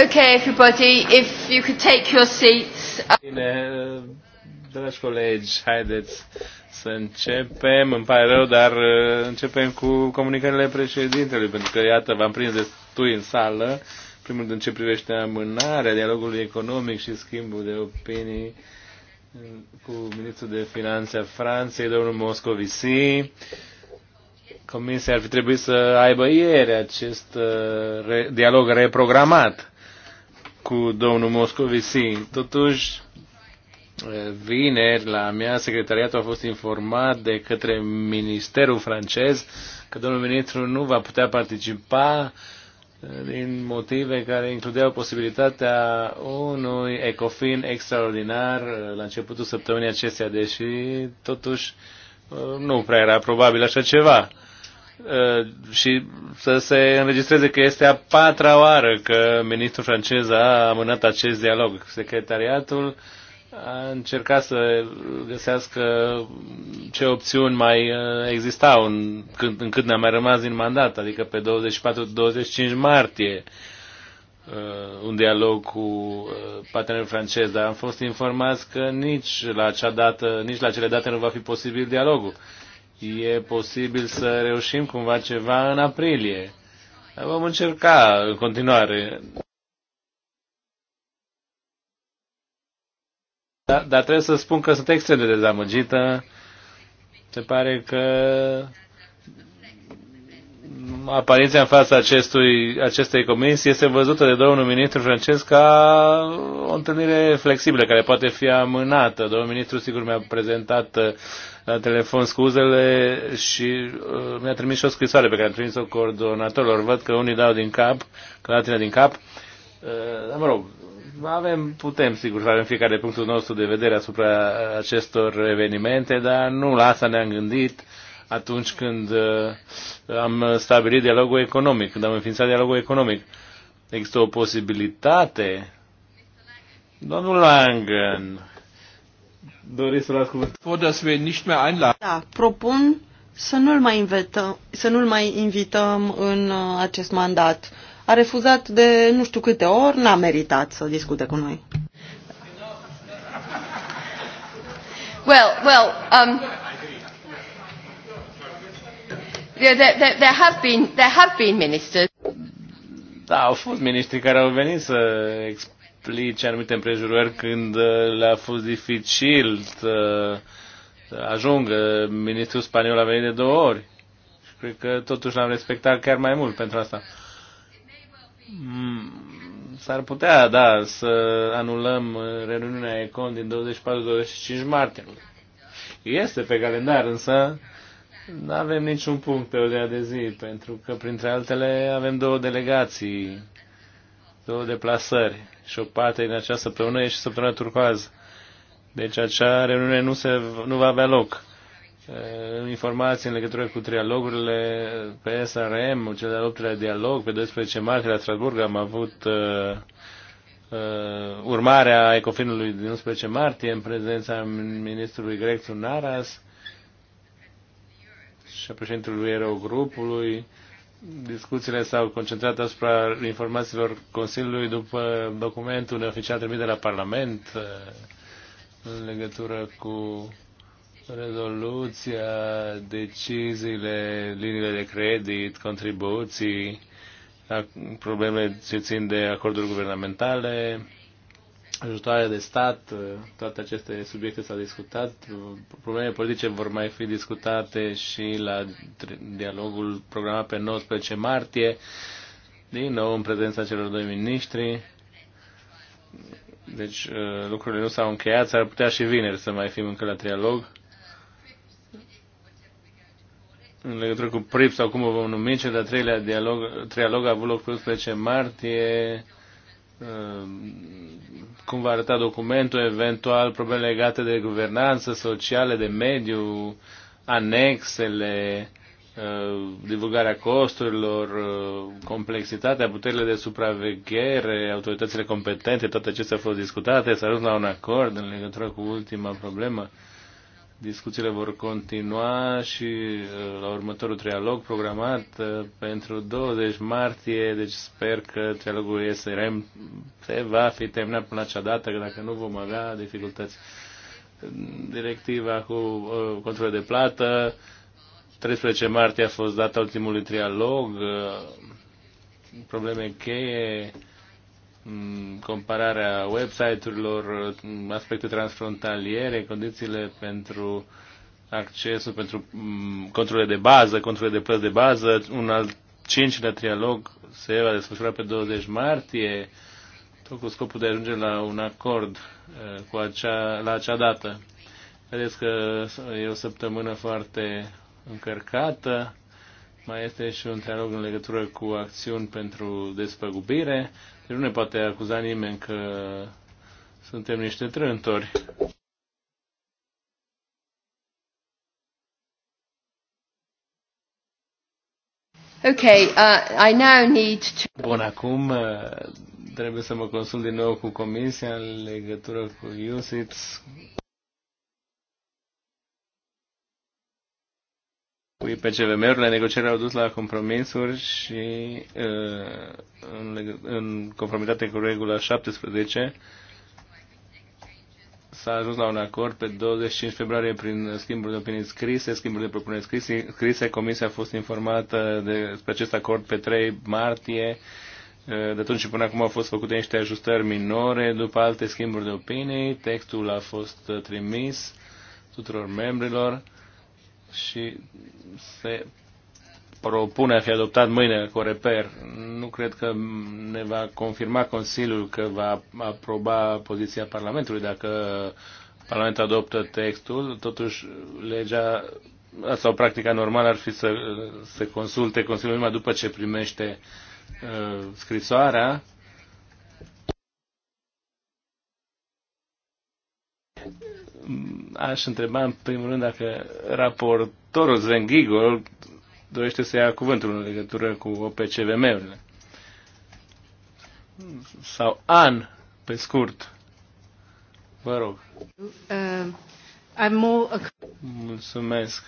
Okay, everybody, if you could take your seats. Bine, dragi colegi, haideți să începem. Îmi pare rău, dar uh, începem cu comunicările președintelui, pentru că, iată, v-am prins destui în sală. Primul din ce privește amânarea dialogului economic și schimbul de opinii uh, cu ministrul de finanțe a Franței, domnul Moscovici. Comisia ar fi trebuit să aibă ieri acest uh, re, dialog reprogramat cu domnul Moscovici. Totuși, vineri la mea, secretariatul a fost informat de către ministerul francez că domnul ministru nu va putea participa eh, din motive care includeau posibilitatea unui ecofin extraordinar eh, la începutul săptămânii acesteia, deși totuși eh, nu prea era probabil așa ceva. Uh, și să se înregistreze că este a patra oară că ministrul francez a amânat acest dialog. Secretariatul a încercat să găsească ce opțiuni mai uh, existau în, când, încât ne-a mai rămas din mandat, adică pe 24-25 martie uh, un dialog cu partenerul francez, dar am fost informați că nici la acea dată, nici la cele date nu va fi posibil dialogul e posibil să reușim cumva ceva în aprilie. Vom încerca în continuare. Dar, dar trebuie să spun că sunt extrem de dezamăgită. Se pare că apariția în fața acestui, acestei comisii este văzută de domnul ministru francez ca o întâlnire flexibilă, care poate fi amânată. Domnul ministru, sigur, mi-a prezentat uh, la telefon scuzele și uh, mi-a trimis și o scrisoare pe care am trimis-o coordonatorilor. Văd că unii dau din cap, că tine din cap. Uh, dar, mă rog, avem, putem, sigur, să avem fiecare punctul nostru de vedere asupra uh, acestor evenimente, dar nu la asta ne-am gândit atunci când uh, am stabilit dialogul economic, când am înființat dialogul economic. Există o posibilitate. Domnul Langen, doriți să luați cuvântul? Da, propun să nu-l mai, să nu-l mai invităm în uh, acest mandat. A refuzat de nu știu câte ori, n-a meritat să discute cu noi. Well, well, um, There, there, there, have been, there have been ministers. Da, au fost ministri care au venit să explice anumite împrejurări când uh, le-a fost dificil să ajungă. Ministrul spaniol a venit de două ori. Și cred că totuși l-am respectat chiar mai mult pentru asta. Mm, s-ar putea, da, să anulăm reuniunea Econ din 24-25 martie. Este pe calendar, însă nu avem niciun punct pe ordinea de zi, pentru că, printre altele, avem două delegații, două deplasări și o parte din această săptămână e și săptămâna turcoază. Deci acea reuniune nu, se, nu va avea loc. Informații în legătură cu trialogurile pe SRM, cel de-al optelea dialog, pe 12 martie la Strasburg am avut uh, uh, urmarea ecofinului din 11 martie în prezența ministrului grec Naras și a președintelui grupului. Discuțiile s-au concentrat asupra informațiilor Consiliului după documentul neoficial trimis de la Parlament eh, în legătură cu rezoluția, deciziile, liniile de credit, contribuții, problemele ce țin de acorduri guvernamentale, ajutoare de stat, uh, toate aceste subiecte s-au discutat, uh, problemele politice vor mai fi discutate și la dialogul programat pe 19 martie, din nou în prezența celor doi miniștri. Deci uh, lucrurile nu s-au încheiat, s-ar putea și vineri să mai fim încă la trialog. În legătură cu PRIP sau cum o vom numi, cel de-a treilea dialog, trialog a avut loc pe 11 martie Uh, cum va arăta documentul, eventual probleme legate de guvernanță socială, de mediu, anexele, uh, divulgarea costurilor, uh, complexitatea, puterile de supraveghere, autoritățile competente, toate acestea au fost discutate, s-a ajuns la un acord în legătură cu ultima problemă Discuțiile vor continua și uh, la următorul trialog programat uh, pentru 20 martie, deci sper că trialogul SRM se va fi terminat până acea dată, că dacă nu vom avea dificultăți. Directiva cu uh, control de plată, 13 martie a fost data ultimului trialog, probleme cheie, Mm, compararea website-urilor, mm, aspecte transfrontaliere, condițiile pentru accesul, pentru mm, controle de bază, controle de plăți de bază. Un al cincilea trialog se va desfășura pe 20 martie, tot cu scopul de a ajunge la un acord eh, cu acea, la acea dată. Vedeți că e o săptămână foarte încărcată. Mai este și un trialog în legătură cu acțiuni pentru despăgubire. Deci nu ne poate acuza nimeni că suntem niște trântori. Okay, uh, I now need to... Bun, acum uh, trebuie să mă consult din nou cu comisia în legătură cu USITS. pe CVM-urile, negocierile au dus la compromisuri și uh, în, în conformitate cu regula 17 s-a ajuns la un acord pe 25 februarie prin schimburi de opinii scrise, schimburi de propuneri scrise, scrise. Comisia a fost informată despre acest acord pe 3 martie. Uh, de atunci și până acum au fost făcute niște ajustări minore, după alte schimburi de opinii. Textul a fost trimis tuturor membrilor și se propune a fi adoptat mâine cu reper. Nu cred că ne va confirma Consiliul că va aproba poziția Parlamentului dacă Parlamentul adoptă textul. Totuși, legea sau practica normală ar fi să se consulte Consiliul numai după ce primește uh, scrisoarea aș întreba în primul rând dacă raportorul Sven Giegel dorește să ia cuvântul în legătură cu OPCVM-urile. Sau an, pe scurt. Vă rog. Uh, I'm more... Mulțumesc.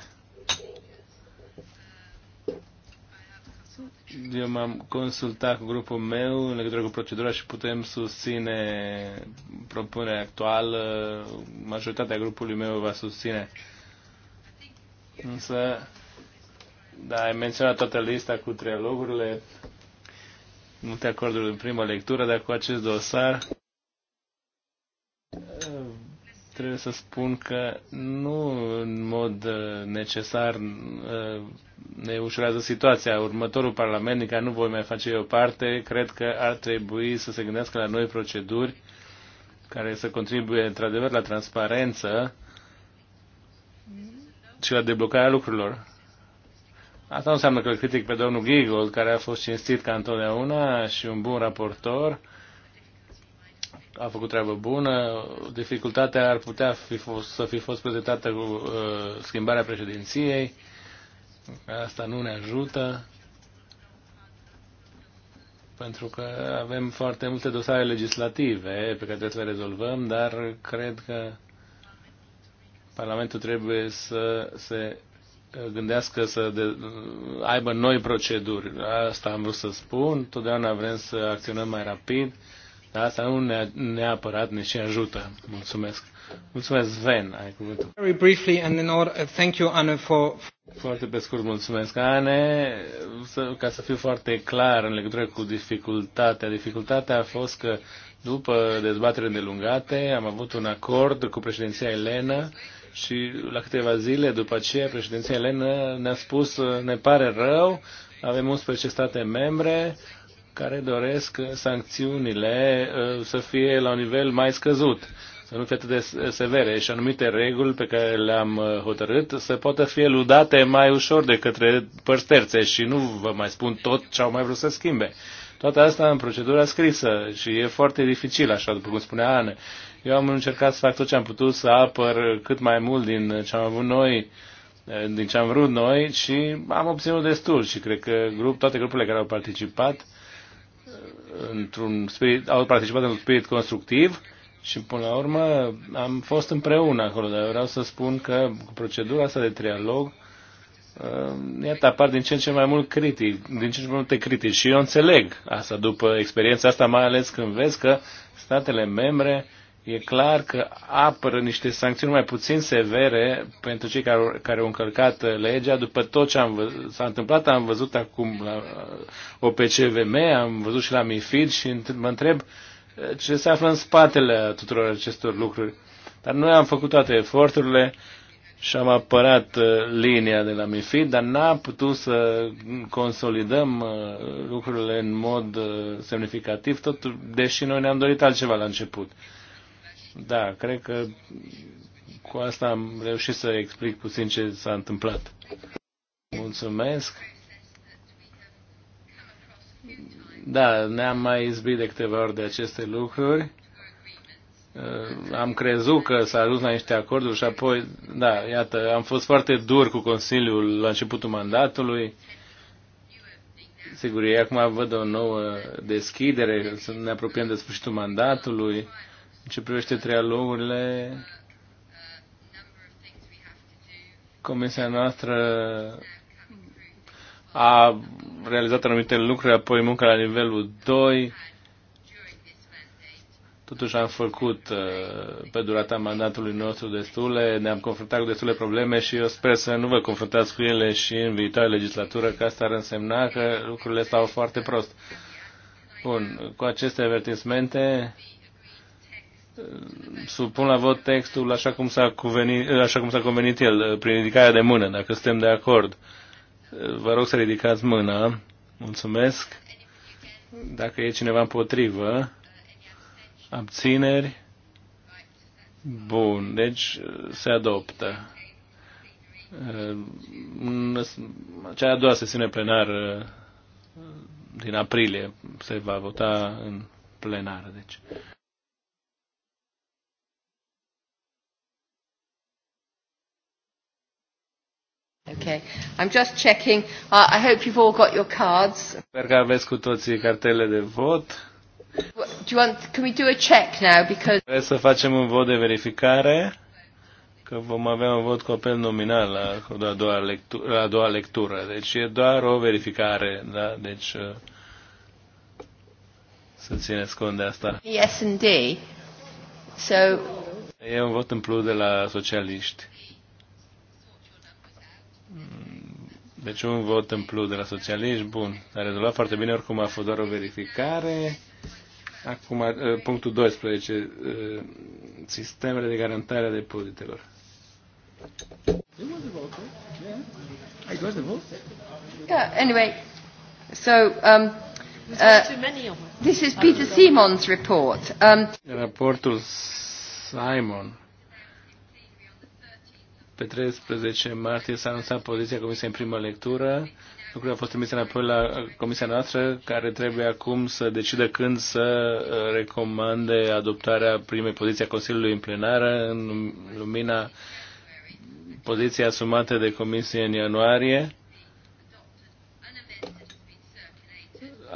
eu m-am consultat cu grupul meu în legătură cu procedura și putem susține propunerea actuală. Majoritatea grupului meu va susține. Însă, da, ai menționat toată lista cu trei Nu multe acorduri în prima lectură, dar cu acest dosar trebuie să spun că nu în mod uh, necesar uh, ne ușurează situația. Următorul parlament, care nu voi mai face eu parte, cred că ar trebui să se gândească la noi proceduri care să contribuie într-adevăr la transparență și la deblocarea lucrurilor. Asta nu înseamnă că îl critic pe domnul Giggle, care a fost cinstit ca întotdeauna și un bun raportor, a făcut treabă bună. Dificultatea ar putea fi fost, să fi fost prezentată cu uh, schimbarea președinției. Asta nu ne ajută pentru că avem foarte multe dosare legislative pe care trebuie să le rezolvăm, dar cred că Parlamentul trebuie să se gândească să de, aibă noi proceduri. Asta am vrut să spun. Totdeauna vrem să acționăm mai rapid dar asta nu ne, neapărat ne și ajută. Mulțumesc. Mulțumesc, Sven, ai cuvântul. Very briefly and in order, uh, thank you, Anne, for... Foarte pe scurt, mulțumesc, Anne. Să, ca să fiu foarte clar în legătură cu dificultatea. Dificultatea a fost că după dezbatere îndelungate am avut un acord cu președinția Elena și la câteva zile după aceea președinția Elena ne-a spus ne pare rău, avem 11 state membre, care doresc uh, sancțiunile uh, să fie la un nivel mai scăzut, să nu fie atât de uh, severe și anumite reguli pe care le-am hotărât să poată fi eludate mai ușor de către părți terțe și nu vă mai spun tot ce au mai vrut să schimbe. Toate asta în procedura scrisă și e foarte dificil, așa după cum spunea Ana. Eu am încercat să fac tot ce am putut să apăr cât mai mult din ce am avut noi, eh, din ce am vrut noi și am obținut destul și cred că grup, toate grupurile care au participat într-un spirit, au participat într-un spirit constructiv și până la urmă am fost împreună acolo, dar vreau să spun că procedura asta de trialog uh, iată, apar din ce în ce mai mult critic, din ce în ce mai multe critici. Și eu înțeleg asta după experiența asta, mai ales când vezi că statele membre uh, e clar că apără niște sancțiuni mai puțin severe pentru cei care, care au încălcat uh, legea. După tot ce s-a întâmplat, am văzut acum la uh, OPCVM, am văzut și la MIFID și mă întreb uh, ce se află în spatele tuturor acestor lucruri. Dar noi am făcut toate eforturile și am apărat linia de la MIFID, dar n-am putut să consolidăm lucrurile în mod semnificativ, tot deși noi ne-am dorit altceva la început. Da, cred că cu asta am reușit să explic puțin ce s-a întâmplat. Mulțumesc. Da, ne-am mai izbit de câteva ori de aceste lucruri. Uh, am crezut că s-a ajuns la niște acorduri și apoi, da, iată, am fost foarte dur cu Consiliul la începutul mandatului. Sigur, ei acum văd o nouă deschidere, ne apropiem de sfârșitul mandatului. În ce privește trialogurile, comisia noastră a realizat anumite lucruri, apoi munca la nivelul 2. Totuși am făcut uh, pe durata mandatului nostru destule, ne-am confruntat cu destule probleme și eu sper să nu vă confruntați cu ele și în viitoare legislatură, că asta ar însemna că lucrurile stau foarte prost. Bun, cu aceste avertismente supun la vot textul așa cum s-a convenit, așa cum s-a convenit el, prin ridicarea de mână, dacă suntem de acord. Vă rog să ridicați mâna. Mulțumesc. Dacă e cineva împotrivă, abțineri. Bun, deci se adoptă. Cea a doua sesiune plenară din aprilie se va vota în plenară, deci. Okay. I'm just checking. Uh, I hope you've all got your cards. Sper că aveți cu toții cartele de vot. Do you want, can we do a check now? Because... Trebuie să facem un vot de verificare, că vom avea un vot cu apel nominal la, la, a, doua lectură, la a doua lectură. Deci e doar o verificare, da? Deci uh, să țineți cont de asta. Yes, indeed. So... E un vot în plus de la socialiști. Deci un vot în plus de la socialiști, bun. A rezolvat foarte bine, oricum a fost doar o verificare. Acum, eh, punctul 12, eh, sistemele de garantare a depozitelor. Yeah, anyway, so um, uh, this is Peter Simon's report. Um, Raportul Simon pe 13 martie s-a anunțat poziția Comisiei în primă lectură. Lucrurile au fost trimise înapoi la Comisia noastră, care trebuie acum să decidă când să uh, recomande adoptarea primei poziții a Consiliului în plenară, în lumina poziției asumate de Comisie în ianuarie.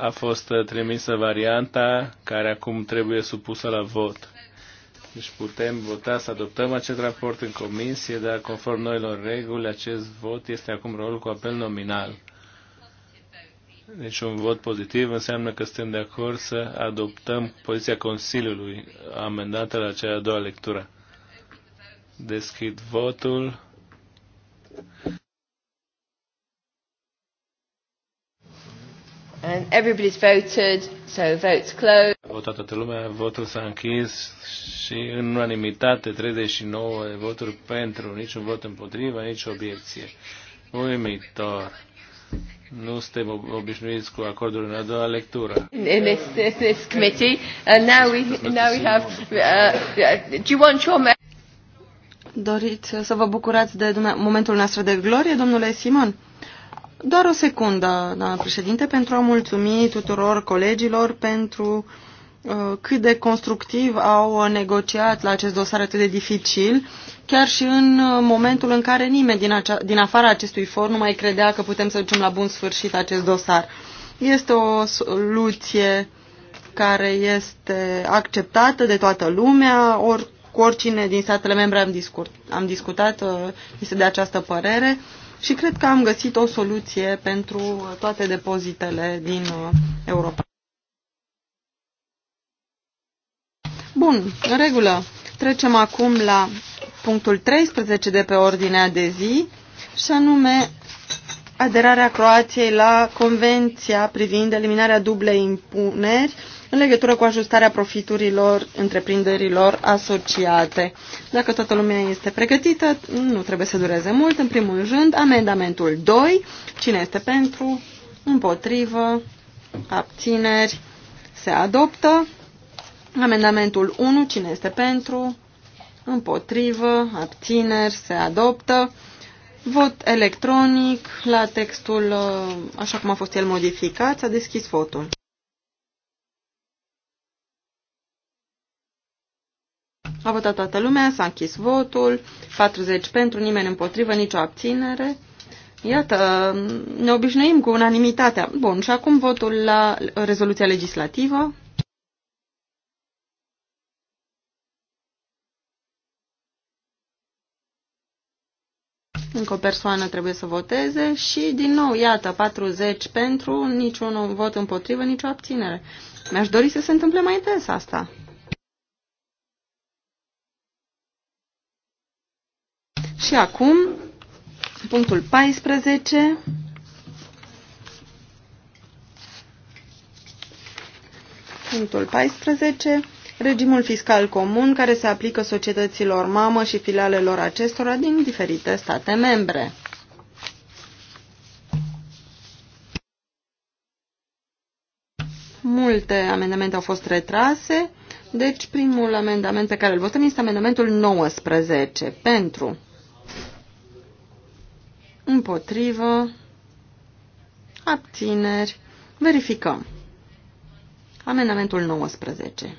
A fost trimisă varianta care acum trebuie supusă la vot. Deci putem vota să adoptăm acest raport în comisie, dar conform noilor reguli, acest vot este acum rolul cu apel nominal. Deci un vot pozitiv înseamnă că suntem de acord să adoptăm poziția Consiliului amendată la cea a doua lectură. Deschid votul. And everybody's voted, so votes closed. A votat toată lumea, votul s-a închis și în unanimitate 39 de voturi pentru, niciun vot împotriva, nici obiecție. Uimitor. Nu suntem obișnuiți cu acordul în a doua lectură. In this, this, this committee, and now we, now we have, uh, uh, do you want your Doriți să vă bucurați de momentul nostru de glorie, domnule Simon? Doar o secundă, doamnă președinte, pentru a mulțumi tuturor colegilor pentru uh, cât de constructiv au negociat la acest dosar atât de dificil, chiar și în uh, momentul în care nimeni din, acea, din afara acestui for nu mai credea că putem să ducem la bun sfârșit acest dosar. Este o soluție care este acceptată de toată lumea, ori, cu oricine din statele membre am, discut, am discutat, uh, este de această părere și cred că am găsit o soluție pentru toate depozitele din uh, Europa. Bun, în regulă. Trecem acum la punctul 13 de pe ordinea de zi și anume aderarea Croației la Convenția privind eliminarea dublei impuneri în legătură cu ajustarea profiturilor întreprinderilor asociate. Dacă toată lumea este pregătită, nu trebuie să dureze mult. În primul rând, amendamentul 2. Cine este pentru? Împotrivă? Abțineri? Se adoptă. Amendamentul 1. Cine este pentru? Împotrivă? Abțineri? Se adoptă. Vot electronic la textul uh, așa cum a fost el modificat. S-a deschis votul. A votat toată lumea, s-a închis votul, 40 pentru, nimeni împotrivă, nicio abținere. Iată, ne obișnuim cu unanimitatea. Bun, și acum votul la rezoluția legislativă. Încă o persoană trebuie să voteze și, din nou, iată, 40 pentru, niciun vot împotrivă, nicio abținere. Mi-aș dori să se întâmple mai des asta. Și acum, punctul 14. Punctul 14. Regimul fiscal comun care se aplică societăților mamă și filialelor acestora din diferite state membre. Multe amendamente au fost retrase, deci primul amendament pe care îl votăm este amendamentul 19 pentru împotrivă, abțineri, verificăm. Amendamentul 19.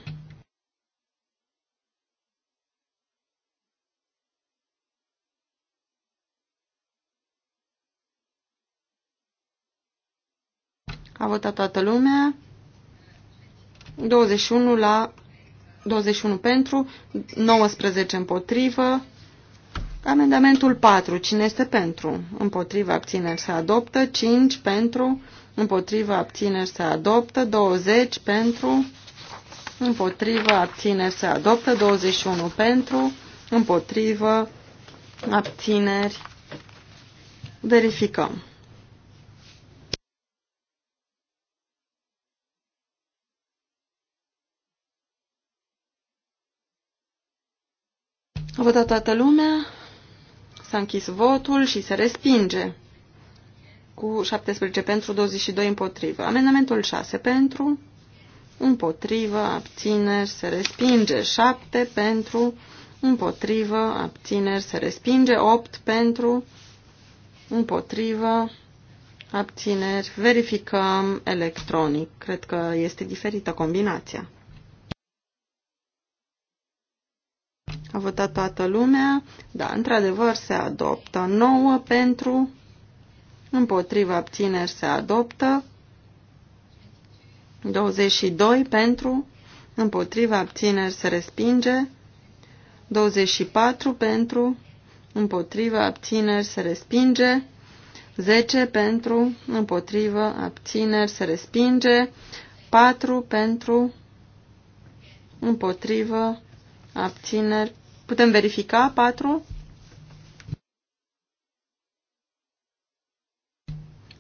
A votat toată lumea. 21 la 21 pentru, 19 împotrivă, Amendamentul 4. Cine este pentru? Împotriva abțineri se adoptă. 5 pentru. Împotriva abțineri se adoptă. 20 pentru. Împotriva abțineri se adoptă. 21 pentru. Împotrivă abțineri. Verificăm. A votat toată lumea. S-a închis votul și se respinge cu 17 pentru, 22 împotrivă. Amendamentul 6 pentru, împotrivă, abțineri, se respinge. 7 pentru, împotrivă, abțineri, se respinge. 8 pentru, împotrivă, abțineri. Verificăm electronic. Cred că este diferită combinația. A votat toată lumea. Da, într-adevăr se adoptă. 9 pentru, împotriva abțineri se adoptă. 22 pentru, împotriva abțineri se respinge. 24 pentru, împotriva abțineri se respinge. 10 pentru, împotriva abțineri, se respinge. 4 pentru, împotrivă, abțineri, Putem verifica 4.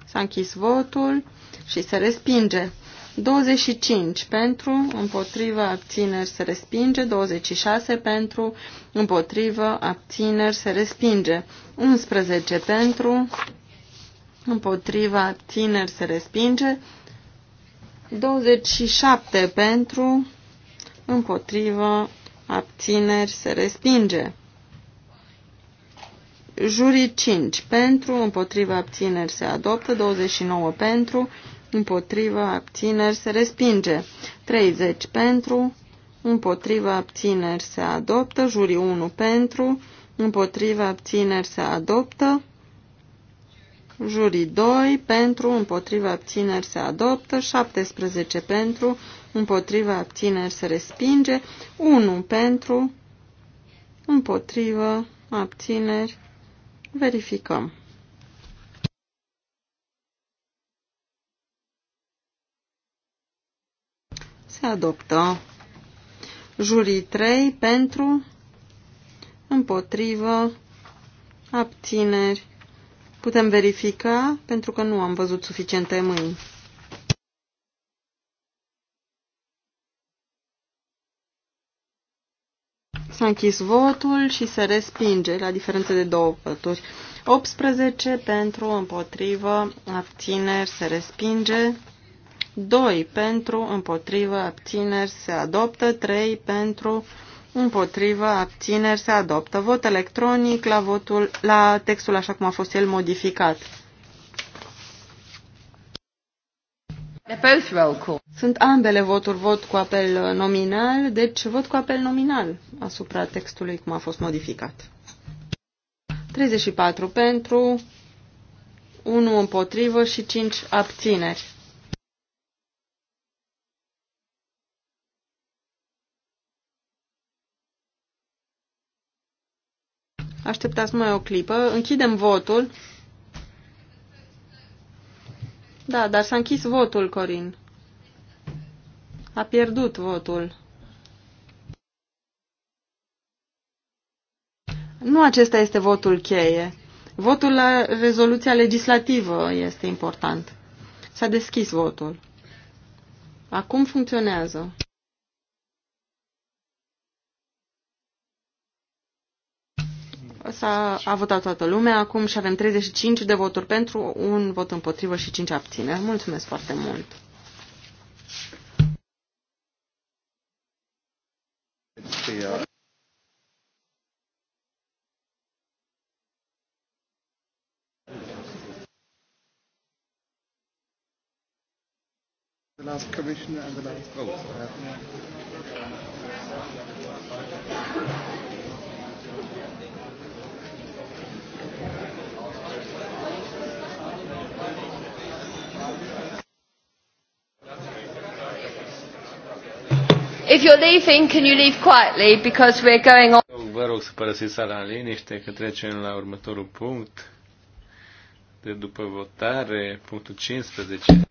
S-a închis votul și se respinge. 25 pentru, împotrivă, abțineri, se respinge. 26 pentru, împotrivă, abțineri, se respinge. 11 pentru, împotrivă, abțineri, se respinge. 27 pentru, împotrivă, abțineri, se respinge. Jurii 5 pentru, împotriva abțineri se adoptă, 29 pentru, împotriva abțineri se respinge, 30 pentru, împotriva abțineri se adoptă, jurii 1 pentru, împotriva abțineri se adoptă, jurii 2 pentru, împotriva abțineri se adoptă, 17 pentru, împotriva abțineri se respinge, 1 pentru, împotriva abțineri, verificăm. Se adoptă. Jurii 3 pentru, împotrivă, abțineri. Putem verifica pentru că nu am văzut suficiente mâini. S-a închis votul și se respinge la diferență de două voturi. 18 pentru, împotrivă, abțineri, se respinge. 2 pentru, împotrivă, abțineri, se adoptă. 3 pentru, împotrivă, abțineri, se adoptă. Vot electronic la, votul, la textul așa cum a fost el modificat. Both roll call. Sunt ambele voturi vot cu apel uh, nominal, deci vot cu apel nominal asupra textului cum a fost modificat. 34 pentru, 1 împotrivă și 5 abțineri. Așteptați mai o clipă. Închidem votul. Da, dar s-a închis votul, Corin. A pierdut votul. Nu acesta este votul cheie. Votul la rezoluția legislativă este important. S-a deschis votul. Acum funcționează. S-a a votat toată lumea, acum și avem 35 de voturi pentru, un vot împotrivă și 5 abțineri. Mulțumesc foarte mult! The last commissioner and the last vote. Oh. If you're leaving, can you leave quietly because we're going on. Vă rog să părăsiți sala în liniște, că trecem la următorul punct de după votare, punctul 15.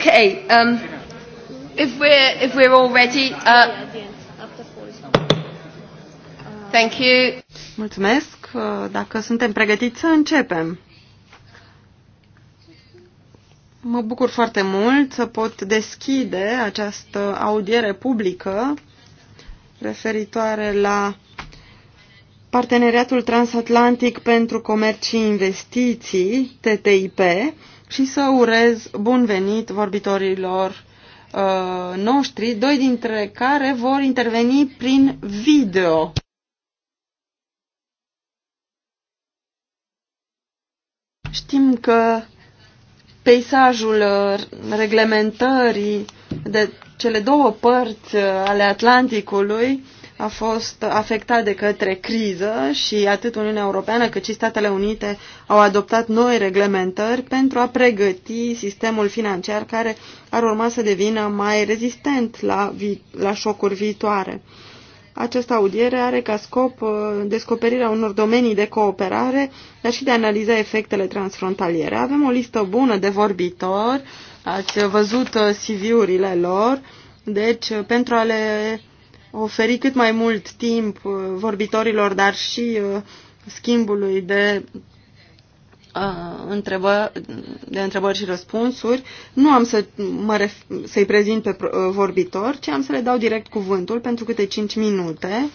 Okay, um, if we're if we're all ready, uh, thank you. Mulțumesc. Uh, dacă suntem pregătiți să începem. Mă bucur foarte mult să pot deschide această audiere publică referitoare la Parteneriatul Transatlantic pentru Comerț și Investiții, TTIP, și să urez bun venit vorbitorilor uh, noștri, doi dintre care vor interveni prin video. Știm că peisajul uh, reglementării de cele două părți uh, ale Atlanticului a fost afectat de către criză și atât Uniunea Europeană cât și Statele Unite au adoptat noi reglementări pentru a pregăti sistemul financiar care ar urma să devină mai rezistent la, vi la șocuri viitoare. Această audiere are ca scop uh, descoperirea unor domenii de cooperare, dar și de a analiza efectele transfrontaliere. Avem o listă bună de vorbitori, ați văzut uh, CV-urile lor, deci uh, pentru a le oferi cât mai mult timp uh, vorbitorilor, dar și uh, schimbului de uh, întrebă, de întrebări și răspunsuri. Nu am să mă ref, să-i prezint pe vorbitor, ci am să le dau direct cuvântul pentru câte 5 minute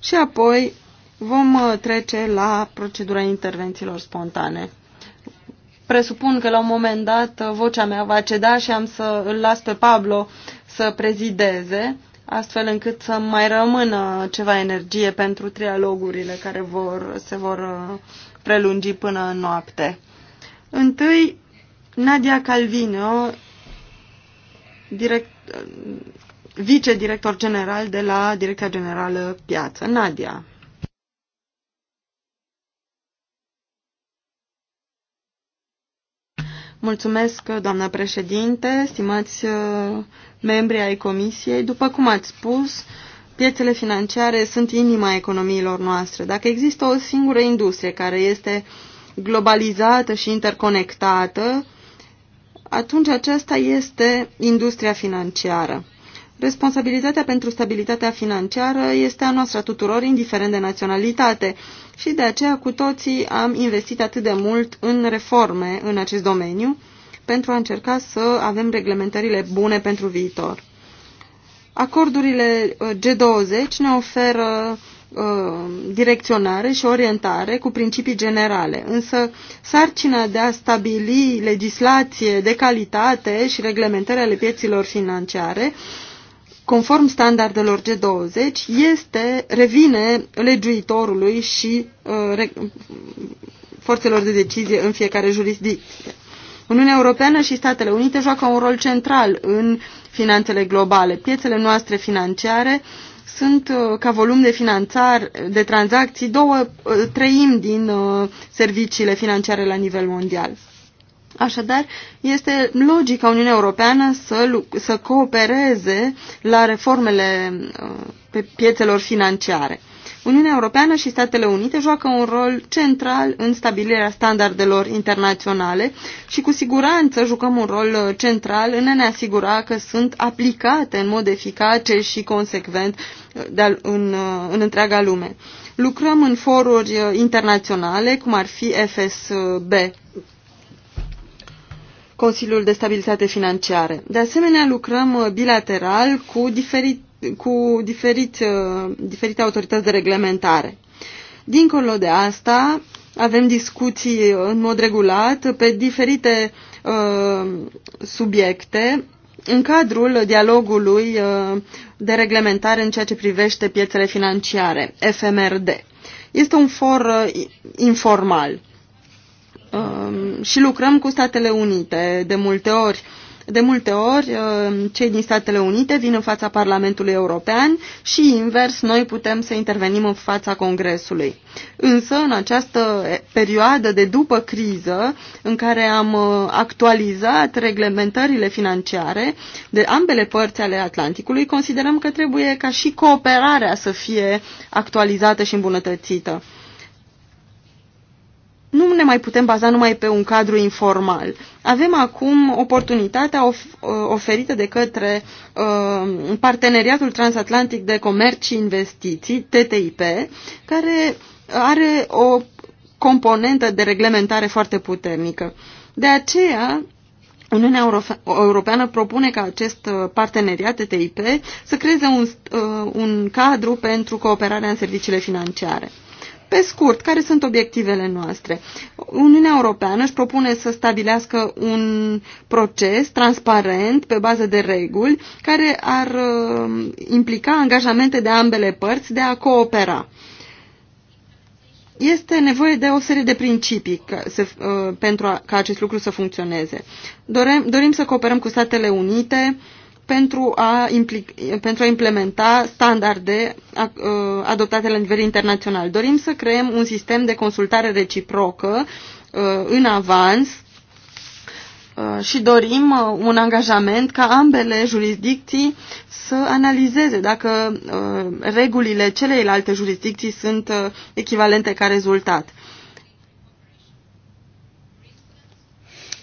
și apoi vom trece la procedura intervențiilor spontane. Presupun că la un moment dat vocea mea va ceda și am să îl las pe Pablo să prezideze astfel încât să mai rămână ceva energie pentru trialogurile care vor, se vor uh, prelungi până în noapte. Întâi, Nadia Calvino, direct, uh, director general de la Direcția Generală Piață. Nadia. Mulțumesc, doamna președinte, stimați uh, membri ai Comisiei, după cum ați spus, piețele financiare sunt inima economiilor noastre. Dacă există o singură industrie care este globalizată și interconectată, atunci aceasta este industria financiară. Responsabilitatea pentru stabilitatea financiară este a noastră a tuturor, indiferent de naționalitate, și de aceea cu toții am investit atât de mult în reforme în acest domeniu, pentru a încerca să avem reglementările bune pentru viitor. Acordurile uh, G20 ne oferă uh, direcționare și orientare cu principii generale, însă sarcina de a stabili legislație de calitate și reglementarea ale pieților financiare conform standardelor G20 este, revine legiuitorului și uh, forțelor de decizie în fiecare jurisdicție. Uniunea Europeană și Statele Unite joacă un rol central în finanțele globale. Piețele noastre financiare sunt uh, ca volum de finanțare, de tranzacții, două uh, treimi din uh, serviciile financiare la nivel mondial. Așadar, este logica Uniunea Europeană să, să coopereze la reformele pe piețelor financiare. Uniunea Europeană și Statele Unite joacă un rol central în stabilirea standardelor internaționale și cu siguranță jucăm un rol uh, central în a ne asigura că sunt aplicate în mod eficace și consecvent uh, în, uh, în întreaga lume. Lucrăm în foruri internaționale, cum ar fi FSB. Consiliul de Stabilitate Financiară. De asemenea, lucrăm bilateral cu diferite cu diferiți, uh, diferite autorități de reglementare. Dincolo de asta, avem discuții în mod regulat pe diferite uh, subiecte în cadrul dialogului uh, de reglementare în ceea ce privește piețele financiare, FMRD. Este un for uh, informal um, și lucrăm cu Statele Unite de multe ori de multe ori, uh, cei din Statele Unite vin în fața Parlamentului European și invers, noi putem să intervenim în fața Congresului. Însă, în această perioadă de după criză, în care am uh, actualizat reglementările financiare de ambele părți ale Atlanticului, considerăm că trebuie ca și cooperarea să fie actualizată și îmbunătățită nu ne mai putem baza numai pe un cadru informal. Avem acum oportunitatea of- uh, oferită de către uh, Parteneriatul Transatlantic de Comerț și Investiții, TTIP, care are o componentă de reglementare foarte puternică. De aceea, Uniunea Europeană propune ca acest uh, parteneriat TTIP să creeze un, uh, un cadru pentru cooperarea în serviciile financiare. Pe scurt, care sunt obiectivele noastre? Uniunea Europeană își propune să stabilească un proces transparent pe bază de reguli care ar uh, implica angajamente de ambele părți de a coopera este nevoie de o serie de principii ca, se, uh, pentru a, ca acest lucru să funcționeze. Dorem, dorim să cooperăm cu Statele Unite pentru a, pentru a implementa standarde uh, adoptate la nivel internațional. Dorim să creăm un sistem de consultare reciprocă uh, în avans uh, și dorim un angajament ca ambele jurisdicții să analizeze dacă regulile celeilalte jurisdicții sunt echivalente ca rezultat.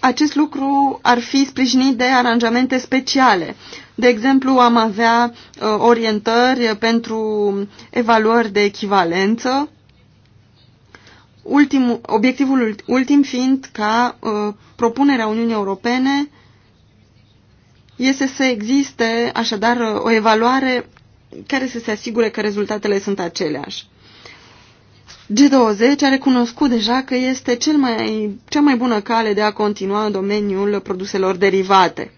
acest lucru ar fi sprijinit de aranjamente speciale. De exemplu, am avea uh, orientări pentru evaluări de echivalență, ultim, obiectivul ultim fiind ca uh, propunerea Uniunii Europene este să existe așadar uh, o evaluare care să se asigure că rezultatele sunt aceleași. G20 a recunoscut deja că este cel mai, cea mai bună cale de a continua în domeniul produselor derivate.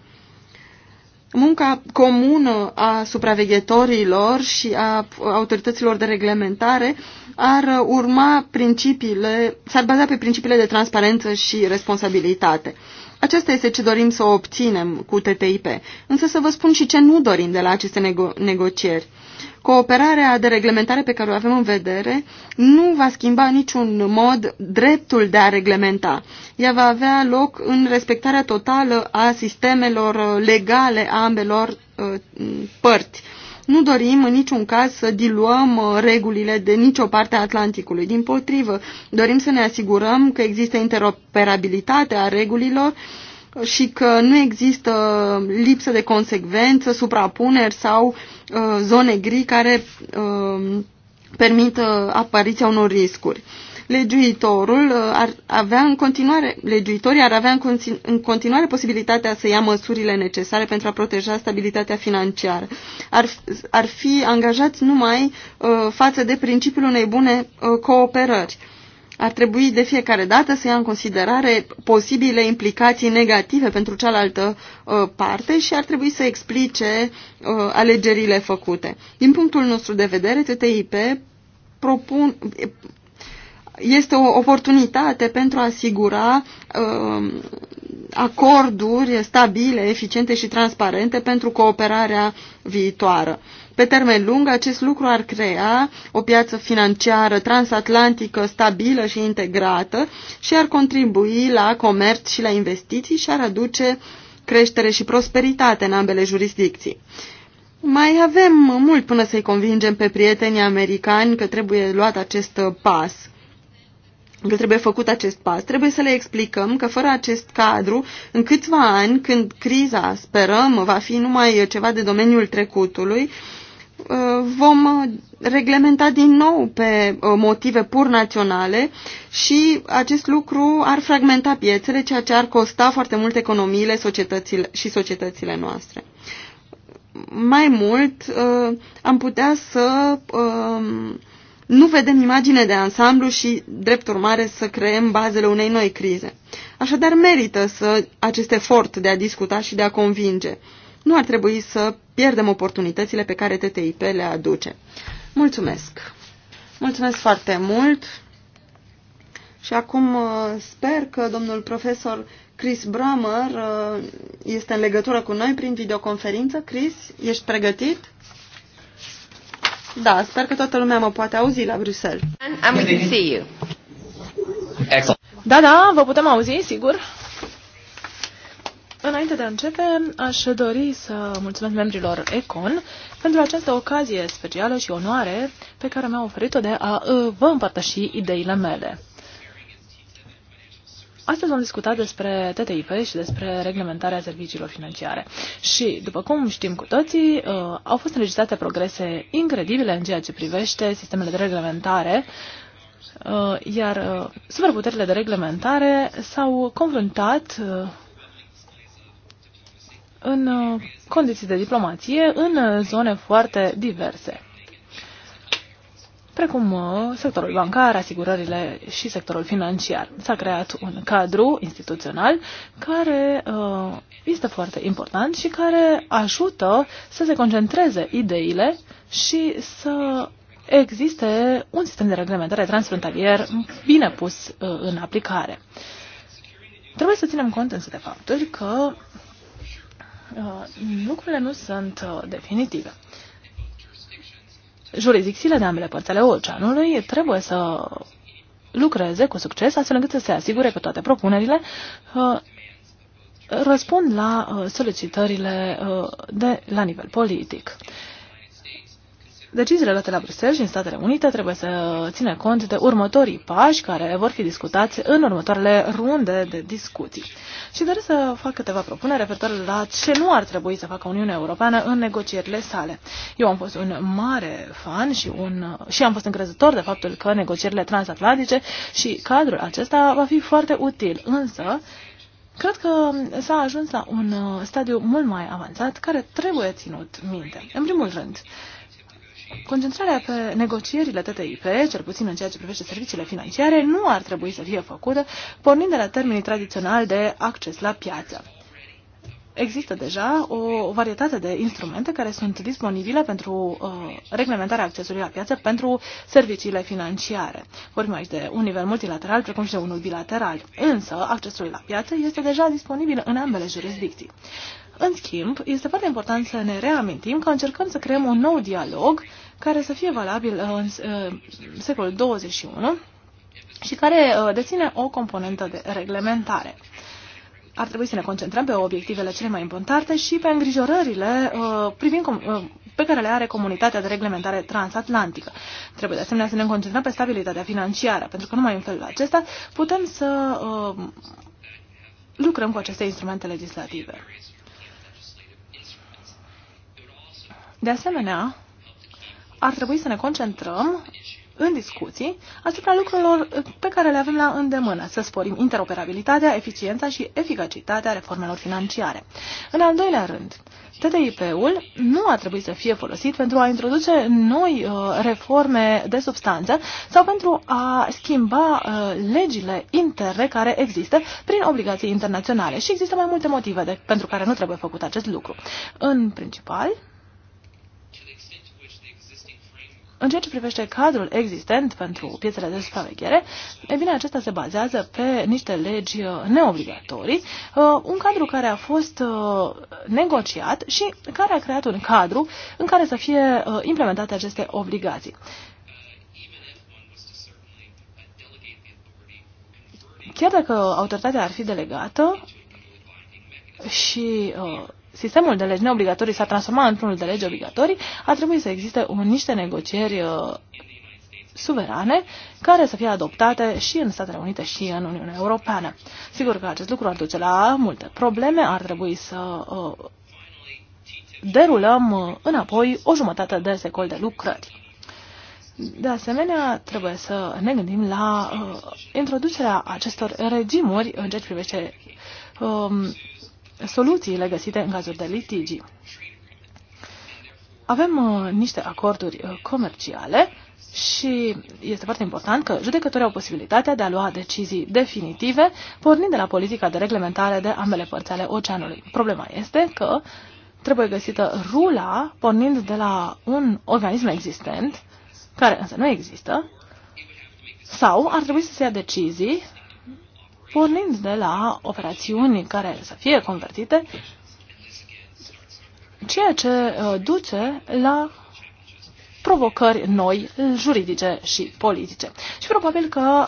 Munca comună a supraveghetorilor și a autorităților de reglementare ar urma principiile, s-ar baza pe principiile de transparență și responsabilitate. Aceasta este ce dorim să obținem cu TTIP. Însă să vă spun și ce nu dorim de la aceste nego negocieri. Cooperarea de reglementare pe care o avem în vedere nu va schimba în niciun mod dreptul de a reglementa. Ea va avea loc în respectarea totală a sistemelor uh, legale a ambelor uh, părți. Nu dorim în niciun caz să diluăm uh, regulile de nicio parte a Atlanticului. Din potrivă, dorim să ne asigurăm că există interoperabilitate a regulilor și că nu există lipsă de consecvență, suprapuneri sau uh, zone gri care um, permită permit apariția unor riscuri. Legiuitorul uh, ar avea în continuare, legiuitorii ar avea în continuare posibilitatea să ia măsurile necesare pentru a proteja stabilitatea financiară. Ar, ar fi angajați numai uh, față de principiul unei bune uh, cooperări. Uh, ar trebui de fiecare dată să ia în considerare posibile implicații negative pentru cealaltă ă, parte și ar trebui să explice ă, alegerile făcute. Din punctul nostru de vedere, TTIP propun, este o oportunitate pentru a asigura uh, acorduri stabile, eficiente și transparente pentru cooperarea viitoară. Pe termen lung, acest lucru ar crea o piață financiară transatlantică stabilă și integrată și ar contribui la comerț și la investiții și ar aduce creștere și prosperitate în ambele jurisdicții. Mai avem mult până să-i convingem pe prietenii americani că trebuie luat acest pas că trebuie făcut acest pas. Trebuie să le explicăm că fără acest cadru, în câțiva ani, când criza, sperăm, va fi numai ceva de domeniul trecutului, uh, vom uh, reglementa din nou pe uh, motive pur naționale și acest lucru ar fragmenta piețele, ceea ce ar costa foarte mult economiile societățile și societățile noastre. Mai mult, am putea să nu vedem imagine de ansamblu și, drept urmare, să creăm bazele unei noi crize. Așadar, merită să acest efort de a discuta și de a convinge. Nu ar trebui să pierdem oportunitățile pe care TTIP le aduce. Mulțumesc! Mulțumesc foarte mult! Și acum uh, sper că domnul profesor Chris Brummer uh, este în legătură cu noi prin videoconferință. Chris, ești pregătit? Da, sper că toată lumea mă poate auzi la Bruxelles. I'm we can see you. Excellent. Da, da, vă putem auzi, sigur. Înainte de a începe, aș dori să mulțumesc membrilor ECON pentru această ocazie specială și onoare pe care mi au oferit-o de a uh, vă împărtăși ideile mele. Astăzi am discutat despre TTIP și despre reglementarea serviciilor financiare. Și, după cum știm cu toții, uh, au fost înregistrate progrese incredibile în ceea ce privește sistemele de reglementare, uh, iar uh, superputerile de reglementare s-au confruntat în condiții de diplomație, în zone foarte diverse precum uh, sectorul bancar, asigurările și sectorul financiar. S-a creat un cadru instituțional care uh, este foarte important și care ajută să se concentreze ideile și să existe un sistem de reglementare transfrontalier bine pus uh, în aplicare. Trebuie să ținem cont însă de faptul că lucrurile nu sunt definitive jurisdicțiile de ambele părți ale oceanului trebuie să lucreze cu succes astfel încât să se asigure că toate propunerile uh, răspund la uh, solicitările uh, de la nivel politic. Deciziile luate la Bruxelles și în Statele Unite trebuie să țină cont de următorii pași care vor fi discutați în următoarele runde de discuții. Și doresc să fac câteva propuneri referitoare la ce nu ar trebui să facă Uniunea Europeană în negocierile sale. Eu am fost un mare fan și, un, și am fost încrezător de faptul că negocierile transatlantice și cadrul acesta va fi foarte util, însă Cred că s-a ajuns la un uh, stadiu mult mai avansat care trebuie ținut minte. În primul rând, Concentrarea pe negocierile TTIP, cel puțin în ceea ce privește serviciile financiare, nu ar trebui să fie făcută pornind de la termenii tradiționali de acces la piață. Există deja o varietate de instrumente care sunt disponibile pentru uh, reglementarea accesului la piață pentru serviciile financiare. Vorbim aici de un nivel multilateral precum și de unul bilateral, însă accesul la piață este deja disponibil în ambele jurisdicții. În schimb, este foarte important să ne reamintim că încercăm să creăm un nou dialog care să fie valabil uh, în uh, secolul 21 și care uh, deține o componentă de reglementare. Ar trebui să ne concentrăm pe obiectivele cele mai importante și pe îngrijorările privind pe care le are comunitatea de reglementare transatlantică. Trebuie de asemenea să ne concentrăm pe stabilitatea financiară, pentru că numai în felul acesta putem să lucrăm cu aceste instrumente legislative. De asemenea, ar trebui să ne concentrăm în discuții asupra lucrurilor pe care le avem la îndemână, să sporim interoperabilitatea, eficiența și eficacitatea reformelor financiare. În al doilea rând, TTIP-ul nu ar trebui să fie folosit pentru a introduce noi uh, reforme de substanță sau pentru a schimba uh, legile interne care există prin obligații internaționale. Și există mai multe motive de, pentru care nu trebuie făcut acest lucru. În principal, În ceea ce privește cadrul existent pentru piețele de supraveghere, e bine, acesta se bazează pe niște legi uh, neobligatorii, uh, un cadru care a fost uh, negociat și care a creat un cadru în care să fie implementate aceste obligații. Chiar dacă autoritatea ar fi delegată și sistemul de legi neobligatorii s-a transformat într-unul de legi obligatorii, A trebuit să existe un, niște negocieri uh, suverane care să fie adoptate și în Statele Unite și în Uniunea Europeană. Sigur că acest lucru ar duce la multe probleme, ar trebui să uh, derulăm uh, înapoi o jumătate de secol de lucrări. De asemenea, trebuie să ne gândim la uh, introducerea acestor regimuri în ceea ce privește uh, soluțiile găsite în cazuri de litigi. Avem uh, niște acorduri uh, comerciale și este foarte important că judecătorii au posibilitatea de a lua decizii definitive pornind de la politica de reglementare de ambele părți ale oceanului. Problema este că trebuie găsită rula pornind de la un organism existent, care însă nu există, sau ar trebui să se ia decizii pornind de la operațiuni care să fie convertite, ceea ce uh, duce la provocări noi juridice și politice. Și probabil că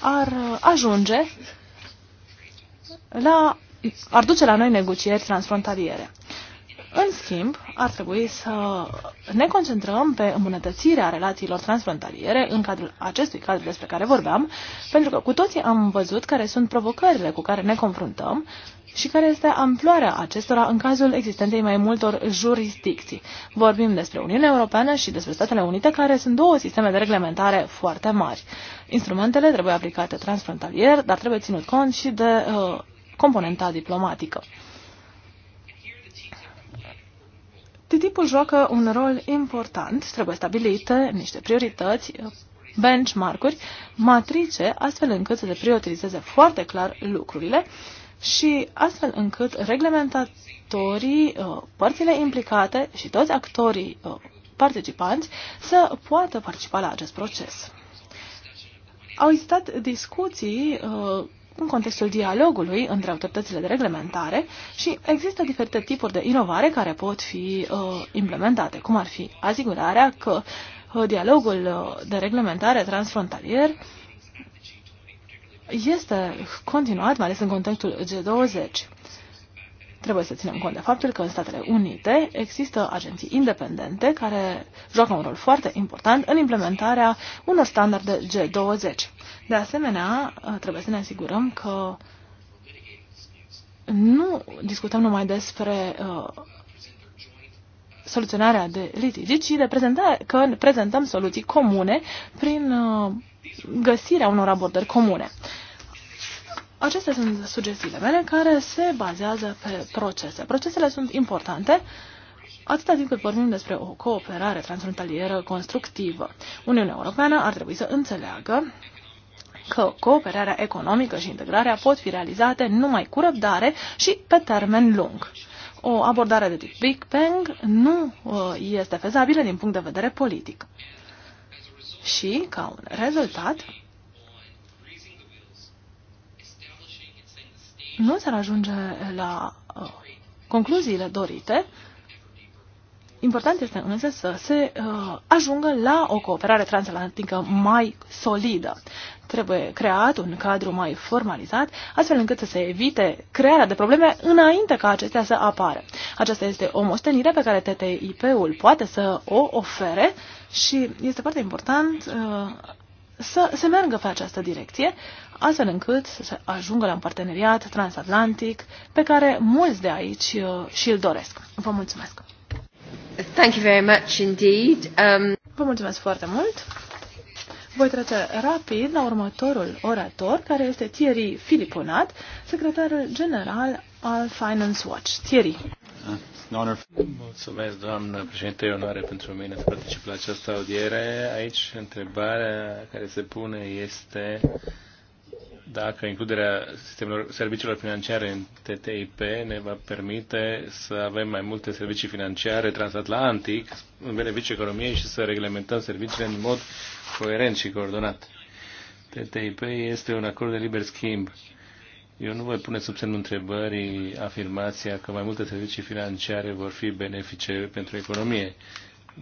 ar ajunge la, ar duce la noi negocieri transfrontaliere. În schimb, ar trebui să ne concentrăm pe îmbunătățirea relațiilor transfrontaliere în cadrul acestui cadru despre care vorbeam, pentru că cu toții am văzut care sunt provocările cu care ne confruntăm și care este amploarea acestora în cazul existenței mai multor jurisdicții. Vorbim despre Uniunea Europeană și despre Statele Unite, care sunt două sisteme de reglementare foarte mari. Instrumentele trebuie aplicate transfrontalier, dar trebuie ținut cont și de uh, componenta diplomatică. TTIP-ul joacă un rol important, trebuie stabilite niște priorități, benchmark-uri, matrice, astfel încât să se prioritizeze foarte clar lucrurile și astfel încât reglementatorii, uh, părțile implicate și toți actorii uh, participanți să poată participa la acest proces. Au existat discuții uh, în contextul dialogului între autoritățile de reglementare și există diferite tipuri de inovare care pot fi uh, implementate, cum ar fi asigurarea că uh, dialogul uh, de reglementare transfrontalier este continuat, mai ales în contextul G20. Trebuie să ținem cont de faptul că în Statele Unite există agenții independente care joacă un rol foarte important în implementarea unor standarde G20. De asemenea, trebuie să ne asigurăm că nu discutăm numai despre uh, soluționarea de litigi, ci de prezenta, că prezentăm soluții comune prin uh, găsirea unor abordări comune. Acestea sunt sugestiile mele care se bazează pe procese. Procesele sunt importante atâta timp cât vorbim despre o cooperare transfrontalieră constructivă. Uniunea Europeană ar trebui să înțeleagă că cooperarea economică și integrarea pot fi realizate numai cu răbdare și pe termen lung. O abordare de tip Big Bang nu uh, este fezabilă din punct de vedere politic. Și, ca un rezultat, nu s-ar ajunge la uh, concluziile dorite. Important este însă să se uh, ajungă la o cooperare transatlantică mai solidă trebuie creat un cadru mai formalizat, astfel încât să se evite crearea de probleme înainte ca acestea să apară. Aceasta este o moștenire pe care TTIP-ul poate să o ofere și este foarte important uh, să se meargă pe această direcție, astfel încât să se ajungă la un parteneriat transatlantic pe care mulți de aici uh, și îl doresc. Vă mulțumesc! Thank you very much indeed. Um... Vă mulțumesc foarte mult! Voi trece rapid la următorul orator, care este Thierry Filiponat, secretarul general al Finance Watch. Thierry. Mulțumesc, doamnă președinte, e onoare pentru mine să particip la această audiere. Aici întrebarea care se pune este dacă includerea sistemelor, serviciilor financiare în TTIP ne va permite să avem mai multe servicii financiare transatlantic în beneficiu economiei și să reglementăm serviciile în mod coerent și coordonat. TTIP este un acord de liber schimb. Eu nu voi pune sub semnul întrebării afirmația că mai multe servicii financiare vor fi benefice pentru economie,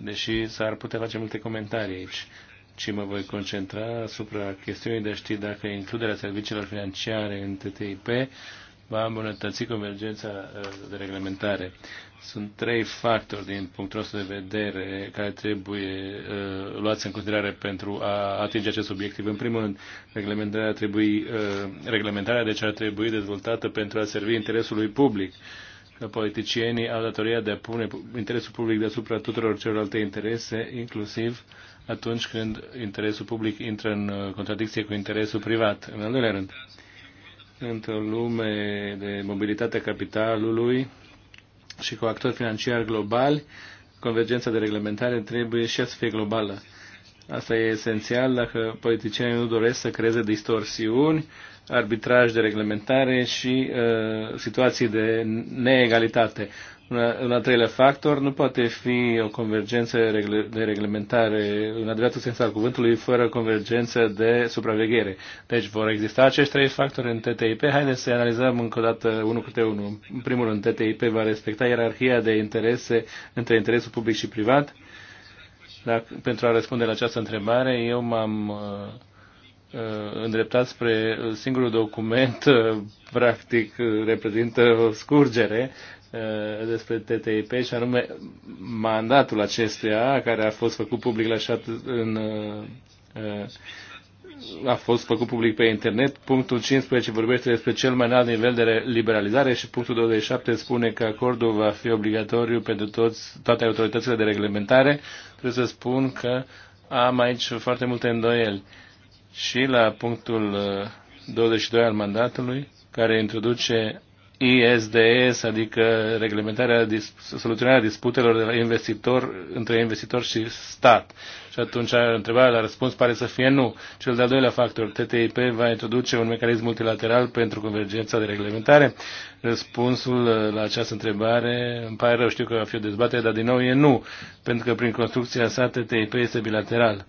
deși s-ar putea face multe comentarii aici ci mă voi concentra asupra chestiunii de a ști dacă includerea serviciilor financiare în TTIP va îmbunătăți convergența uh, de reglementare. Sunt trei factori din punctul nostru de vedere care trebuie uh, luați în considerare pentru a atinge acest obiectiv. În primul rând, reglementarea, trebui, uh, reglementarea deci ar trebui dezvoltată pentru a servi interesului public. Că politicienii au datoria de a pune interesul public deasupra tuturor celorlalte interese, inclusiv uh, atunci când interesul public intră în uh, contradicție cu interesul privat. În al doilea rând, într-o lume de mobilitate capitalului și cu actori financiari globali, convergența de reglementare trebuie și să fie globală. Asta e esențial dacă politicienii nu doresc să creeze distorsiuni, arbitraj de reglementare și uh, situații de neegalitate. Un al treilea factor, nu poate fi o convergență de reglementare în adevăratul sens al cuvântului fără convergență de supraveghere. Deci vor exista acești trei factori în TTIP. Haideți să analizăm încă o dată unul câte unul. În primul rând, TTIP va respecta ierarhia de interese între interesul public și privat. Dacă, pentru a răspunde la această întrebare, eu m-am uh, uh îndreptat spre uh, singurul document, uh, practic reprezintă o scurgere Uh, despre TTIP și anume mandatul acestuia care a fost făcut public la șat în uh, uh, a fost făcut public pe internet. Punctul 15 vorbește despre cel mai înalt nivel de liberalizare și punctul 27 spune că acordul va fi obligatoriu pentru toți, toate autoritățile de reglementare. Trebuie să spun că am aici foarte multe îndoieli. Și la punctul 22 al mandatului, care introduce ISDS, adică reglementarea, soluționarea disputelor de investitor, între investitor și stat. Și atunci întrebarea la răspuns pare să fie nu. Cel de-al doilea factor, TTIP va introduce un mecanism multilateral pentru convergența de reglementare? Răspunsul la această întrebare, îmi pare rău, știu că va fi o dezbatere, dar din nou e nu, pentru că prin construcția sa TTIP este bilateral.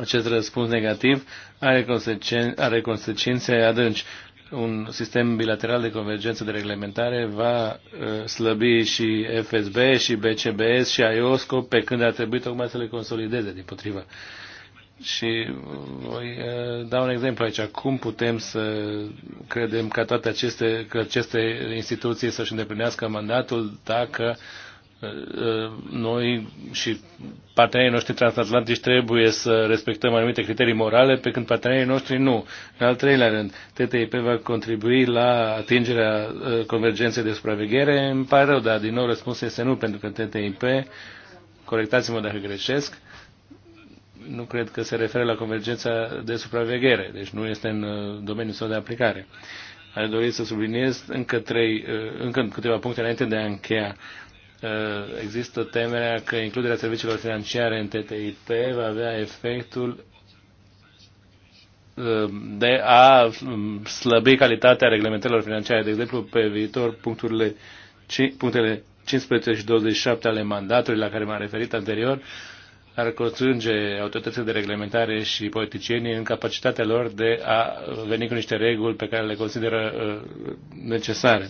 Acest răspuns negativ are, consecin- are consecințe adânci un sistem bilateral de convergență de reglementare va uh, slăbi și FSB și BCBS și IOSCO pe când ar trebui tocmai să le consolideze din potrivă. Și uh, voi da un exemplu aici. Cum putem să credem ca toate aceste, că aceste instituții să-și îndeplinească mandatul dacă uh, Uh, noi și partenerii noștri transatlantici trebuie să respectăm anumite criterii morale, pe când partenerii noștri nu. În al treilea rând, TTIP va contribui la atingerea uh, convergenței de supraveghere. Îmi pare rău, dar din nou răspunsul este nu, pentru că TTIP, corectați-mă dacă greșesc, nu cred că se referă la convergența de supraveghere, deci nu este în uh, domeniul său de aplicare. Aș dori să subliniez încă, trei, încă câteva puncte înainte de a încheia. Eh, există temerea că includerea serviciilor financiare în TTIP va avea efectul eh, de a mm, slăbi calitatea reglementărilor financiare. De exemplu, pe viitor, puncturile, punctele 15 și 27 ale mandatului la care m-am referit anterior ar constrânge autoritățile de reglementare și politicienii în capacitatea lor de a veni cu niște reguli pe care le consideră eh, necesare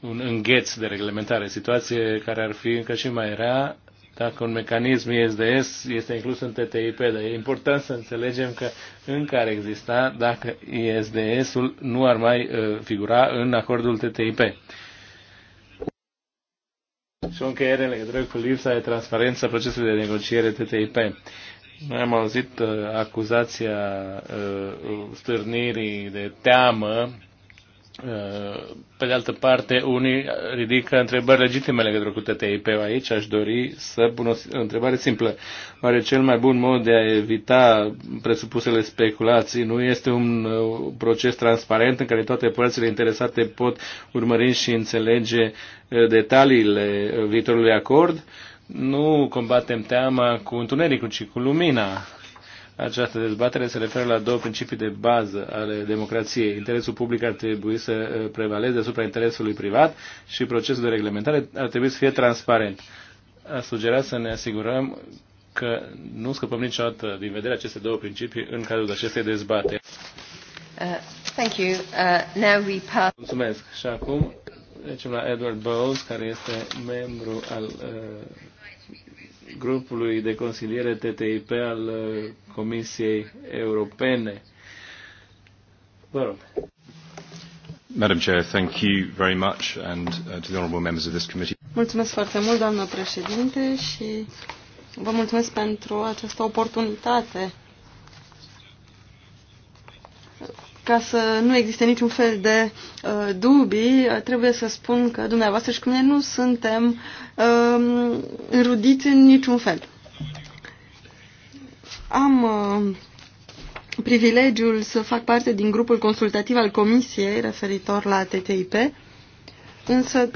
un îngheț de reglementare, situație care ar fi încă și mai rea dacă un mecanism ISDS este inclus în TTIP, dar e important să înțelegem că încă ar exista dacă ISDS-ul nu ar mai uh, figura în acordul TTIP. Și o încheiere în legătură cu lipsa de transparență a procesului de negociere TTIP. Noi am auzit uh, acuzația uh, stârnirii de teamă pe de altă parte, unii ridică întrebări legitime legătură cu TTIP. Aici aș dori să pun o întrebare simplă. Oare cel mai bun mod de a evita presupusele speculații nu este un uh, proces transparent în care toate părțile interesate pot urmări și înțelege uh, detaliile viitorului acord? Nu combatem teama cu întunericul, ci cu lumina această dezbatere se referă la două principii de bază ale democrației. Interesul public ar trebui să uh, prevaleze asupra interesului privat și procesul de reglementare ar trebui să fie transparent. A sugerat să ne asigurăm că nu scăpăm niciodată din vedere aceste două principii în cadrul acestei dezbateri. Uh, thank you. Uh, now we pass... Mulțumesc. Și acum trecem la Edward Bowles, care este membru al uh, grupului de consiliere TTIP al uh, Comisiei Europene. Vă rog. Madam Chair, thank you very much and uh, to the honorable members of this committee. Mulțumesc foarte mult, doamnă președinte, și vă mulțumesc pentru această oportunitate ca să nu existe niciun fel de uh, dubii, uh, trebuie să spun că dumneavoastră și cu mine nu suntem uh, înrudiți în niciun fel. Am uh, privilegiul să fac parte din grupul consultativ al Comisiei referitor la TTIP, însă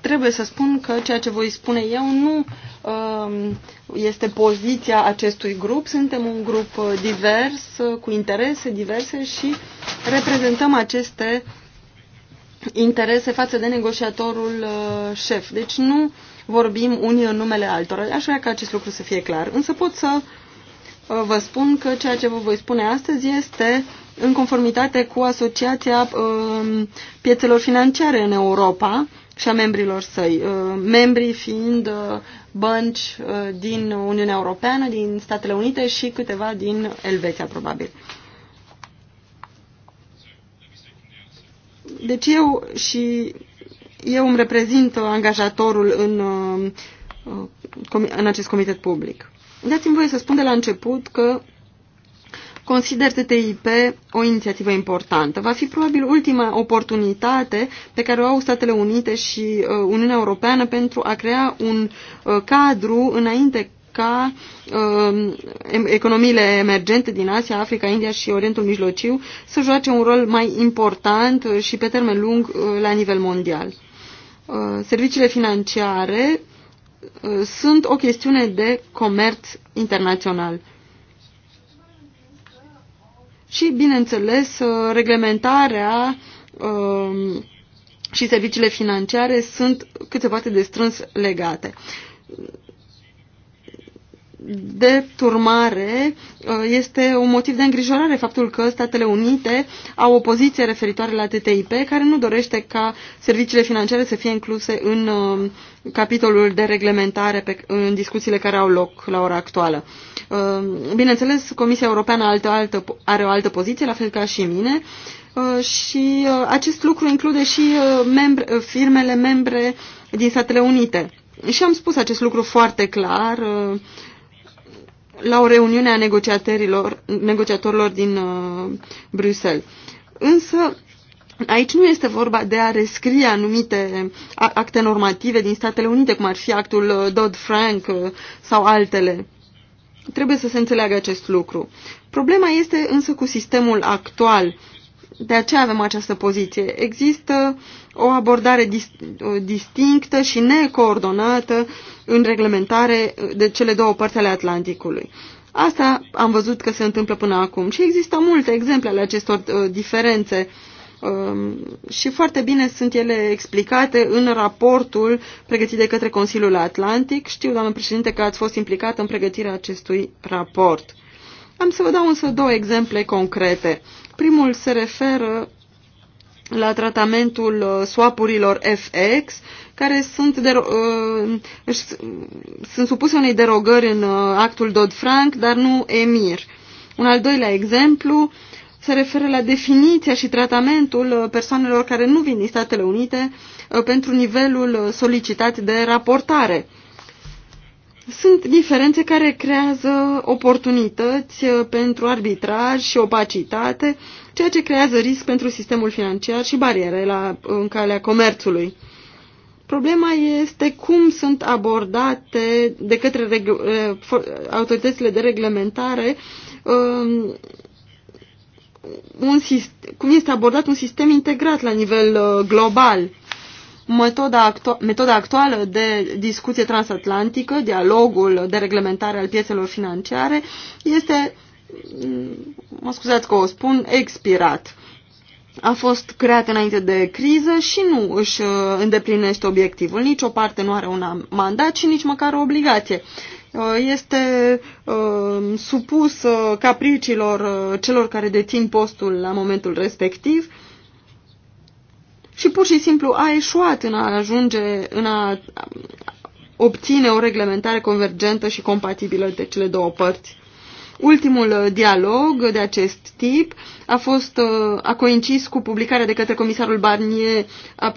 trebuie să spun că ceea ce voi spune eu nu um, este poziția acestui grup. Suntem un grup uh, divers, uh, cu interese diverse și reprezentăm aceste interese față de negociatorul uh, șef. Deci nu vorbim unii în numele altora. Aș vrea ca acest lucru să fie clar. Însă pot să uh, vă spun că ceea ce vă voi spune astăzi este în conformitate cu Asociația uh, Piețelor Financiare în Europa și a membrilor săi, membrii fiind bănci din Uniunea Europeană, din Statele Unite și câteva din Elveția, probabil. Deci eu și eu îmi reprezint angajatorul în, uh, în acest comitet public. Dați-mi voie să spun de la început că consider TTIP o inițiativă importantă. Va fi probabil ultima oportunitate pe care o au Statele Unite și uh, Uniunea Europeană pentru a crea un uh, cadru înainte ca uh, economiile emergente din Asia, Africa, India și Orientul Mijlociu să joace un rol mai important și pe termen lung uh, la nivel mondial. Uh, serviciile financiare uh, sunt o chestiune de comerț internațional. Și, bineînțeles, uh, reglementarea uh, și serviciile financiare sunt cât se poate de strâns legate de turmare uh, este un motiv de îngrijorare faptul că Statele Unite au o poziție referitoare la TTIP care nu dorește ca serviciile financiare să fie incluse în uh, capitolul de reglementare pe, în discuțiile care au loc la ora actuală. Uh, bineînțeles, Comisia Europeană altă, altă, are o altă poziție, la fel ca și mine, și acest lucru include și membre, firmele membre din Statele Unite. Și am spus acest lucru foarte clar la o reuniune a negociatorilor, negociatorilor din uh, Bruxelles. Însă, aici nu este vorba de a rescrie anumite acte normative din Statele Unite, cum ar fi actul uh, Dodd-Frank uh, sau altele. Trebuie să se înțeleagă acest lucru. Problema este însă cu sistemul actual de aceea avem această poziție. Există o abordare dis distinctă și necoordonată în reglementare de cele două părți ale Atlanticului. Asta am văzut că se întâmplă până acum și există multe exemple ale acestor uh, diferențe um, și foarte bine sunt ele explicate în raportul pregătit de către Consiliul Atlantic. Știu, doamnă președinte, că ați fost implicată în pregătirea acestui raport. Am să vă dau însă două exemple concrete. Primul se referă la tratamentul uh, swapurilor FX, care sunt, de, uh, sunt supuse unei derogări în uh, actul Dodd-Frank, dar nu EMIR. Un al doilea exemplu se referă la definiția și tratamentul uh, persoanelor care nu vin din Statele Unite pentru nivelul solicitat de raportare. Sunt diferențe care creează oportunități uh, pentru arbitraj și opacitate, ceea ce creează risc pentru sistemul financiar și bariere la, în calea comerțului. Problema este cum sunt abordate de către uh, autoritățile de reglementare um, un, cum este abordat un sistem integrat la nivel uh, global metoda, actu metoda actuală de discuție transatlantică, dialogul de reglementare al piețelor financiare, este, mă scuzați că o spun, expirat. A fost creat înainte de criză și nu își uh, îndeplinește obiectivul. Nici o parte nu are un mandat și nici măcar o obligație. Uh, este uh, supus capriciilor celor care dețin postul la momentul respectiv și pur și simplu a eșuat în a ajunge, în a obține o reglementare convergentă și compatibilă de cele două părți. Ultimul uh, dialog de acest tip a, fost, uh, a coincis cu publicarea de către comisarul Barnier a,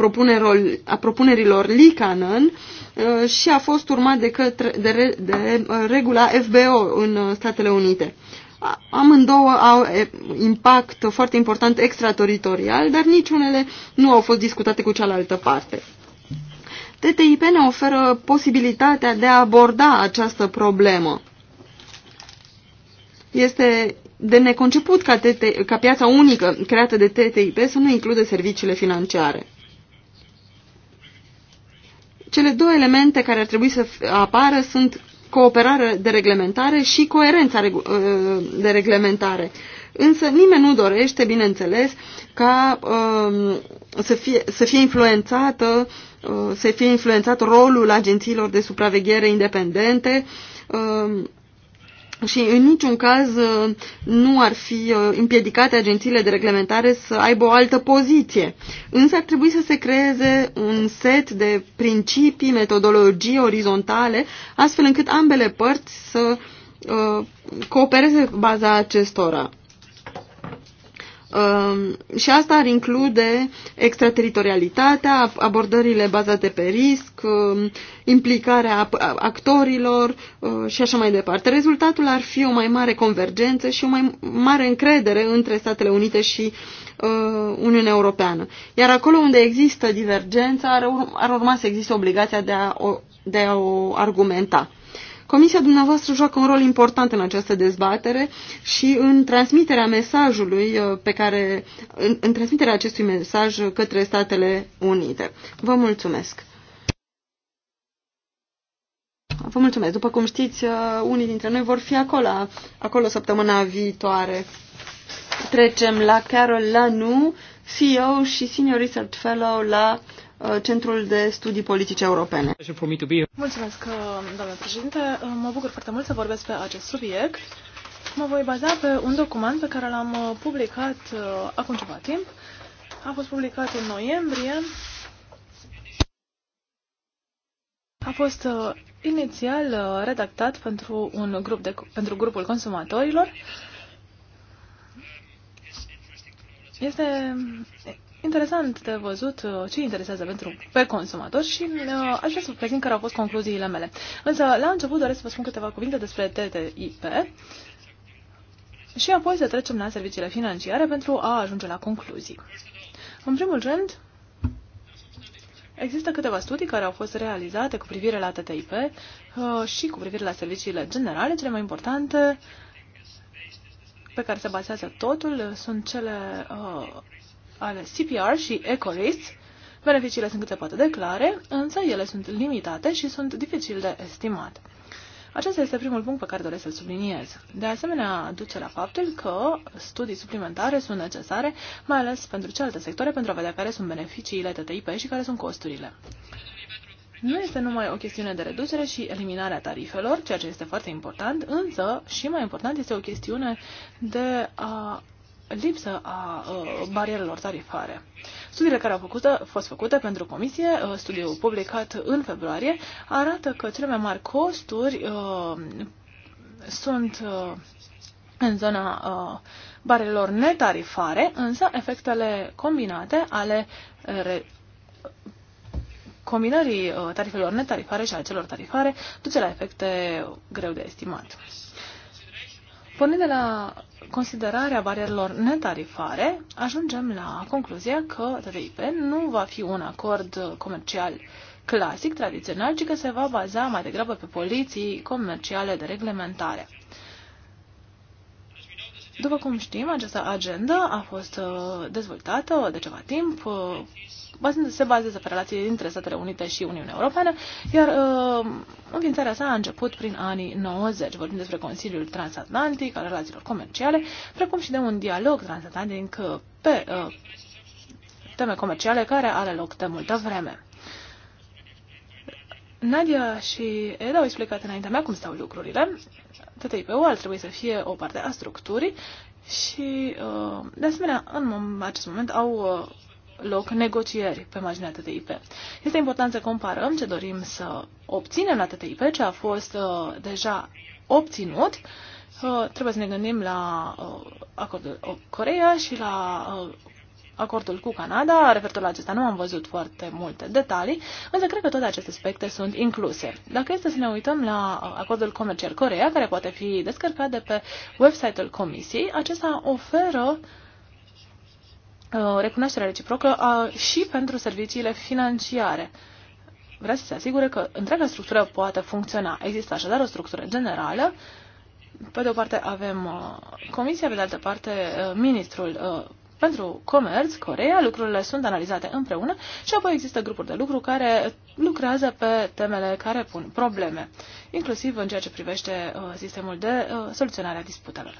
a propunerilor Licanen uh, și a fost urmat de, către, de, de regula FBO în Statele Unite. Amândouă au impact foarte important extrateritorial, dar niciunele nu au fost discutate cu cealaltă parte. TTIP ne oferă posibilitatea de a aborda această problemă. Este de neconceput ca, TT, ca piața unică creată de TTIP să nu include serviciile financiare. Cele două elemente care ar trebui să apară sunt cooperare de reglementare și coerența ă, de reglementare. Însă nimeni nu dorește, bineînțeles, ca ă, să fie, să fie influențată ă, să fie influențat rolul agențiilor de supraveghere independente și în niciun caz uh, nu ar fi uh, împiedicate agențiile de reglementare să aibă o altă poziție. Însă ar trebui să se creeze un set de principii, metodologii orizontale, astfel încât ambele părți să uh, coopereze baza acestora. Um, și asta ar include extrateritorialitatea, abordările bazate pe risc, um, implicarea actorilor uh, și așa mai departe. Rezultatul ar fi o mai mare convergență și o mai mare încredere între Statele Unite și uh, Uniunea Europeană. Iar acolo unde există divergență, ar urma să existe obligația de a o, de a o argumenta. Comisia dumneavoastră joacă un rol important în această dezbatere și în transmiterea mesajului uh, pe care, în, în transmiterea acestui mesaj către Statele Unite. Vă mulțumesc! Vă mulțumesc. După cum știți, uh, unii dintre noi vor fi acolo, acolo săptămâna viitoare. Trecem la Carol Lanu, CEO și Senior Research Fellow la Uh, Centrul de Studii Politice Europene. Mulțumesc, uh, doamnă președinte. Uh, mă bucur foarte mult să vorbesc pe acest subiect. Mă voi baza pe un document pe care l-am publicat acum ceva timp. A fost publicat în noiembrie. A fost inițial redactat pentru, un grup de, pentru grupul consumatorilor. Este interesant de văzut uh, ce interesează pentru pe consumator și uh, aș vrea să prezint care au fost concluziile mele. Însă, la început doresc să vă spun câteva cuvinte despre TTIP și apoi să trecem la serviciile financiare pentru a ajunge la concluzii. În primul rând, există câteva studii care au fost realizate cu privire la TTIP uh, și cu privire la serviciile generale, cele mai importante pe care se bazează totul sunt cele uh, ale CPR și ECORIS, beneficiile sunt cât se poate de clare, însă ele sunt limitate și sunt dificil de estimat. Acesta este primul punct pe care doresc să-l subliniez. De asemenea, duce la faptul că studii suplimentare sunt necesare, mai ales pentru celelalte sectoare, pentru a vedea care sunt beneficiile TTIP și care sunt costurile. Nu este numai o chestiune de reducere și eliminarea tarifelor, ceea ce este foarte important, însă și mai important este o chestiune de a lipsă a barierelor tarifare. Studiile care au făcută, fost făcute pentru comisie, studiul publicat în februarie, arată că cele mai mari costuri sunt în zona barelor netarifare, însă efectele combinate ale re... combinării tarifelor netarifare și a celor tarifare duce la efecte greu de estimat. Pornind de la considerarea barierelor netarifare, ajungem la concluzia că TTIP nu va fi un acord comercial clasic, tradițional, ci că se va baza mai degrabă pe poliții comerciale de reglementare. După cum știm, această agendă a fost uh, dezvoltată de ceva timp uh, se bazează pe relații dintre Statele Unite și Uniunea Europeană, iar uh, înființarea sa a început prin anii 90. Vorbim despre Consiliul Transatlantic al relațiilor comerciale, precum și de un dialog transatlantic pe uh, teme comerciale care are loc de multă vreme. Nadia și Eda au explicat înaintea mea cum stau lucrurile. TTIP-ul ar trebui să fie o parte a structurii și, uh, de asemenea, în acest moment au uh, loc negocieri pe marginea TTIP. Este important să comparăm ce dorim să obținem la TTIP, ce a fost uh, deja obținut. Uh, trebuie să ne gândim la uh, acordul uh, Coreea și la uh, acordul cu Canada. Referitor la acesta nu am văzut foarte multe detalii, însă cred că toate aceste aspecte sunt incluse. Dacă este să ne uităm la uh, acordul comercial Corea, care poate fi descărcat de pe website-ul Comisiei, acesta oferă uh, Uh, recunoașterea reciprocă uh, și pentru serviciile financiare. Vrea să se asigure că întreaga structură poate funcționa. Există așadar o structură generală. Pe de o parte avem uh, Comisia, pe de altă parte Ministrul pentru comerț, Corea, lucrurile sunt analizate împreună și apoi există grupuri de lucru care lucrează pe temele care pun probleme, inclusiv în ceea ce privește sistemul de soluționare a disputelor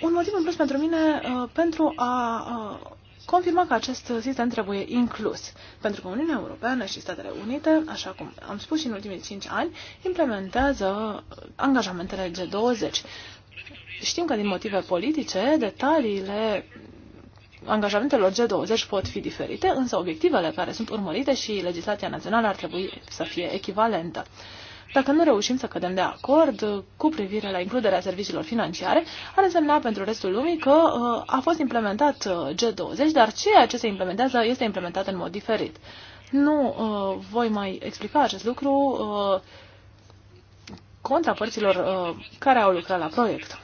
un motiv în plus pentru mine uh, pentru a uh, confirma că acest sistem trebuie inclus, pentru că Uniunea Europeană și Statele Unite, așa cum am spus și în ultimii 5 ani, implementează angajamentele G20. Știm că din motive politice, detaliile angajamentelor G20 pot fi diferite, însă obiectivele care sunt urmărite și legislația națională ar trebui să fie echivalentă. Dacă nu reușim să cădem de acord uh, cu privire la includerea serviciilor financiare, ar însemna pentru restul lumii că uh, a fost implementat uh, G20, dar ceea ce se implementează este implementat în mod diferit. Nu uh, voi mai explica acest lucru uh, contrapărților uh, care au lucrat la proiect.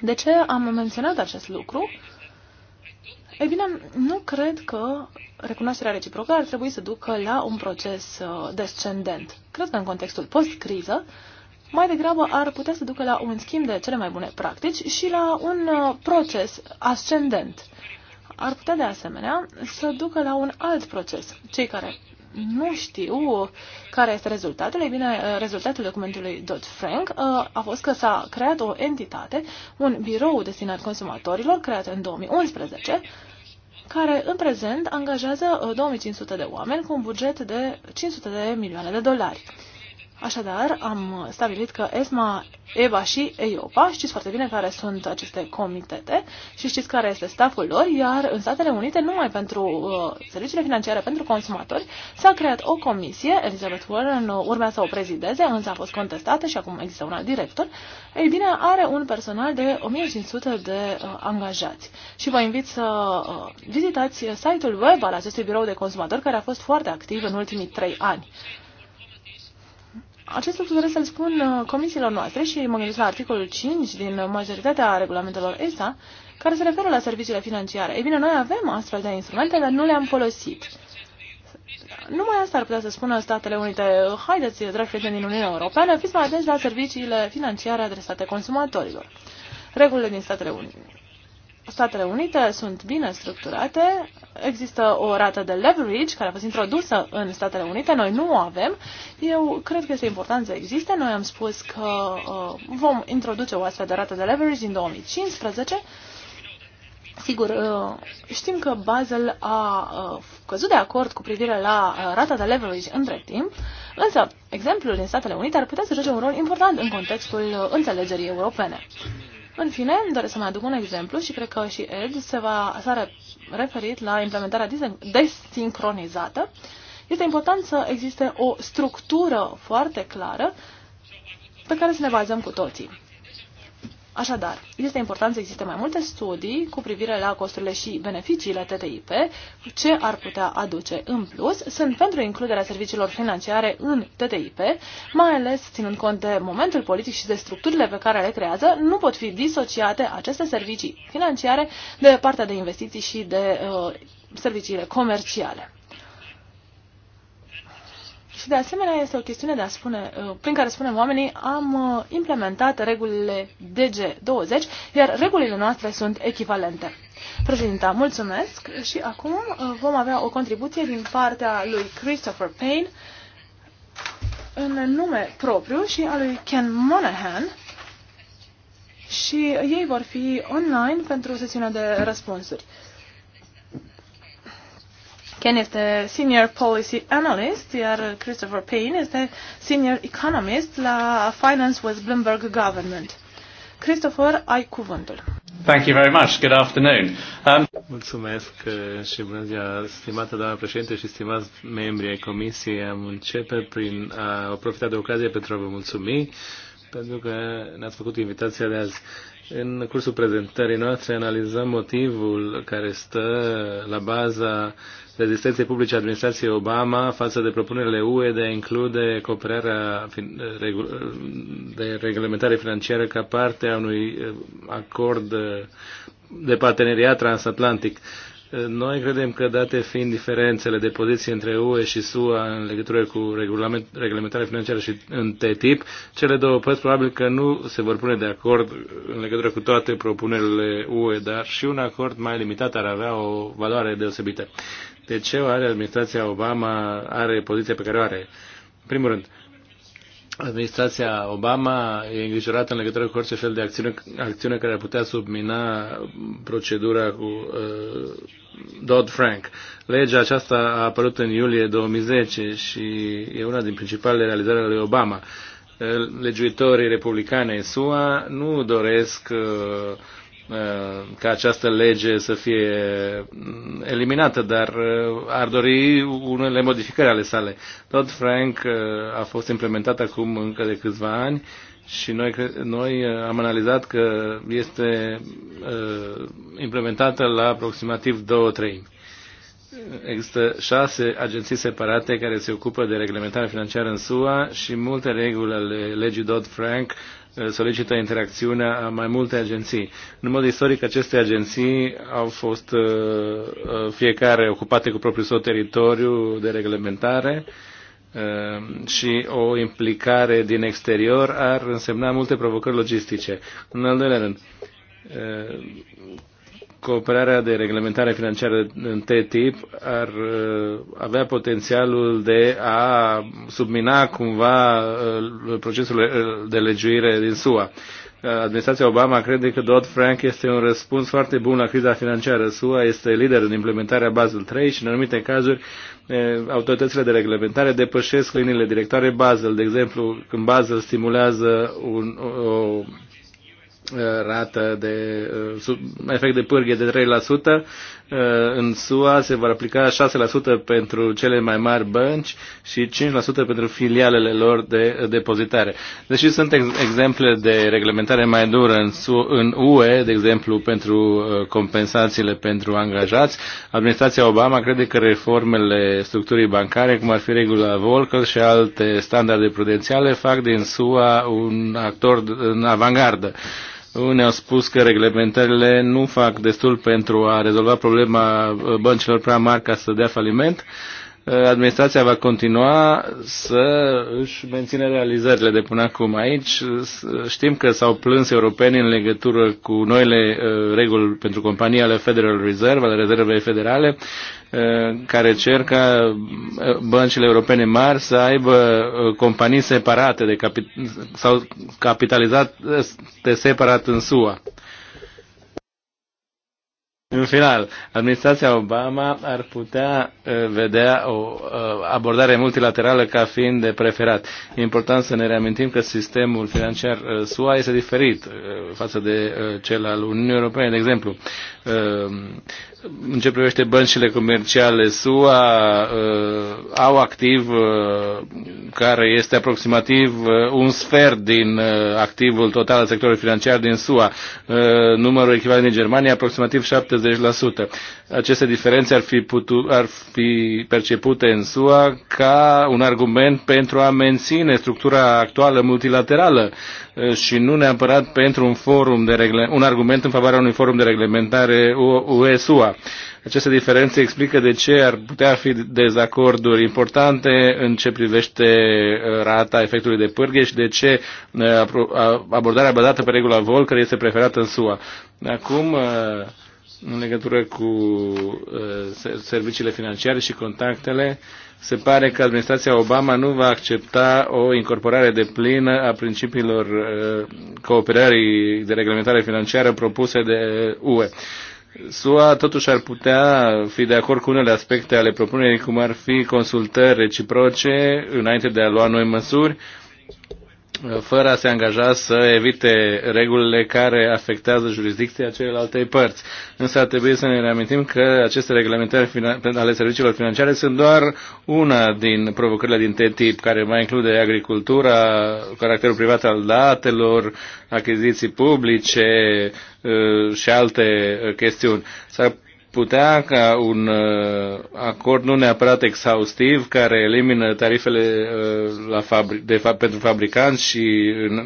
De ce am menționat acest lucru? Ei bine, nu cred că recunoașterea reciprocă ar trebui să ducă la un proces uh, descendent. Cred că în contextul post-criză, mai degrabă ar putea să ducă la un schimb de cele mai bune practici și la un uh, proces ascendent. Ar putea de asemenea să ducă la un alt proces. Cei care nu știu care este rezultatul. Ei bine, rezultatul documentului Dodd-Frank uh, a fost că s-a creat o entitate, un birou destinat consumatorilor, creat în 2011, care în prezent angajează 2500 uh, de oameni cu un buget de 500 de milioane de dolari. Așadar, am stabilit că ESMA, EBA și EIOPA, știți foarte bine care sunt aceste comitete și știți care este staful lor, iar în Statele Unite, numai pentru uh, serviciile financiare pentru consumatori, s-a creat o comisie, Elizabeth Warren urmea să o prezideze, însă a fost contestată și acum există un alt director, ei bine, are un personal de 1500 de uh, angajați. Și vă invit să uh, vizitați site-ul web al acestui birou de consumatori, care a fost foarte activ în ultimii trei ani. Acest lucru doresc să-l spun uh, comisiilor noastre și mă gândesc la articolul 5 din majoritatea regulamentelor ESA, care se referă la serviciile financiare. Ei bine, noi avem astfel de instrumente, dar nu le-am folosit. Numai asta ar putea să spună Statele Unite. Haideți, dragi prieteni din Uniunea Europeană, fiți mai atenți la serviciile financiare adresate consumatorilor. Regulile din Statele Unite Statele Unite sunt bine structurate, există o rată de leverage care a fost introdusă în Statele Unite, noi nu o avem. Eu cred că este important să existe. Noi am spus că uh, vom introduce o astfel de rată de leverage din 2015. Sigur, uh, știm că Basel a uh, căzut de acord cu privire la uh, rata de leverage între timp, însă exemplul din Statele Unite ar putea să joace un rol important în contextul înțelegerii europene. În fine, doresc să mai aduc un exemplu și cred că și Ed se va, s-a referit la implementarea desincronizată. Este important să existe o structură foarte clară pe care să ne bazăm cu toții. Așadar, este important să existe mai multe studii cu privire la costurile și beneficiile TTIP, ce ar putea aduce în plus. Sunt pentru includerea serviciilor financiare în TTIP, mai ales ținând cont de momentul politic și de structurile pe care le creează, nu pot fi disociate aceste servicii financiare de partea de investiții și de uh, serviciile comerciale. Și de asemenea este o chestiune de a spune, uh, prin care spunem oamenii am uh, implementat regulile DG20, iar regulile noastre sunt echivalente. Președinta, mulțumesc și acum uh, vom avea o contribuție din partea lui Christopher Payne în nume propriu și a lui Ken Monahan și ei vor fi online pentru sesiunea de răspunsuri. Ken este Senior Policy Analyst, iar Christopher Payne este Senior Economist la Finance with Bloomberg Government. Christopher, ai cuvântul. Thank you very much. Good afternoon. Um... Mulțumesc uh, și bună ziua, stimată doamnă președinte și stimați membri ai comisiei. Am început prin a profita de ocazie pentru a vă mulțumi pentru că ne-ați făcut invitația de azi. În cursul prezentării noastre analizăm motivul care stă la baza rezistenței publice administrației Obama față de propunerile UE de a include cooperarea de reglementare financiară ca parte a unui eh, acord eh, de parteneriat transatlantic. Noi credem că, date fiind diferențele de poziție între UE și SUA în legătură cu reglementarea financiară și în TTIP, cele două părți probabil că nu se vor pune de acord în legătură cu toate propunerile UE, dar și un acord mai limitat ar avea o valoare deosebită. De ce are administrația Obama, are poziția pe care o are? În primul rând, administrația Obama e îngrijorată în legătură cu orice fel de acțiune, acțiune care ar putea submina procedura cu uh, Dodd-Frank. Legea aceasta a apărut în iulie 2010 și e una din principalele realizări ale Obama. Legiuitorii republicane SUA nu doresc uh, Uh, ca această lege să fie mm, eliminată, dar uh, ar dori unele modificări ale sale. Tot Frank uh, a fost implementat acum încă de câțiva ani și noi, noi am analizat că este implementată la aproximativ 2-3. Există șase agenții separate care se ocupă de reglementarea financiară în SUA și multe reguli ale legii Dodd-Frank solicită interacțiunea a mai multe agenții. În mod istoric, aceste agenții au fost uh, uh, fiecare ocupate cu propriul său teritoriu de reglementare uh, și o implicare din exterior ar însemna multe provocări logistice. În al doilea rând, cooperarea de reglementare financiară în TTIP ar uh, avea potențialul de a submina cumva uh, procesul uh, de legiuire din SUA. Administrația Obama crede că Dodd-Frank este un răspuns foarte bun la criza financiară. SUA este lider în implementarea Basel 3 și în anumite cazuri autoritățile de reglementare depășesc liniile directoare Basel. De exemplu, când Basel stimulează un, o Uh, rată de uh, sub, efect de pârghie de 3%, uh, în SUA se va aplica 6% pentru cele mai mari bănci și 5% pentru filialele lor de depozitare. Deși sunt ex- exemple de reglementare mai dură în, SUA, în UE, de exemplu pentru compensațiile pentru angajați, administrația Obama crede că reformele structurii bancare, cum ar fi regula Volcker și alte standarde prudențiale, fac din SUA un actor în avangardă unii au spus că reglementările nu fac destul pentru a rezolva problema uh, băncilor prea mari ca să dea faliment. Uh, administrația va continua să își menține realizările de până acum. Aici uh, știm că s-au plâns europenii în legătură cu noile reguli pentru companii ale Federal Reserve, ale rezervei federale, Eh, care cer ca eh, băncile europene mari să aibă eh, companii separate de capi- sau capitalizate separat în SUA. În final, administrația Obama ar putea vedea o abordare multilaterală ca fiind de preferat. E important să ne reamintim că sistemul financiar SUA este diferit față de cel al Uniunii Europene. De exemplu, în ce privește băncile comerciale SUA, uh, au activ uh, care este aproximativ uh, un sfert din uh, activul total al sectorului financiar din SUA. Uh, numărul echivalent din Germania aproximativ 70%. Aceste diferențe ar fi, putu, ar fi percepute în SUA ca un argument pentru a menține structura actuală multilaterală și nu neapărat pentru un, forum de regle, un argument în favoarea unui forum de reglementare USUA. Aceste diferențe explică de ce ar putea fi dezacorduri importante în ce privește uh, rata efectului de pârghie și de ce uh, abordarea bazată pe regula Volcker este preferată în SUA. Acum, uh, în legătură cu serviciile financiare și contactele, se pare că administrația Obama nu va accepta o incorporare de plină a principiilor uh, cooperării de reglementare financiară propuse de UE. SUA totuși ar putea fi de acord cu unele aspecte ale propunerii, cum ar fi consultări reciproce înainte de a lua noi măsuri, fără a se angaja să evite regulile care afectează jurisdicția celelalte părți. Însă trebuie să ne reamintim că aceste reglementări ale serviciilor financiare sunt doar una din provocările din TTIP, care mai include agricultura, caracterul privat al datelor, achiziții publice uh, și alte uh, chestiuni. S-ar putea ca un uh, acord nu neapărat exhaustiv care elimină tarifele uh, la fabri- de fa- pentru fabricanți și în,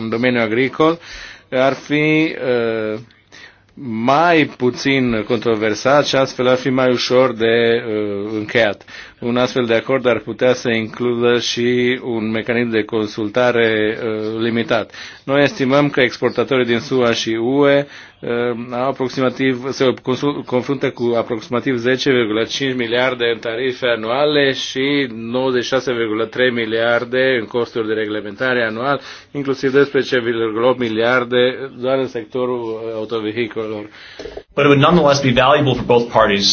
în domeniul agricol ar fi uh, mai puțin controversat și astfel ar fi mai ușor de încheiat. Un astfel de acord ar putea să includă și un mecanism de consultare uh, limitat. Noi estimăm că exportatorii din SUA și UE uh, au aproximativ, se confruntă cu aproximativ 10,5 miliarde în tarife anuale și 96,3 miliarde în costuri de reglementare anual, inclusiv 12,8 miliarde doar în sectorul uh, autovehiculelor. But it would nonetheless be valuable for both parties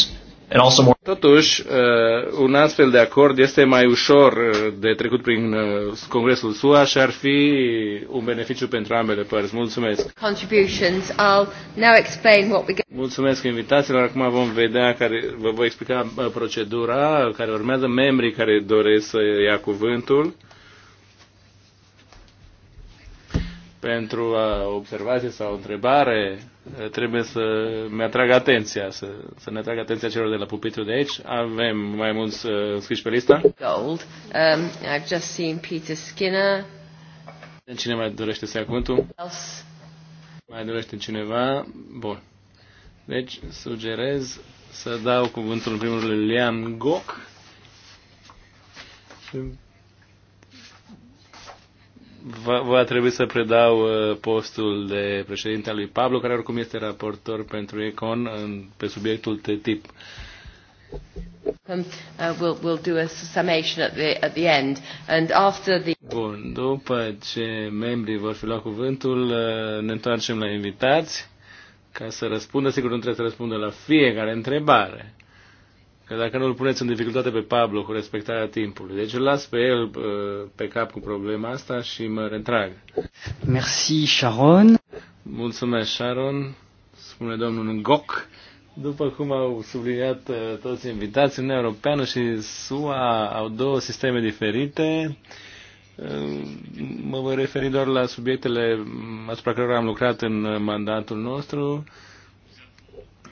And also more... Totuși, uh, un astfel de acord este mai ușor uh, de trecut prin uh, Congresul SUA și ar fi un beneficiu pentru ambele părți. Mulțumesc! Contributions. I'll now explain what we get. Mulțumesc invitațiilor. Acum vom vedea, care, vă voi explica procedura care urmează. Membrii care doresc să ia cuvântul pentru a observație sau întrebare, trebuie să mi-atrag atenția, să, să ne atrag atenția celor de la pupitru de aici. Avem mai mulți uh, scriși pe lista. Gold. Um, I've just seen Peter Skinner. Cine mai dorește să ia cuvântul? Mai dorește cineva? Bun. Deci, sugerez să dau cuvântul în primul rând Lian Gok va, va trebui să predau uh, postul de președinte al lui Pablo, care oricum este raportor pentru Econ în, pe subiectul TTIP. Uh, Bun, după ce membrii vor fi luat cuvântul, uh, ne întoarcem la invitați ca să răspundă, sigur nu trebuie să răspundă la fiecare întrebare că dacă nu îl puneți în dificultate pe Pablo cu respectarea timpului. Deci îl las pe el uh, pe cap cu problema asta și mă retrag. Merci, Sharon. Mulțumesc, Sharon. Spune domnul Ngoc. După cum au subliniat uh, toți invitații, Uniunea Europeană și SUA au două sisteme diferite. Uh, mă voi referi doar la subiectele asupra care am lucrat în mandatul nostru.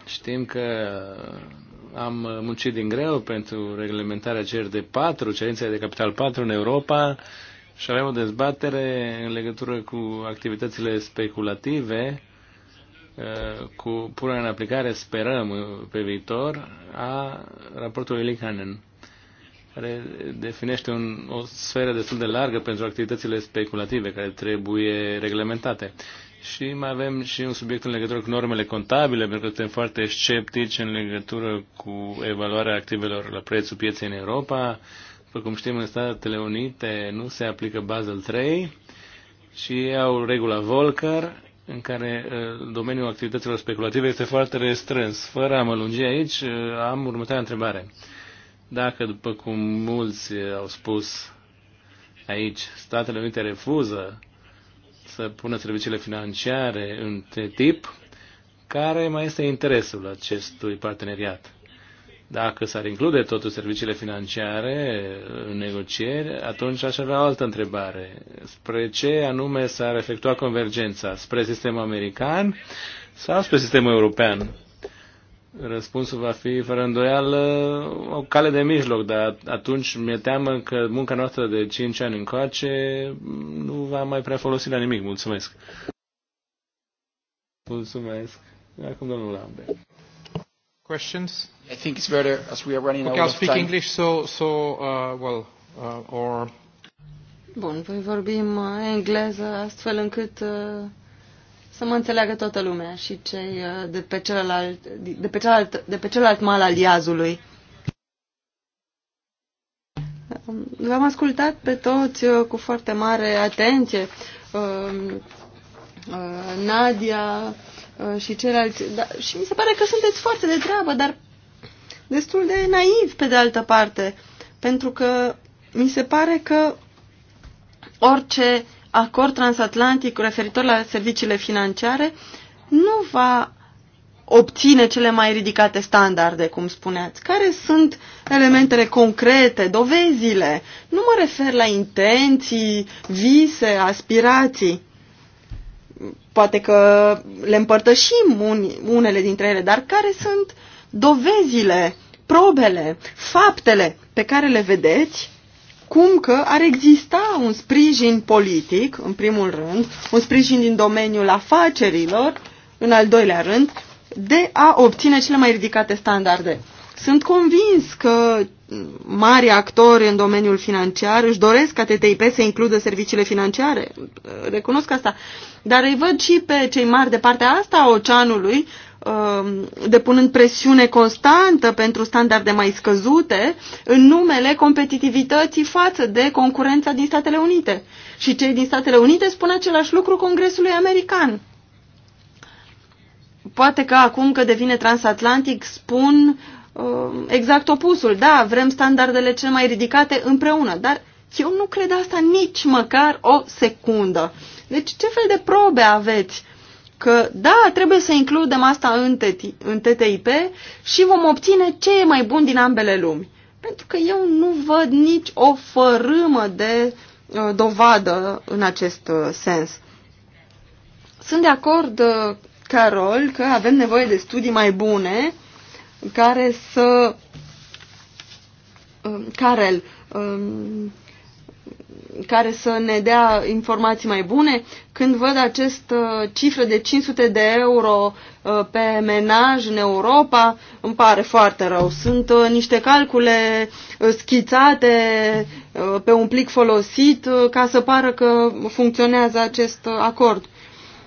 Știm că am uh, muncit din greu pentru reglementarea CRD4, cerințele de capital 4 în Europa și avem o dezbatere în legătură cu activitățile speculative, uh, cu punerea în aplicare, sperăm uh, pe viitor, a raportului Lichanen, care definește un, o sferă destul de largă pentru activitățile speculative care trebuie reglementate. Și mai avem și un subiect în legătură cu normele contabile, pentru că suntem foarte sceptici în legătură cu evaluarea activelor la prețul pieței în Europa. După cum știm, în Statele Unite nu se aplică Basel 3 și au regula Volcker, în care uh, domeniul activităților speculative este foarte restrâns. Fără a mă lungi aici, uh, am următoarea întrebare. Dacă, după cum mulți au spus aici, Statele Unite refuză să pună serviciile financiare în tip, care mai este interesul acestui parteneriat? Dacă s-ar include totul serviciile financiare în negocieri, atunci aș avea o altă întrebare. Spre ce anume s-ar efectua convergența? Spre sistemul american sau spre sistemul european? Răspunsul va fi, fără îndoială, o cale de mijloc, dar atunci mi-e teamă că munca noastră de 5 ani încoace nu va mai prea folosi la nimic. Mulțumesc! Mulțumesc! Acum domnul Lambert. Questions? I think it's better as we are running okay, out of time. I'll speak English, so, so uh, well, uh, or... Bun, voi vorbim engleză astfel încât uh, să mă înțeleagă toată lumea și cei uh, de pe celălalt, de pe celălalt, de pe celălalt mal al iazului. Um, v-am ascultat pe toți uh, cu foarte mare atenție. Um, uh, Nadia și ceilalți. și mi se pare că sunteți foarte de treabă, dar destul de naiv pe de altă parte. Pentru că mi se pare că orice acord transatlantic referitor la serviciile financiare nu va obține cele mai ridicate standarde, cum spuneați. Care sunt elementele concrete, dovezile? Nu mă refer la intenții, vise, aspirații. Poate că le împărtășim unele dintre ele, dar care sunt dovezile, probele, faptele pe care le vedeți cum că ar exista un sprijin politic, în primul rând, un sprijin din domeniul afacerilor, în al doilea rând, de a obține cele mai ridicate standarde. Sunt convins că mari actori în domeniul financiar își doresc ca TTIP să includă serviciile financiare. Recunosc asta. Dar îi văd și pe cei mari de partea asta a oceanului Um, depunând presiune constantă pentru standarde mai scăzute în numele competitivității față de concurența din Statele Unite. Și cei din Statele Unite spun același lucru Congresului American. Poate că acum că devine transatlantic spun um, exact opusul. Da, vrem standardele cele mai ridicate împreună, dar eu nu cred asta nici măcar o secundă. Deci ce fel de probe aveți? că da, trebuie să includem asta în, în TTIP și vom obține ce e mai bun din ambele lumi. Pentru că eu nu văd nici o fărâmă de uh, dovadă în acest uh, sens. Sunt de acord, uh, Carol, că avem nevoie de studii mai bune care să... Uh, Carel. Uh, care să ne dea informații mai bune. Când văd acest uh, cifră de 500 de euro uh, pe menaj în Europa, îmi pare foarte rău. Sunt uh, niște calcule schițate pe un plic folosit ca să pară că funcționează acest acord.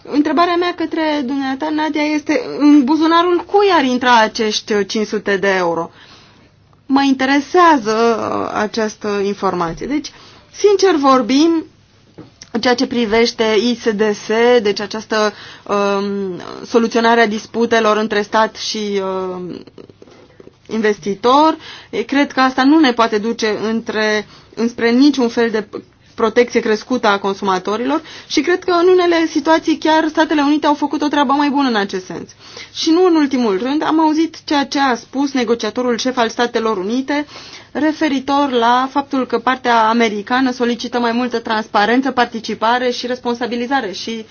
Întrebarea mea către dumneata, Nadia, este în buzunarul cui ar intra acești 500 de euro? Mă interesează această informație. Deci, uh, Sincer vorbim, în ceea ce privește ISDS, deci această um, soluționare a disputelor între stat și um, investitor, cred că asta nu ne poate duce între, înspre niciun fel de protecție crescută a consumatorilor și cred că în unele situații chiar Statele Unite au făcut o treabă mai bună în acest sens. Și nu în ultimul rând, am auzit ceea ce a spus negociatorul șef al Statelor Unite uh, referitor la faptul că partea americană solicită mai multă transparență, participare și responsabilizare și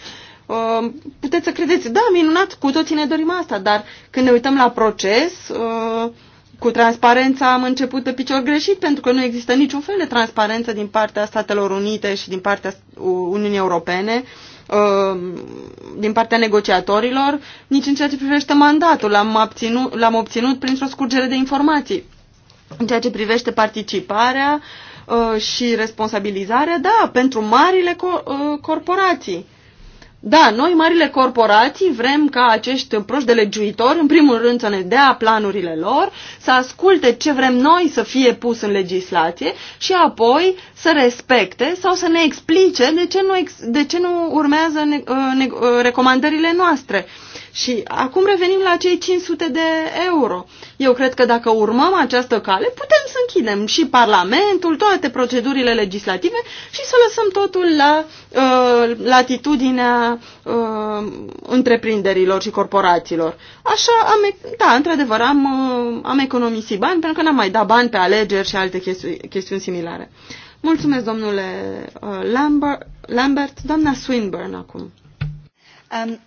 uh, puteți să credeți, da, minunat, cu toții ne dorim asta, dar când ne uităm la proces, uh, cu transparența am început de picior greșit, pentru că nu există niciun fel de transparență din partea Statelor Unite și din partea Uniunii Europene, uh, din partea negociatorilor, nici în ceea ce privește mandatul. L-am obținut, obținut printr-o scurgere de informații. În ceea ce privește participarea uh, și responsabilizarea, da, pentru marile uh, corporații. Da, noi, marile corporații, vrem ca acești proști de legiuitori, în primul rând, să ne dea planurile lor, să asculte ce vrem noi să fie pus în legislație și apoi să respecte sau să ne explice de ce nu, de ce nu urmează ne, uh, ne, recomandările noastre. Uh, și acum revenim la cei 500 de euro. Eu cred că dacă urmăm această cale, putem să închidem și Parlamentul, toate procedurile legislative și să lăsăm totul la uh, latitudinea uh, întreprinderilor și corporațiilor. Așa, am, da, într-adevăr, am, uh, am economisit bani pentru că n-am mai dat bani pe alegeri și alte chestii chestiuni similare. Mulțumesc, domnule uh, Lambert, Lambert. Doamna Swinburne acum. Um,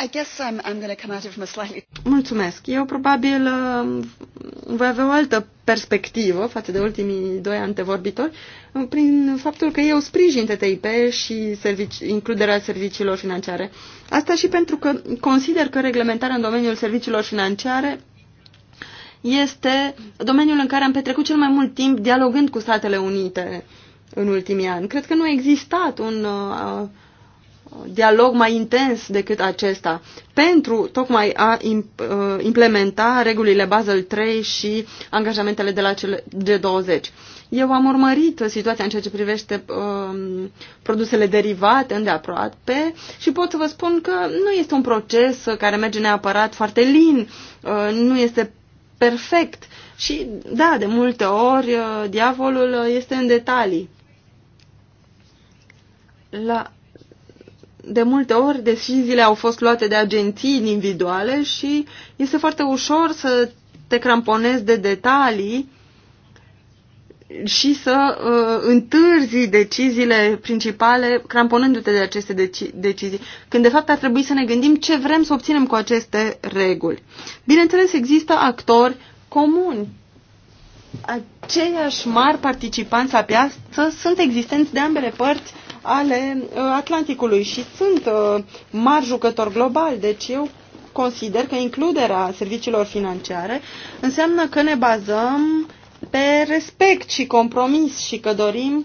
I guess I'm, I'm going to come at it from a slightly... Mulțumesc. Eu probabil um, voi avea o altă perspectivă față de ultimii doi antevorbitori um, prin faptul că eu sprijin TTIP și servici, includerea serviciilor financiare. Asta și pentru că consider că reglementarea în domeniul serviciilor financiare este domeniul în care am petrecut cel mai mult timp dialogând cu Statele Unite în ultimii ani. Cred că nu a existat un uh, dialog mai intens decât acesta pentru tocmai a uh, implementa regulile Basel 3 și angajamentele de la G20. Eu am urmărit situația în ceea ce privește um, produsele derivate îndeaproape și pot să vă spun că nu este un proces care merge neapărat foarte lin, uh, nu este perfect și, da, de multe ori, uh, diavolul este în detalii. La de multe ori deciziile au fost luate de agenții individuale și este foarte ușor să te cramponezi de detalii și să uh, întârzi deciziile principale cramponându-te de aceste deci decizii, când de fapt ar trebui să ne gândim ce vrem să obținem cu aceste reguli. Bineînțeles, există actori comuni. Aceiași mari participanți la piață sunt existenți de ambele părți ale uh, Atlanticului și sunt uh, mari jucători globali, deci eu consider că includerea serviciilor financiare înseamnă că ne bazăm pe respect și compromis și că dorim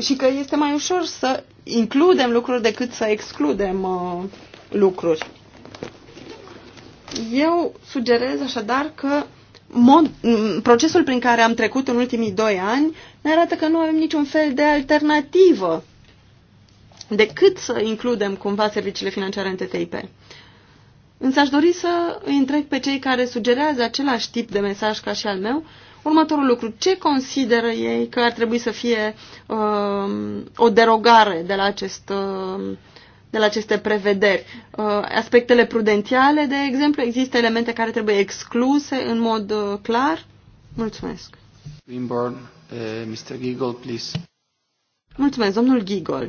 și că este mai ușor să includem lucruri decât să excludem uh, lucruri. Eu sugerez așadar că mod, procesul prin care am trecut în ultimii doi ani ne arată că nu avem niciun fel de alternativă decât să includem cumva serviciile financiare în TTIP. Însă aș dori să îi întreb pe cei care sugerează același tip de mesaj ca și al meu, următorul lucru. Ce consideră ei că ar trebui să fie uh, o derogare de la, acest, uh, de la aceste prevederi? Uh, aspectele prudențiale, de exemplu, există elemente care trebuie excluse în mod uh, clar? Mulțumesc. Uh, Mr. Giggle, please. Mulțumesc, domnul Giggle.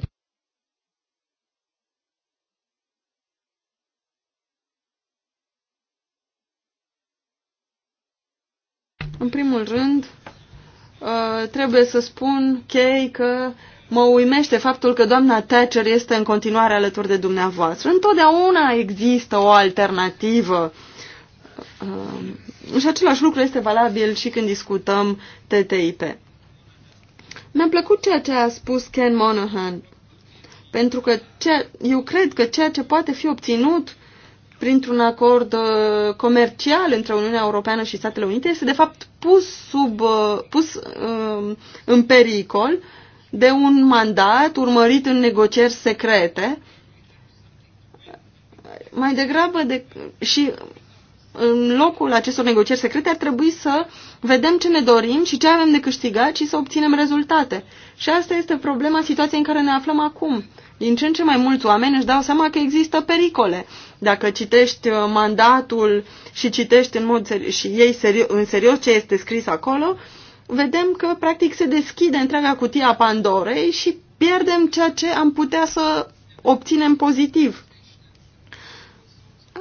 În primul rând, uh, trebuie să spun, Chei, că mă uimește faptul că doamna Thatcher este în continuare alături de dumneavoastră. Întotdeauna există o alternativă. Uh, și același lucru este valabil și când discutăm TTIP. Mi-a plăcut ceea ce a spus Ken Monahan, pentru că ce, eu cred că ceea ce poate fi obținut printr-un acord uh, comercial între Uniunea Europeană și Statele Unite este de fapt pus, sub, uh, pus uh, în pericol de un mandat urmărit în negocieri secrete mai degrabă de, și în locul acestor negocieri secrete ar trebui să uh, vedem ce ne dorim și ce avem de câștigat și să obținem rezultate. Și asta este problema situației în care ne aflăm acum. Din ce în ce mai mulți oameni își dau seama că există pericole. Dacă citești uh, mandatul și citești în mod seri- și ei seri- în serios ce este scris acolo, vedem că practic se deschide întreaga cutie a Pandorei și pierdem ceea ce am putea să obținem pozitiv.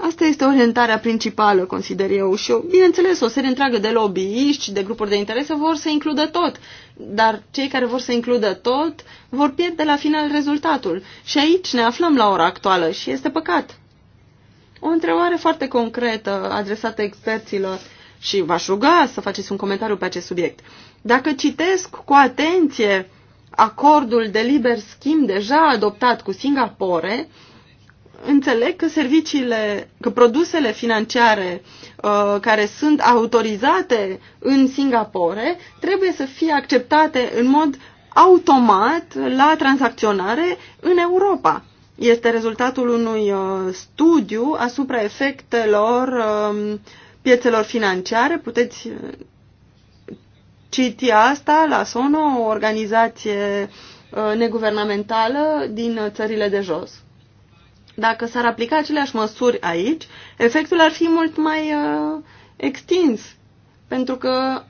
Asta este orientarea principală, consider eu, și eu, bineînțeles, o serie întreagă de lobbyiști, de grupuri de interese vor să includă tot, dar cei care vor să includă tot vor pierde la final rezultatul. Și aici ne aflăm la ora actuală și este păcat. O întrebare foarte concretă adresată experților și v-aș ruga să faceți un comentariu pe acest subiect. Dacă citesc cu atenție acordul de liber schimb deja adoptat cu Singapore, înțeleg că serviciile, că produsele financiare uh, care sunt autorizate în Singapore trebuie să fie acceptate în mod automat la tranzacționare în Europa. Este rezultatul unui uh, studiu asupra efectelor uh, piețelor financiare. Puteți uh, citi asta la SONO, o organizație uh, neguvernamentală din uh, țările de jos. Dacă s-ar aplica aceleași măsuri aici, efectul ar fi mult mai uh, extins, pentru că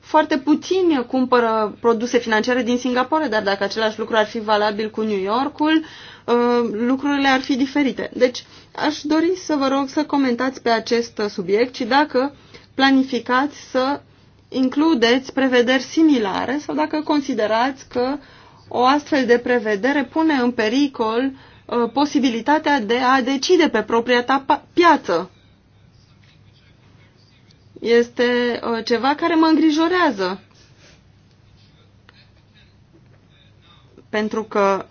foarte puțini cumpără produse financiare din Singapore, dar dacă același lucru ar fi valabil cu New Yorkul, uh, lucrurile ar fi diferite. Deci aș dori să vă rog să comentați pe acest subiect și dacă planificați să includeți prevederi similare sau dacă considerați că o astfel de prevedere pune în pericol Uh, posibilitatea de a decide pe propria ta piață. Este uh, ceva care mă îngrijorează. Pentru că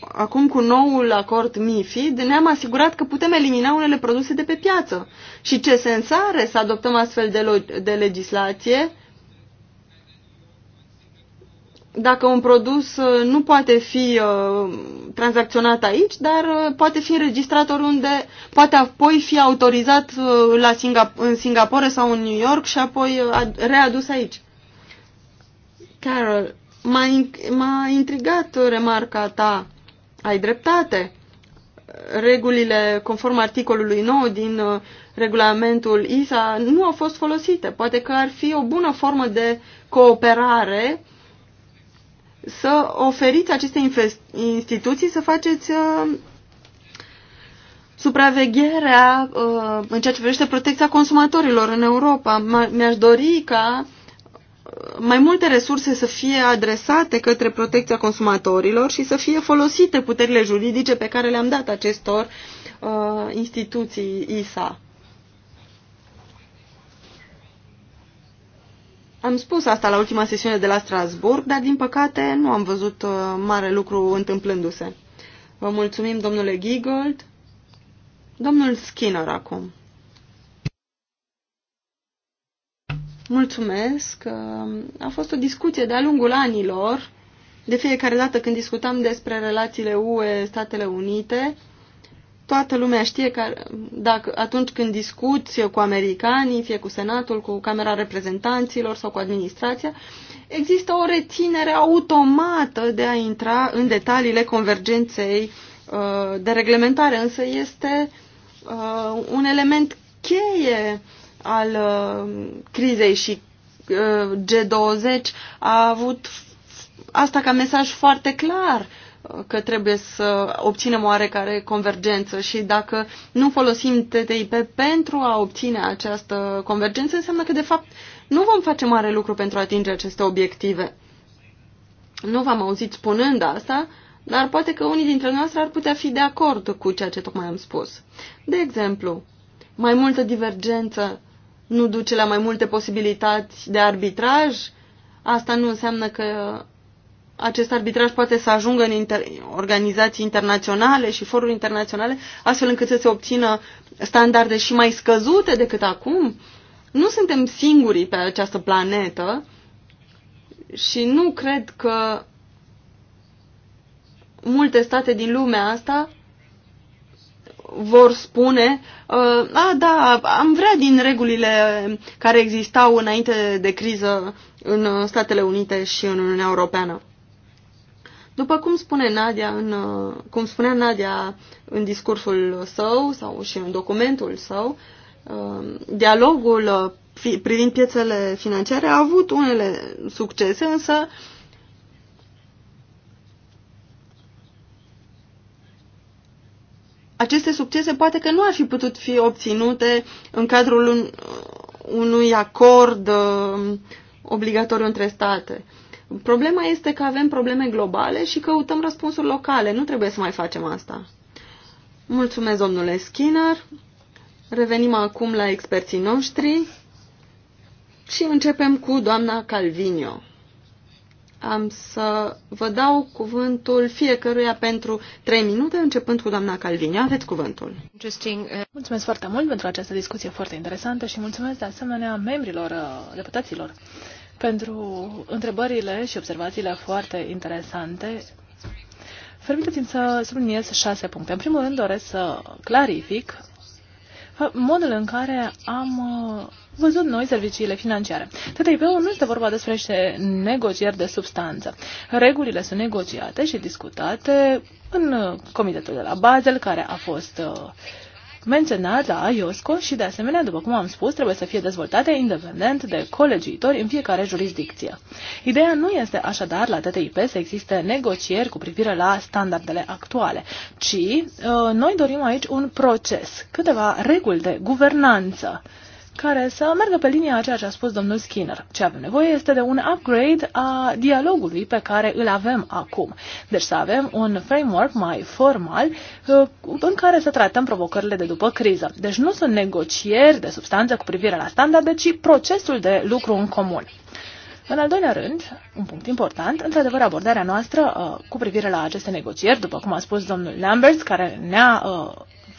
acum cu noul acord MIFID ne-am asigurat că putem elimina unele produse de pe piață. Și ce sens are să adoptăm astfel de, de legislație uh, dacă un produs uh, nu poate fi uh, tranzacționat aici, dar uh, poate fi înregistrat oriunde, poate apoi fi autorizat la Singap în Singapore sau în New York și apoi readus aici. Carol, m-a, in intrigat remarca ta. Ai dreptate. Regulile conform articolului 9 din regulamentul ISA nu au fost folosite. Poate că ar fi o bună formă de cooperare uh, să oferiți aceste instituții să faceți uh, supravegherea uh, în ceea ce privește protecția consumatorilor în Europa. Mi-aș dori ca uh, mai multe resurse să fie adresate către protecția consumatorilor și să fie folosite puterile juridice pe care le-am dat acestor uh, instituții ISA. Am spus asta la ultima sesiune de la Strasburg, dar din păcate nu am văzut uh, mare lucru întâmplându-se. Vă mulțumim, domnule Giggold. Domnul Skinner acum. Mulțumesc. Uh, a fost o discuție de-a lungul anilor. De fiecare dată când discutam despre relațiile UE-Statele Unite, toată lumea știe că dacă, atunci când discuți cu americanii, fie cu Senatul, cu Camera Reprezentanților sau cu administrația, există o reținere automată de a intra în detaliile convergenței uh, de reglementare, însă este uh, un element cheie al uh, crizei și G20 a avut asta ca mesaj foarte clar că trebuie să obținem oarecare convergență și dacă nu folosim TTIP pentru a obține această convergență, înseamnă că, de fapt, nu vom face mare lucru pentru a atinge aceste obiective. Nu v-am auzit spunând asta, dar poate că unii dintre noastre ar putea fi de acord cu ceea ce tocmai am spus. De exemplu, mai multă divergență nu duce la mai multe posibilități de arbitraj? Asta nu înseamnă că acest arbitraj poate să ajungă în inter organizații internaționale și foruri internaționale, astfel încât să se obțină standarde și mai scăzute decât acum. Nu suntem singurii pe această planetă și nu cred că multe state din lumea asta vor spune, a, da, am vrea din regulile care existau înainte de criză în Statele Unite și în Uniunea Europeană. După cum, spune Nadia în, uh, cum spunea Nadia în discursul său sau și în documentul său, uh, dialogul uh, privind piețele financiare a avut unele succese, însă aceste succese poate că nu ar fi putut fi obținute în cadrul unui acord obligatoriu între state. Uh, Problema este că avem probleme globale și căutăm răspunsuri locale. Nu trebuie să mai facem asta. Mulțumesc, domnule Skinner. Revenim acum la experții noștri și începem cu doamna Calvinio. Am să vă dau cuvântul fiecăruia pentru trei minute, începând cu doamna Calvinio. Aveți cuvântul. Uh, mulțumesc foarte mult pentru această discuție foarte interesantă și mulțumesc de asemenea membrilor, uh, deputaților pentru întrebările și observațiile foarte interesante. Permiteți-mi să subliniez șase puncte. În primul rând doresc să clarific modul în care am uh, văzut noi serviciile financiare. TTIP-ul nu este vorba despre niște negocieri de substanță. Regulile sunt negociate și discutate în uh, comitetul de la Basel, care a fost uh, menționat la IOSCO și, de asemenea, după cum am spus, trebuie să fie dezvoltate independent de colegiuitori în fiecare jurisdicție. Ideea nu este așadar la TTIP să existe negocieri cu privire la standardele actuale, ci uh, noi dorim aici un proces, câteva reguli de guvernanță care să meargă pe linia a ceea ce a spus domnul Skinner. Ce avem nevoie este de un upgrade a dialogului pe care îl avem acum. Deci să avem un framework mai formal uh, în care să tratăm provocările de după criză. Deci nu sunt negocieri de substanță cu privire la standarde, ci procesul de lucru în comun. În al doilea rând, un punct important, într-adevăr abordarea noastră uh, cu privire la aceste negocieri, după cum a spus domnul Lambert, care ne-a uh,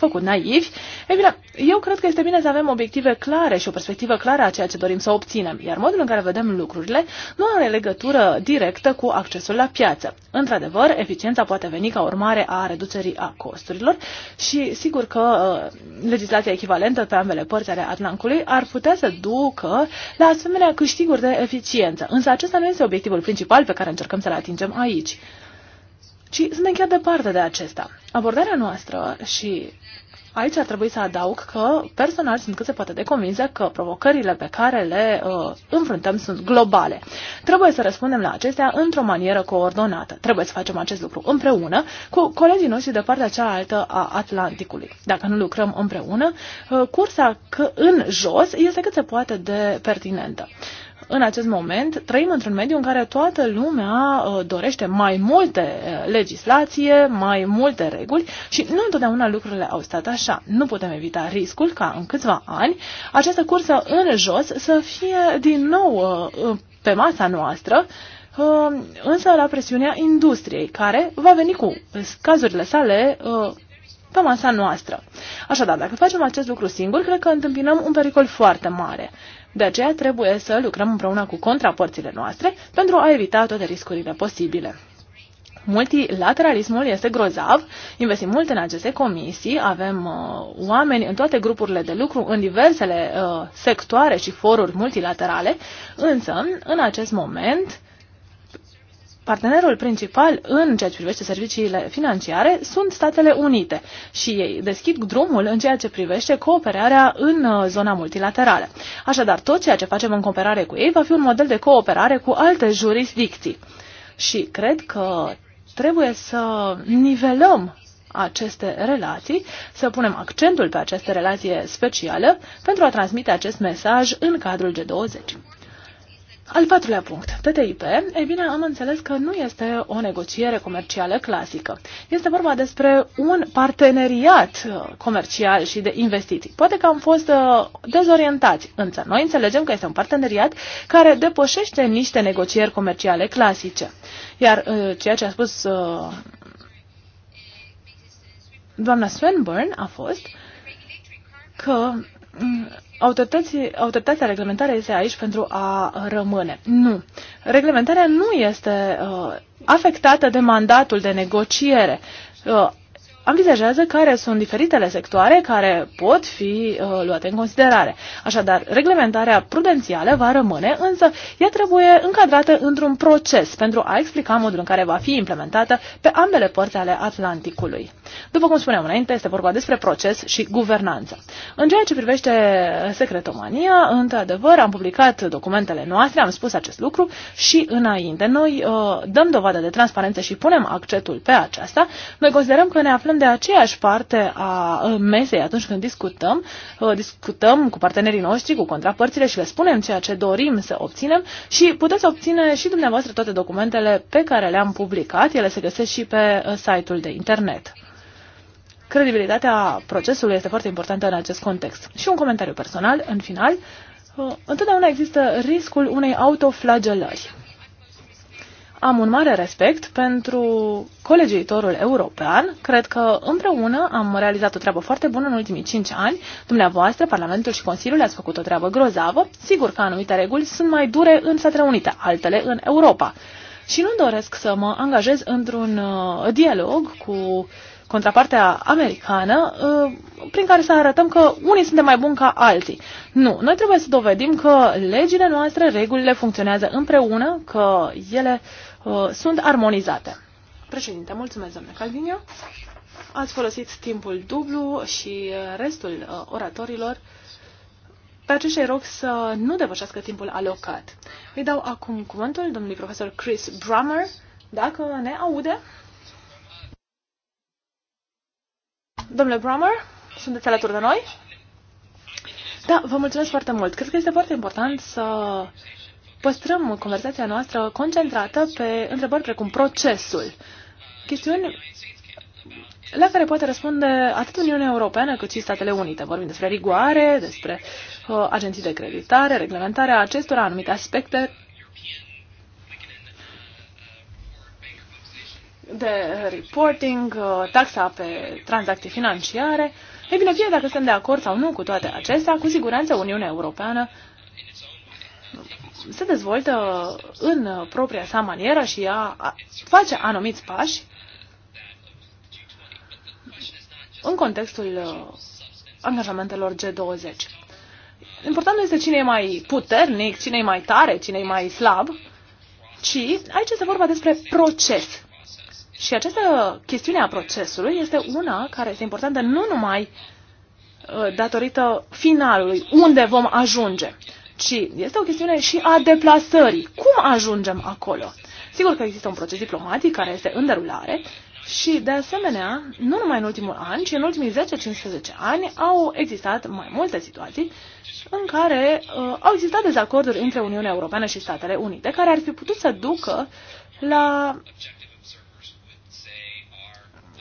făcut naivi. Ei bine, eu cred că este bine să avem obiective clare și o perspectivă clară a ceea ce dorim să obținem, iar modul în care vedem lucrurile nu are legătură directă cu accesul la piață. Într-adevăr, eficiența poate veni ca urmare a reducerii a costurilor și sigur că uh, legislația echivalentă pe ambele părți ale Atlantului ar putea să ducă la asemenea câștiguri de eficiență, însă acesta nu este obiectivul principal pe care încercăm să-l atingem aici ci suntem chiar departe de acesta abordarea noastră și aici ar trebui să adaug că personal sunt cât se poate de convinsă că provocările pe care le uh, înfruntăm sunt globale. Trebuie să răspundem la acestea într-o manieră coordonată. Trebuie să facem acest lucru împreună cu colegii noștri de partea cealaltă a Atlanticului. Dacă nu lucrăm împreună, uh, cursa în jos este cât se poate de pertinentă. Uh, în acest moment trăim într-un mediu în care toată lumea uh, dorește mai multe uh, legislație, mai multe reguli și nu întotdeauna lucrurile au stat așa. Nu putem evita riscul ca în câțiva ani această cursă în jos să fie din nou uh, pe masa noastră însă la presiunea industriei, care va veni cu cazurile sale pe masa noastră. Așadar, dacă facem acest lucru singur, cred că întâmpinăm un pericol foarte mare. De aceea trebuie să lucrăm împreună cu contrapărțile noastre pentru a evita toate riscurile posibile. Multilateralismul este grozav, investim mult în aceste comisii, avem uh, oameni în toate grupurile de lucru, în diversele uh, sectoare și foruri multilaterale, însă, în acest moment, partenerul principal în ceea ce privește serviciile financiare sunt Statele Unite și ei deschid drumul în ceea ce privește cooperarea în uh, zona multilaterală. Așadar, tot ceea ce facem în cooperare cu ei va fi un model de cooperare cu alte jurisdicții. Și cred că trebuie să nivelăm aceste relații, să punem accentul pe aceste relații speciale, pentru a transmite acest mesaj în cadrul G20. Al patrulea punct, TTIP, e bine, am înțeles că nu este o negociere comercială clasică. Este vorba despre un parteneriat uh, comercial și de investiții. Poate că am fost uh, dezorientați, însă noi înțelegem că este un parteneriat care depășește niște negocieri comerciale clasice. Iar uh, ceea ce a spus doamna Swinburne a fost că mm, autoritatea reglementară este aici pentru a rămâne. Nu. Reglementarea nu este uh, afectată de mandatul de negociere. Uh, anvizajează care sunt diferitele sectoare care pot fi uh, luate în considerare. Așadar, reglementarea prudențială va rămâne, însă ea trebuie încadrată într-un proces pentru a explica modul în care va fi implementată pe ambele părți ale Atlanticului. După cum spuneam înainte, este vorba despre proces și guvernanță. În ceea ce privește secretomania, într-adevăr, am publicat documentele noastre, am spus acest lucru și înainte. Noi uh, dăm dovadă de transparență și punem accentul pe aceasta. Noi considerăm că ne aflăm aflăm de aceeași parte a mesei atunci când discutăm, uh, discutăm cu partenerii noștri, cu contrapărțile și le spunem ceea ce dorim să obținem și puteți obține și dumneavoastră toate documentele pe care le-am publicat, ele se găsesc și pe uh, site-ul de internet. Credibilitatea procesului este foarte importantă în acest context. Și un comentariu personal, în final, uh, întotdeauna există riscul unei autoflagelări. Am un mare respect pentru colegiuitorul european. Cred că împreună am realizat o treabă foarte bună în ultimii cinci ani. Dumneavoastră, Parlamentul și Consiliul ați făcut o treabă grozavă. Sigur că anumite reguli sunt mai dure în Statele Unite, altele în Europa. Și nu doresc să mă angajez într-un uh, dialog cu contrapartea americană uh, prin care să arătăm că unii suntem mai buni ca alții. Nu, noi trebuie să dovedim că legile noastre, regulile funcționează împreună, că ele Uh, sunt armonizate. Președinte, mulțumesc, domnule Calvinio. Ați folosit timpul dublu și uh, restul uh, oratorilor. Pe aceștia rog să nu depășească timpul alocat. Îi dau acum cuvântul domnului profesor Chris Brummer, dacă ne aude. Domnule Brummer, sunteți alături de noi? Da, vă mulțumesc foarte mult. Cred că este foarte important să păstrăm conversația noastră concentrată pe întrebări precum procesul. Chestiuni la care poate răspunde atât Uniunea Europeană cât și Statele Unite. Vorbim despre rigoare, despre uh, agenții de creditare, reglementarea acestor anumite aspecte de reporting, uh, taxa pe tranzacții financiare. Ei bine, fie dacă sunt de acord sau nu cu toate acestea, cu siguranță Uniunea Europeană se dezvoltă în propria sa manieră și ea face anumiți pași în contextul uh, angajamentelor G20. Important nu este cine e mai puternic, cine e mai tare, cine e mai slab, ci aici este vorba despre proces. Și această chestiune a procesului este una care este importantă nu numai uh, datorită finalului, unde vom ajunge, ci este o chestiune și a deplasării. Cum ajungem acolo? Sigur că există un proces diplomatic care este în derulare și, de asemenea, nu numai în ultimul an, ci în ultimii 10-15 ani au existat mai multe situații în care uh, au existat dezacorduri între Uniunea Europeană și Statele Unite, care ar fi putut să ducă la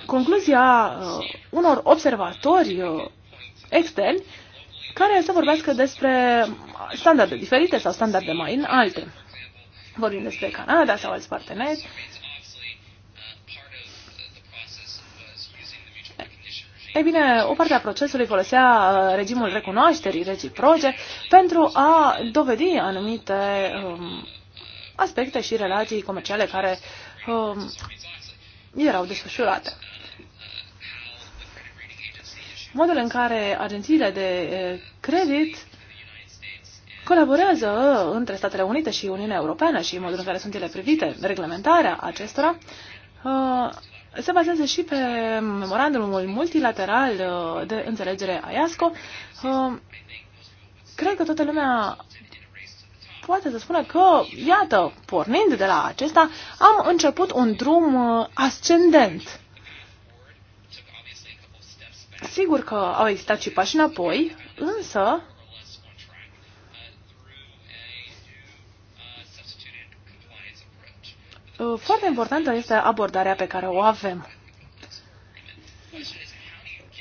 concluzia uh, unor observatori uh, externi care să vorbească despre standarde diferite sau standarde mai înalte. Vorbim despre Canada sau alți parteneri. Ei bine, o parte a procesului folosea uh, regimul recunoașterii reciproce pentru a dovedi anumite um, aspecte și relații comerciale care um, erau desfășurate modul în care agențiile de eh, credit colaborează între Statele Unite și Uniunea Europeană și modul în care sunt ele privite, reglementarea acestora, eh, se bazează și pe memorandumul multilateral eh, de înțelegere a IASCO. Cred că toată lumea poate să spună că, iată, pornind de la acesta, am început un drum ascendent. Sigur că au existat și pași înapoi, însă uh, foarte importantă este abordarea pe care o avem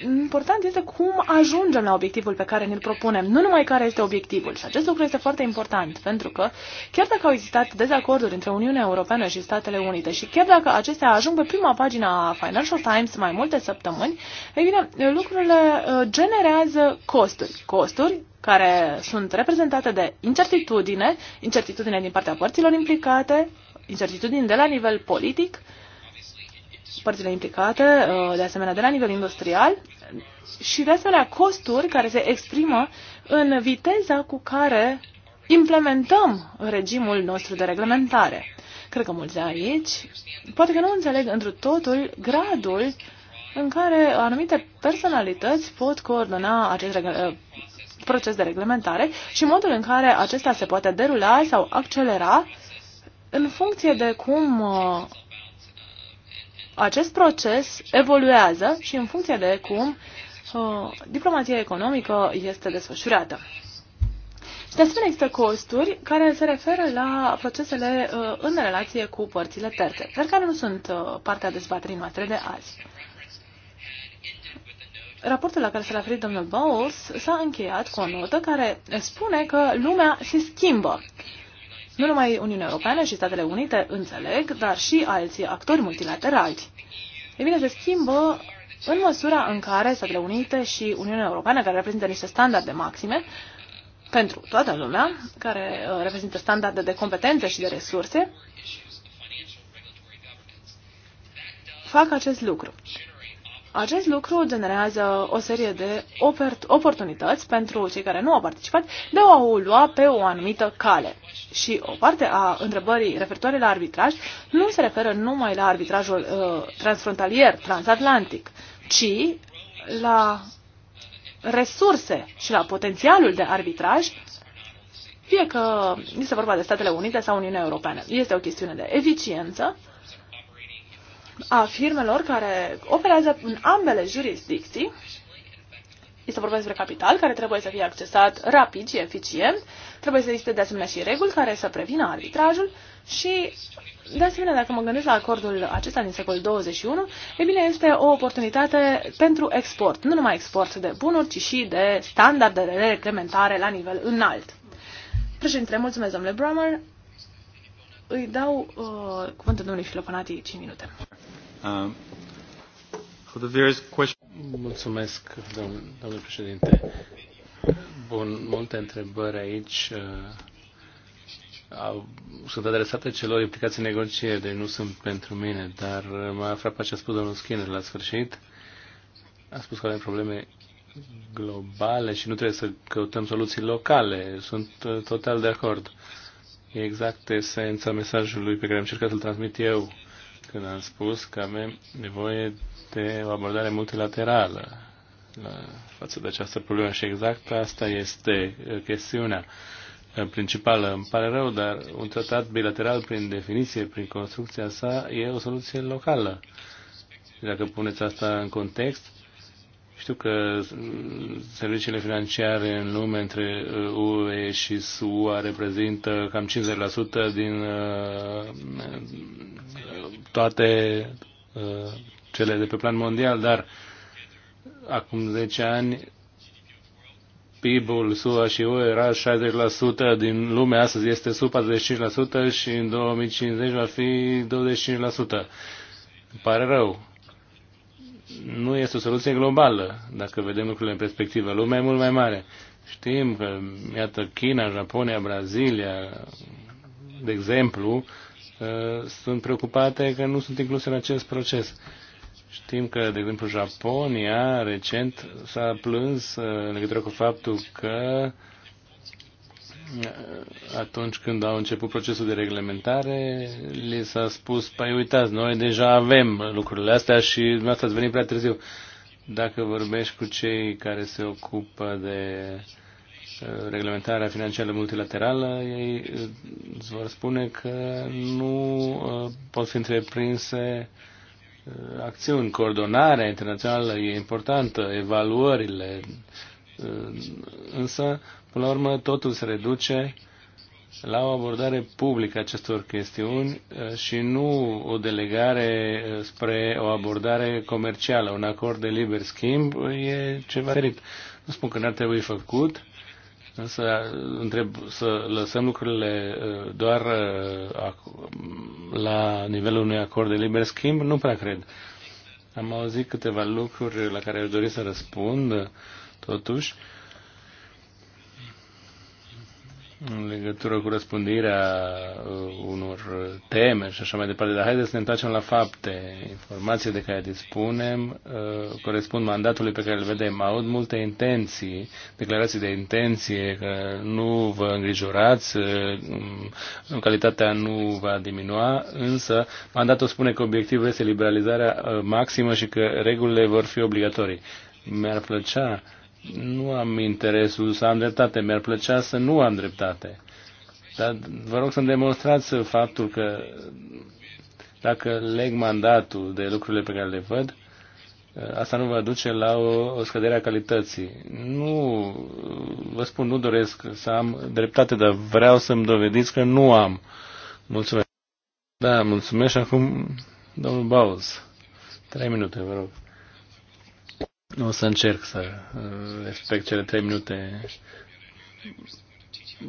important este cum ajungem la obiectivul pe care ne-l propunem, nu numai care este obiectivul. Și acest lucru este foarte important, pentru că chiar dacă au existat dezacorduri între Uniunea Europeană și Statele Unite și chiar dacă acestea ajung pe prima pagina a Financial Times mai multe săptămâni, ei bine, lucrurile uh, generează costuri. Costuri care sunt reprezentate de incertitudine, incertitudine din partea părților implicate, incertitudine de la nivel politic, părțile implicate, uh, de asemenea de la nivel industrial și de asemenea costuri care se exprimă în viteza cu care implementăm regimul nostru de reglementare. Cred că mulți aici poate că nu înțeleg întru totul gradul în care anumite personalități pot coordona acest uh, proces de reglementare și modul în care acesta se poate derula sau accelera în funcție de cum uh, acest proces evoluează și în funcție de cum uh, diplomația economică este desfășurată. Și de asemenea există costuri care se referă la procesele uh, în relație cu părțile terțe, dar care nu sunt uh, partea dezbaterii noastre de azi. Raportul la care s-a referit domnul Bowles s-a încheiat cu o notă care spune că lumea se schimbă nu numai Uniunea Europeană și Statele Unite înțeleg, dar și alții actori multilaterali. E bine, se schimbă în măsura în care Statele Unite și Uniunea Europeană, care reprezintă niște standarde maxime pentru toată lumea, care uh, reprezintă standarde de competențe și de resurse, fac acest lucru. Acest lucru generează o serie de oportunități pentru cei care nu au participat de a o lua pe o anumită cale. Și o parte a întrebării referitoare la arbitraj nu se referă numai la arbitrajul uh, transfrontalier, transatlantic, ci la resurse și la potențialul de arbitraj, fie că este vorba de Statele Unite sau Uniunea Europeană. Este o chestiune de eficiență a firmelor care operează în ambele jurisdicții. Este vorba despre capital care trebuie să fie accesat rapid și eficient. Trebuie să existe de asemenea și reguli care să prevină arbitrajul și de asemenea, dacă mă gândesc la acordul acesta din secolul 21, e bine, este o oportunitate pentru export. Nu numai export de bunuri, ci și de standarde de reglementare la nivel înalt. Președinte, mulțumesc, domnule Brummer. Îi dau uh, cuvântul domnului Filoponati 5 minute. Um, Mulțumesc, domnule președinte. Bun, multe întrebări aici uh, au, sunt adresate celor implicați în negocieri, deci nu sunt pentru mine, dar uh, m-a frapat ce a spus domnul Skinner la sfârșit. A spus că avem probleme globale și nu trebuie să căutăm soluții locale. Sunt uh, total de acord. E exact esența mesajului pe care am încercat să-l transmit eu când am spus că avem nevoie de o abordare multilaterală la, față de această problemă și exact asta este uh, chestiunea uh, principală. Îmi pare rău, dar un tratat bilateral, prin definiție, prin construcția sa, e o soluție locală. Și dacă puneți asta în context, știu că serviciile financiare în lume între UE uh, și SUA reprezintă cam 50% din uh, uh, toate cele de pe plan mondial, dar acum 10 ani PIB-ul SUA și UE era 60% din lume, astăzi este sub 45% și în 2050 va fi 25%. Îmi pare rău nu este o soluție globală, dacă vedem lucrurile în perspectivă. Lumea e mult mai mare. Știm că, iată, China, Japonia, Brazilia, de exemplu, ă, sunt preocupate că nu sunt incluse în acest proces. Știm că, de exemplu, Japonia recent s-a plâns ă, în legătură cu faptul că uh, atunci când au început procesul de reglementare, li s-a spus, păi uitați, noi deja avem lucrurile astea și dumneavoastră ați venit prea târziu. Dacă vorbești cu cei care se ocupă de uh, reglementarea financiară multilaterală, ei îți vor spune că nu uh, pot fi întreprinse uh, acțiuni. Coordonarea internațională e importantă, evaluările, însă Până la urmă, totul se reduce la o abordare publică acestor chestiuni uh, și nu o delegare uh, spre o abordare comercială. Un acord de liber schimb e ceva diferit. Nu spun că n-ar trebui făcut, însă uh, întreb să lăsăm lucrurile doar la nivelul unui acord de liber schimb, nu prea cred. Am auzit câteva lucruri la care aș dori să răspund, totuși în legătură cu răspândirea uh, unor teme și așa mai departe. Dar haideți să ne întoarcem la fapte. Informații de care dispunem uh, corespund mandatului pe care îl vedem. Aud multe intenții, declarații de intenție că nu vă îngrijorați, uh, mm, calitatea nu va diminua, însă mandatul spune că obiectivul este liberalizarea maximă și că regulile vor fi obligatorii. Mi-ar plăcea uh, nu am interesul să am dreptate, mi-ar plăcea să nu am dreptate. Dar vă rog să-mi demonstrați faptul că dacă leg mandatul de lucrurile pe care le văd, asta nu va duce la o, o scădere a calității. Nu, vă spun, nu doresc să am dreptate, dar vreau să-mi dovediți că nu am. Mulțumesc. Da, mulțumesc acum domnul Bauz. Trei minute, vă rog. O să încerc să uh, respect cele trei minute.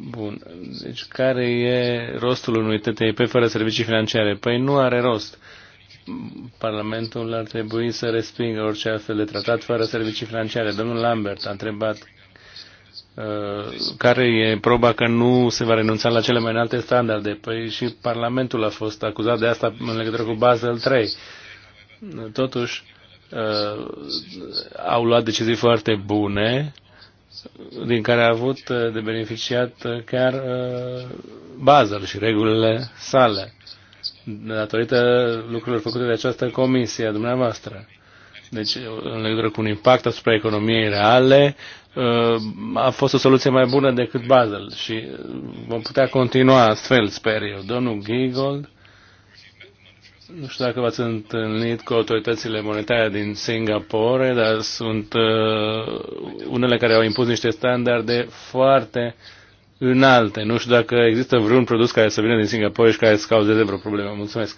Bun. Deci care e rostul unui TTIP fără servicii financiare? Păi nu are rost. Parlamentul ar trebui să respingă orice astfel de tratat fără servicii financiare. Domnul Lambert a întrebat uh, care e proba că nu se va renunța la cele mai înalte standarde. Păi și Parlamentul a fost acuzat de asta în legătură cu Basel 3. Totuși, uh, au luat decizii foarte bune, din care a avut uh, de beneficiat uh, chiar uh, Basel și regulile sale, datorită lucrurilor făcute de această comisie a dumneavoastră. Deci, în legătură cu un impact asupra economiei reale, uh, a fost o soluție mai bună decât Basel și vom putea continua astfel, sper eu. Domnul Giegold nu știu dacă v-ați întâlnit cu autoritățile monetare din Singapore, dar sunt uh, unele care au impus niște standarde foarte înalte. Nu știu dacă există vreun produs care să vină din Singapore și care să cauzeze vreo problemă. Mulțumesc!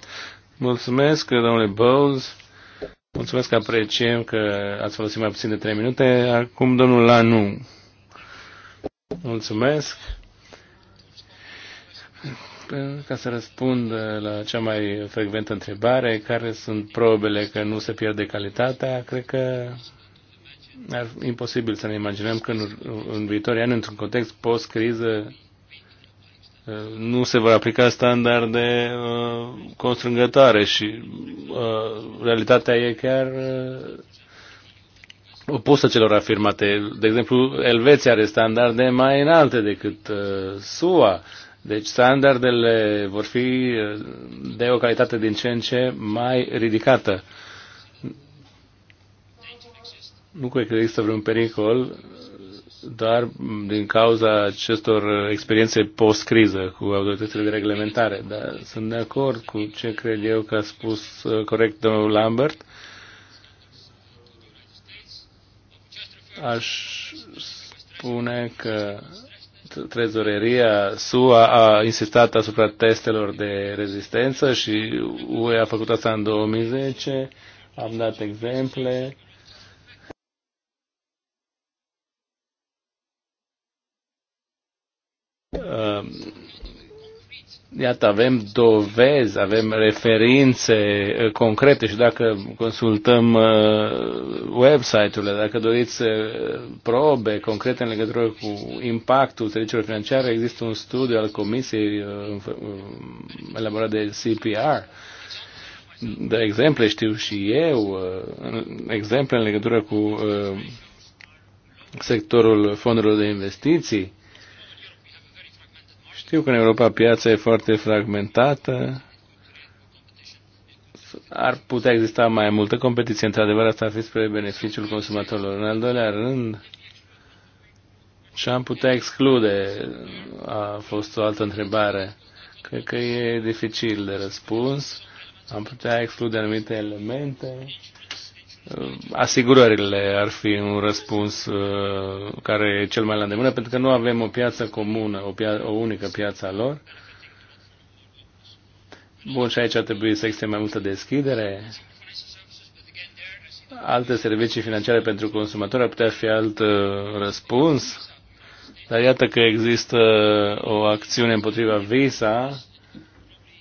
Mulțumesc, domnule Bowles. Mulțumesc că apreciem că ați folosit mai puțin de 3 minute. Acum domnul Lanu. Mulțumesc ca să răspund la cea mai frecventă întrebare, care sunt probele că nu se pierde calitatea, cred că ar fi imposibil să ne imaginăm că în, în viitorii ani, într-un context post-criză, nu se vor aplica standarde uh, constrângătoare și uh, realitatea e chiar uh, opusă celor afirmate. De exemplu, Elveția are standarde mai înalte decât SUA. Deci standardele vor fi de o calitate din ce în ce mai ridicată. Nu cred că există vreun pericol, dar din cauza acestor experiențe post-criză cu autoritățile de reglementare. Dar sunt de acord cu ce cred eu că a spus uh, corect domnul Lambert. Aș spune că trezoreria SUA a insistat asupra testelor de rezistență și UE a făcut asta în 2010. Am dat exemple. Iată, avem dovezi, avem referințe uh, concrete și dacă consultăm uh, website-urile, dacă doriți uh, probe concrete în legătură cu impactul serviciilor financiare, există un studiu al Comisiei elaborat de CPR. De exemple știu și eu, exemple în legătură cu sectorul fondurilor de investiții știu că în Europa piața e foarte fragmentată, ar putea exista mai multă competiție, într-adevăr, asta ar fi spre beneficiul consumatorilor. În al doilea rând, ce am putea exclude a fost o altă întrebare. Cred că e dificil de răspuns. Am putea exclude anumite elemente asigurările ar fi un răspuns uh, care e cel mai la îndemână, pentru că nu avem o piață comună, o, pia- o unică piață a lor. Bun, și aici ar trebui să existe mai multă deschidere. Alte servicii financiare pentru consumator ar putea fi alt uh, răspuns. Dar iată că există o acțiune împotriva Visa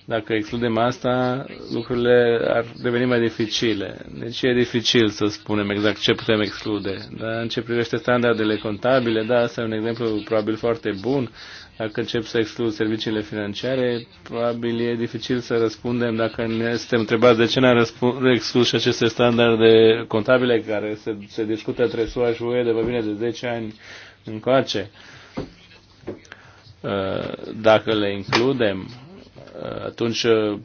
dacă excludem asta, lucrurile ar deveni mai dificile. Deci e dificil să spunem exact ce putem exclude. Dar în ce privește standardele contabile, da, asta e un exemplu probabil foarte bun. Dacă încep să exclud serviciile financiare, probabil e dificil să răspundem dacă ne suntem întrebați de ce n-am exclus și aceste standarde contabile care se, se discută între SUA și UE de bine de 10 ani încoace. Uh, dacă le includem, atunci uh,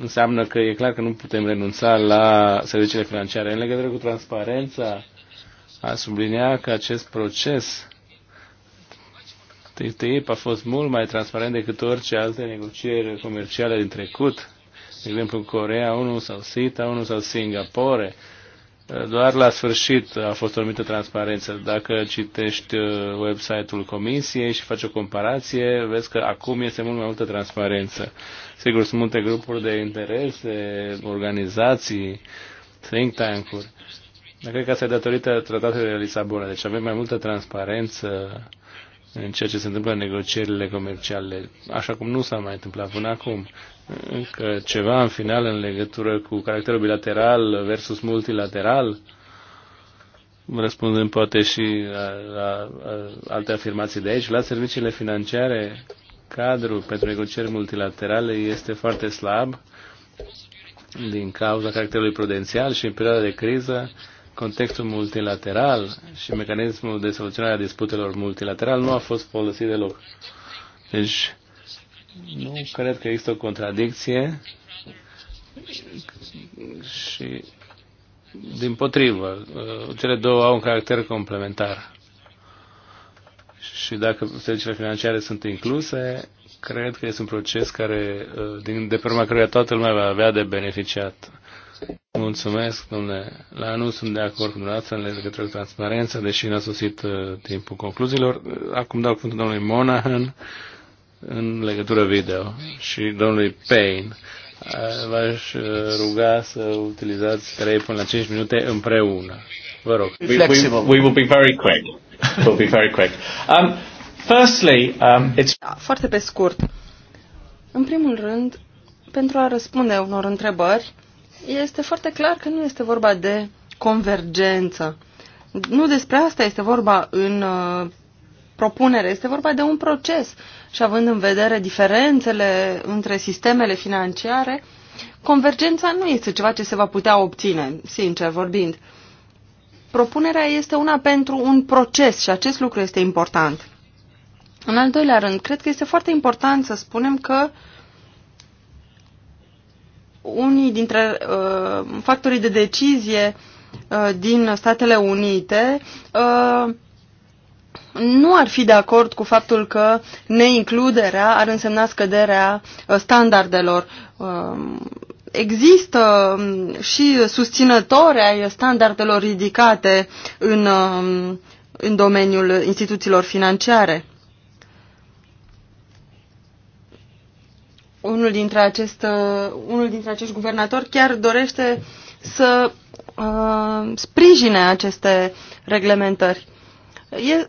înseamnă că e clar că nu putem renunța la serviciile financiare. În legătură cu transparența, a sublinia că acest proces TTIP a fost mult mai transparent decât orice alte negocieri comerciale din trecut, de exemplu Corea 1 sau SITA 1 sau Singapore doar la sfârșit a fost o anumită transparență. Dacă citești uh, website-ul comisiei și faci o comparație, vezi că acum este mult mai multă transparență. Sigur, sunt multe grupuri de interese, organizații, think tank-uri. Dar cred că asta e datorită tratatului de Lisabona. Deci avem mai multă transparență în ceea ce se întâmplă în negocierile comerciale, așa cum nu s-a mai întâmplat până acum. Încă ceva în final în legătură cu caracterul bilateral versus multilateral, răspundând poate și la, la, la alte afirmații de aici, la serviciile financiare, cadrul pentru negocieri multilaterale este foarte slab din cauza caracterului prudențial și în perioada de criză contextul multilateral și mecanismul de soluționare a disputelor multilateral nu a fost folosit deloc. Deci, nu cred că există o contradicție și, din potrivă, uh, cele două au un caracter complementar. Și dacă serviciile financiare sunt incluse, cred că este un proces care, uh, din, de pe urma căruia toată lumea va avea de beneficiat. Mulțumesc, domnule Lanu. Sunt de acord cu dumneavoastră în legătură cu transparența, deși n-a sosit uh, timpul concluziilor. Uh, acum dau cuvântul domnului Monahan în legătură video și domnului Payne. Uh, v-aș uh, ruga să utilizați 3 până la 5 minute împreună. Vă rog. We, we, we will be very quick. We'll be very quick. Um, firstly, um, it's... Da, foarte pe scurt. În primul rând, pentru a răspunde unor întrebări, este foarte clar că nu este vorba de convergență. Nu despre asta este vorba în uh, propunere, este vorba de un proces și având în vedere diferențele între sistemele financiare, convergența nu este ceva ce se va putea obține, sincer vorbind. Propunerea este una pentru un proces și acest lucru este important. În al doilea rând, cred că este foarte important să spunem că uh, unii dintre uh, factorii de decizie uh, din Statele Unite uh, nu ar fi de acord cu faptul că neincluderea ar însemna scăderea uh, standardelor. Uh, există um, și susținători ai standardelor ridicate în, um, în domeniul instituțiilor financiare. unul dintre, acest, uh, unul dintre acești guvernatori chiar dorește să uh, sprijine aceste reglementări. E,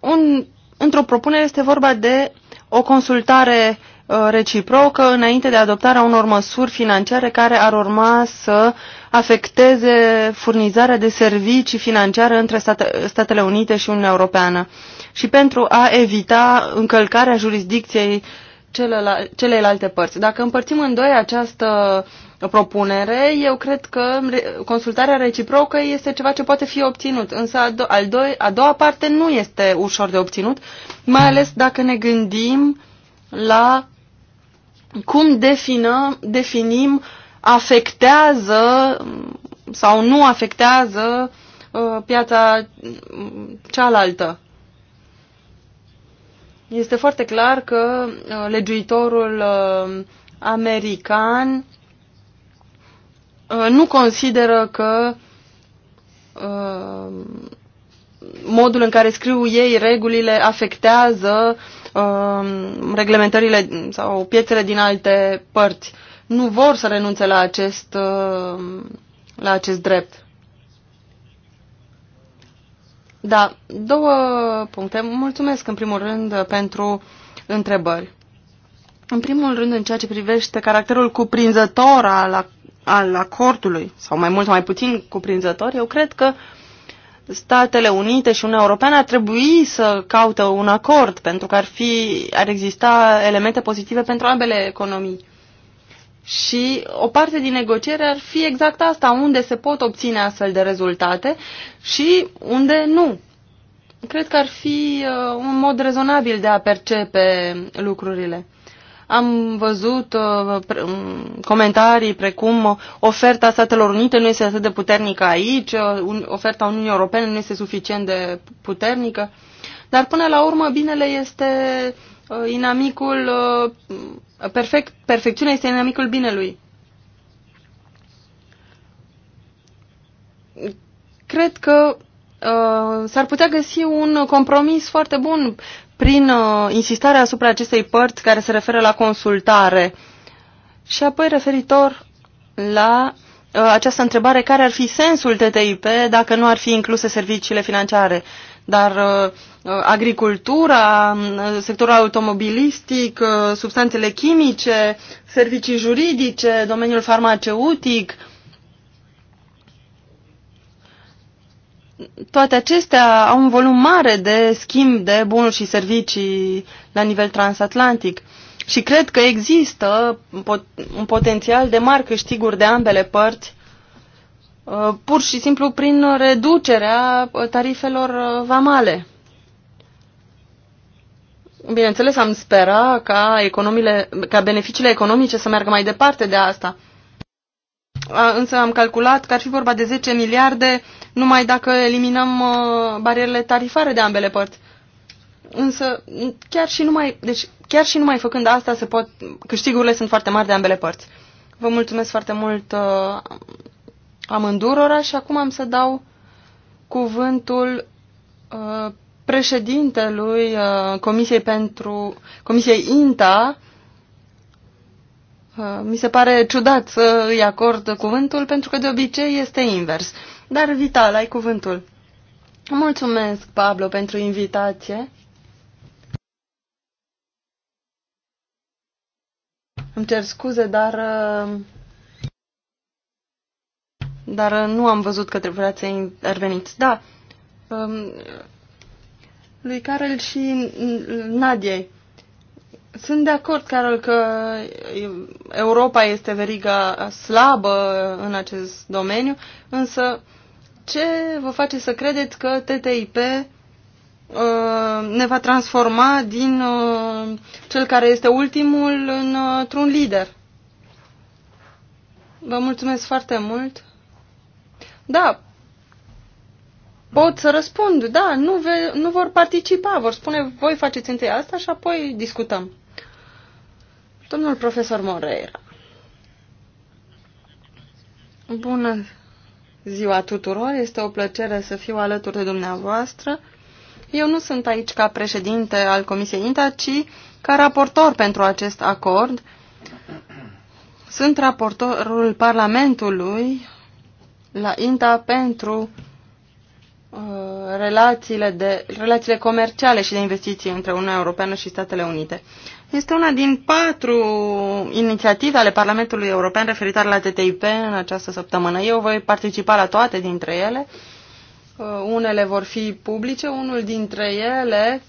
un, într-o propunere este vorba de o consultare uh, reciprocă înainte de adoptarea unor măsuri financiare care ar urma să afecteze furnizarea de servicii financiare între state, Statele Unite și Uniunea Europeană și pentru a evita încălcarea jurisdicției celelalte părți. Dacă împărțim în doi această propunere, eu cred că consultarea reciprocă este ceva ce poate fi obținut, însă a, do al doi a doua parte nu este ușor de obținut, mai ales dacă ne gândim la cum defină, definim afectează sau nu afectează uh, piața mm, cealaltă. Este foarte clar că uh, legiuitorul uh, american uh, nu consideră că modul în care scriu ei regulile afectează um, reglementările sau piețele din alte părți. Nu vor să renunțe la acest, la acest drept. Da, două puncte. Mulțumesc în primul rând pentru întrebări. În primul rând, în ceea ce privește caracterul cuprinzător al, al acordului, sau mai mult sau mai puțin cuprinzător, eu cred că Statele Unite și Uniunea Europeană ar trebui să caută un acord, pentru că ar, fi, ar exista elemente pozitive pentru ambele economii. Și o parte din negociere ar fi exact asta, unde se pot obține astfel de rezultate și unde nu. Cred că ar fi uh, un mod rezonabil de a percepe lucrurile. Am văzut uh, um, comentarii precum uh, oferta Statelor Unite nu este atât de puternică aici, oferta Uniunii Europene nu este suficient de puternică, dar până la urmă binele este inamicul perfect, perfecțiunea este inamicul binelui. Cred că uh, s-ar putea găsi un compromis foarte bun prin uh, insistarea asupra acestei părți care se referă la consultare. Și apoi referitor la uh, această întrebare, care ar fi sensul TTIP dacă nu ar fi incluse serviciile financiare? Dar uh, agricultura, sectorul automobilistic, uh, substanțele chimice, servicii juridice, domeniul farmaceutic. Toate acestea au un volum mare de schimb de bunuri și servicii la nivel transatlantic. Și cred că există un potențial de mari câștiguri de ambele părți, uh, pur și simplu prin reducerea tarifelor uh, vamale. Bineînțeles, am spera ca, economiile, ca beneficiile economice să meargă mai departe de asta. Însă am calculat că ar fi vorba de 10 miliarde numai dacă eliminăm uh, barierele tarifare de ambele părți. Însă, chiar și numai, deci, chiar și numai făcând asta, se pot, câștigurile sunt foarte mari de ambele părți. Vă mulțumesc foarte mult uh, amândurora și acum am să dau cuvântul uh, președintelui uh, Comisiei pentru Comisiei INTA uh, mi se pare ciudat să îi acord cuvântul pentru că de obicei este invers. Dar Vital, ai cuvântul. Mulțumesc, Pablo, pentru invitație. Îmi cer scuze, dar uh, dar nu am văzut că trebuia să interveniți. Da, um, lui Carol și mm, mm, Nadiei. Sunt de acord, Carol, că mm, Europa este veriga slabă în acest domeniu, însă ce vă face să credeți că TTIP uh, ne va transforma din uh, cel care este ultimul uh, într-un lider? Vă mulțumesc foarte mult! Da, pot să răspund, da, nu, ve, nu vor participa, vor spune, voi faceți întâi asta și apoi discutăm. Domnul profesor Moreira. Bună ziua tuturor, este o plăcere să fiu alături de dumneavoastră. Eu nu sunt aici ca președinte al Comisiei INTA, ci ca raportor pentru acest acord. Sunt raportorul Parlamentului la INTA pentru Uh, relațiile, de, relațiile comerciale și de investiții între Uniunea Europeană și Statele Unite. Este una din patru inițiative ale Parlamentului European referitoare la TTIP în această săptămână. Eu voi participa la toate dintre ele. Uh, unele vor fi publice, unul dintre ele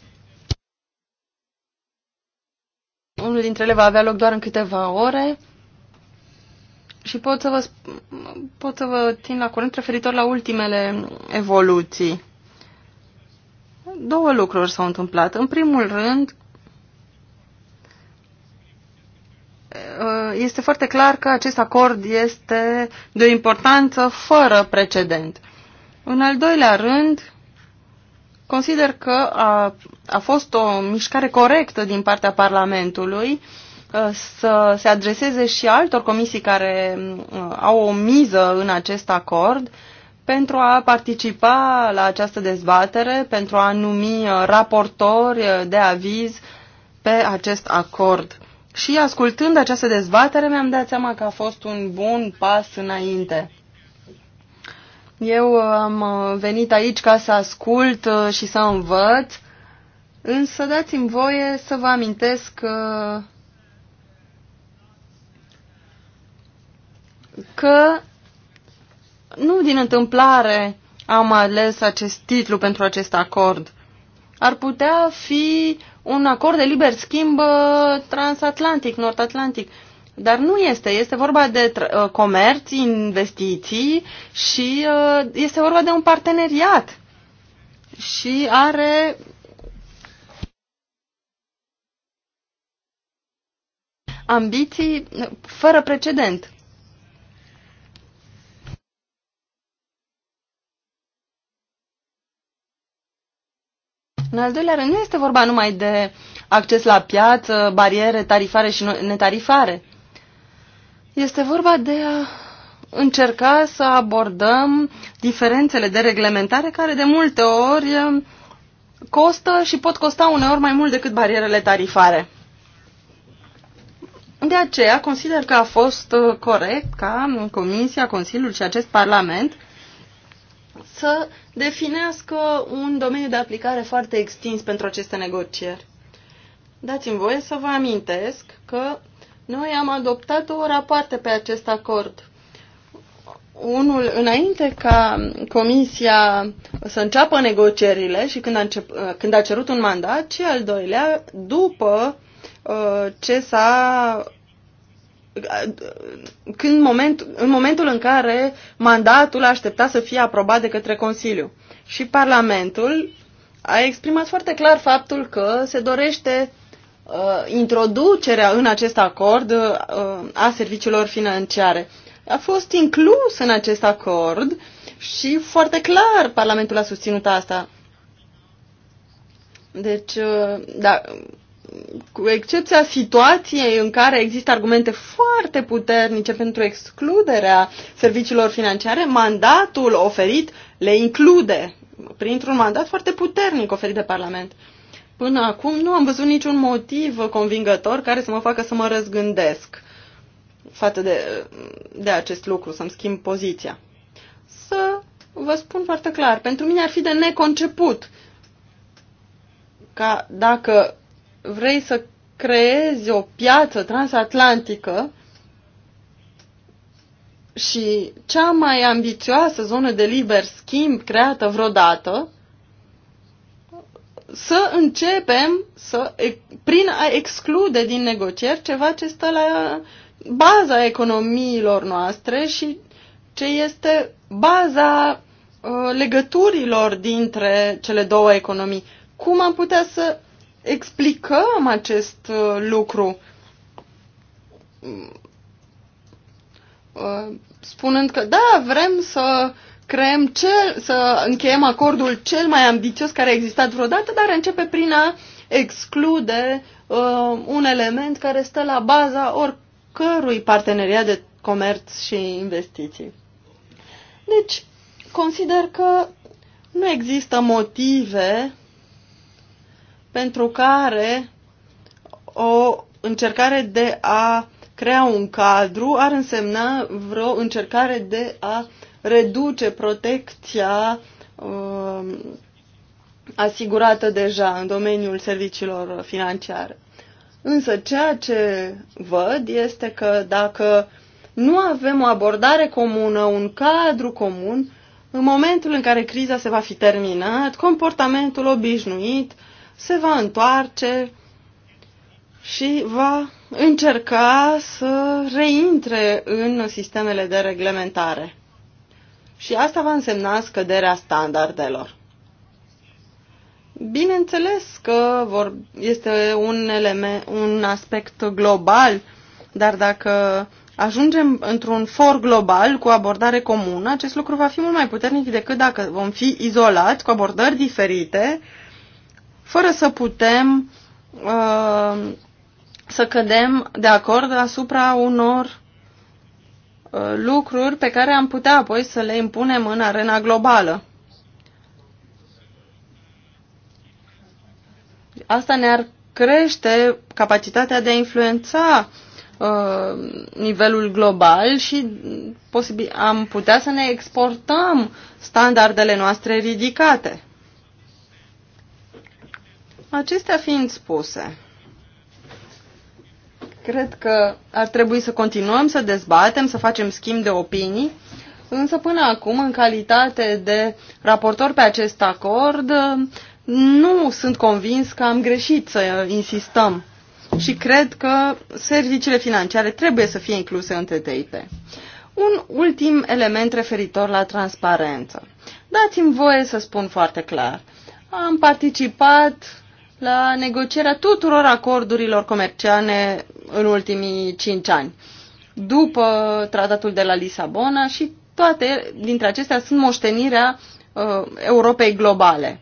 unul dintre ele va avea loc doar în câteva ore și pot să vă, pot să vă țin la curent referitor la ultimele evoluții. Două lucruri s-au întâmplat. În primul rând, ă, este foarte clar că acest acord este de o importanță fără precedent. În al doilea rând, consider că a, a fost o mișcare corectă din partea Parlamentului uh, Uh, să se adreseze și altor comisii care uh, au o miză în acest acord pentru a participa la această dezbatere, pentru a numi uh, raportori de aviz pe acest acord. Și ascultând această dezbatere mi-am dat seama că a fost un bun pas înainte. Eu am venit aici ca să ascult și să învăț, însă dați-mi voie să vă amintesc că nu din întâmplare am ales acest titlu pentru acest acord. Ar putea fi un acord de liber schimb uh, transatlantic, nord-atlantic. Dar nu este. Este vorba de uh, comerț, investiții și uh, este vorba de un parteneriat. Și are ambiții fără precedent. În al doilea rând, nu este vorba numai de acces la piață, bariere tarifare și netarifare. Este vorba de a încerca să abordăm diferențele de reglementare care de multe ori um, costă și pot costa uneori mai mult decât barierele tarifare. De aceea consider că a fost uh, corect ca Comisia, Consiliul și acest Parlament să definească un domeniu de aplicare foarte extins pentru aceste negocieri. Dați-mi voie să vă amintesc că noi am adoptat o rapoarte pe acest acord. Unul înainte ca Comisia să înceapă negocierile și când a, încep, când a cerut un mandat, și al doilea după uh, ce s-a când moment, în momentul în care mandatul aștepta să fie aprobat de către Consiliu. Și Parlamentul a exprimat foarte clar faptul că se dorește uh, introducerea în acest acord uh, a serviciilor financiare. A fost inclus în acest acord și foarte clar Parlamentul a susținut asta. Deci, uh, da, cu excepția situației în care există argumente foarte puternice pentru excluderea serviciilor financiare, mandatul oferit le include printr-un mandat foarte puternic oferit de Parlament. Până acum nu am văzut niciun motiv convingător care să mă facă să mă răzgândesc față de, de acest lucru, să-mi schimb poziția. Să vă spun foarte clar, pentru mine ar fi de neconceput ca dacă vrei să creezi o piață transatlantică și cea mai ambițioasă zonă de liber schimb creată vreodată, să începem să, prin a exclude din negocieri ceva ce stă la baza economiilor noastre și ce este baza uh, legăturilor dintre cele două economii. Cum am putea să explicăm acest uh, lucru uh, spunând că da, vrem să creăm cel, să încheiem acordul cel mai ambițios care a existat vreodată, dar începe prin a exclude uh, un element care stă la baza oricărui parteneriat de comerț și investiții. Deci, consider că nu există motive pentru care o încercare de a crea un cadru ar însemna vreo încercare de a reduce protecția uh, asigurată deja în domeniul serviciilor financiare. Însă ceea ce văd este că dacă nu avem o abordare comună, un cadru comun, în momentul în care criza se va fi terminat, comportamentul obișnuit uh, se va întoarce și va încerca să reintre în sistemele de reglementare. Și asta va însemna scăderea standardelor. Bineînțeles că vor, este un, element, un aspect global, dar dacă ajungem într-un for global cu abordare comună, acest lucru va fi mult mai puternic decât dacă vom fi izolați cu abordări diferite uh, fără să putem uh, să cădem de acord asupra unor uh, lucruri pe care am putea apoi să le impunem în arena globală. Asta ne-ar crește capacitatea de a influența uh, nivelul global și posibil, am putea să ne exportăm standardele noastre ridicate. Acestea fiind spuse, cred că ar trebui să continuăm să dezbatem, să facem schimb de opinii, însă până acum, în calitate de raportor pe acest acord, nu sunt convins că am greșit să insistăm și cred că serviciile financiare trebuie să fie incluse în TTIP. Un ultim element referitor la transparență. Dați-mi voie să spun foarte clar. Am participat la negocierea tuturor acordurilor comerciale în ultimii cinci ani, după tratatul de la Lisabona și toate dintre acestea sunt moștenirea uh, Europei globale.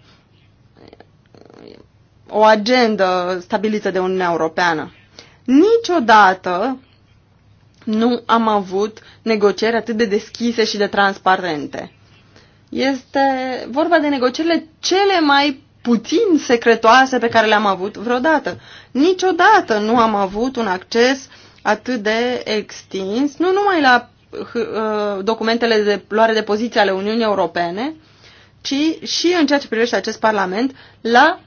O agendă stabilită de Uniunea Europeană. Niciodată nu am avut negocieri atât de deschise și de transparente. Este vorba de negocierile cele mai puțin secretoase pe care le-am avut vreodată. Niciodată nu am avut un acces atât de extins, nu numai la uh, documentele de luare de poziție ale Uniunii Europene, ci și în ceea ce privește acest Parlament, la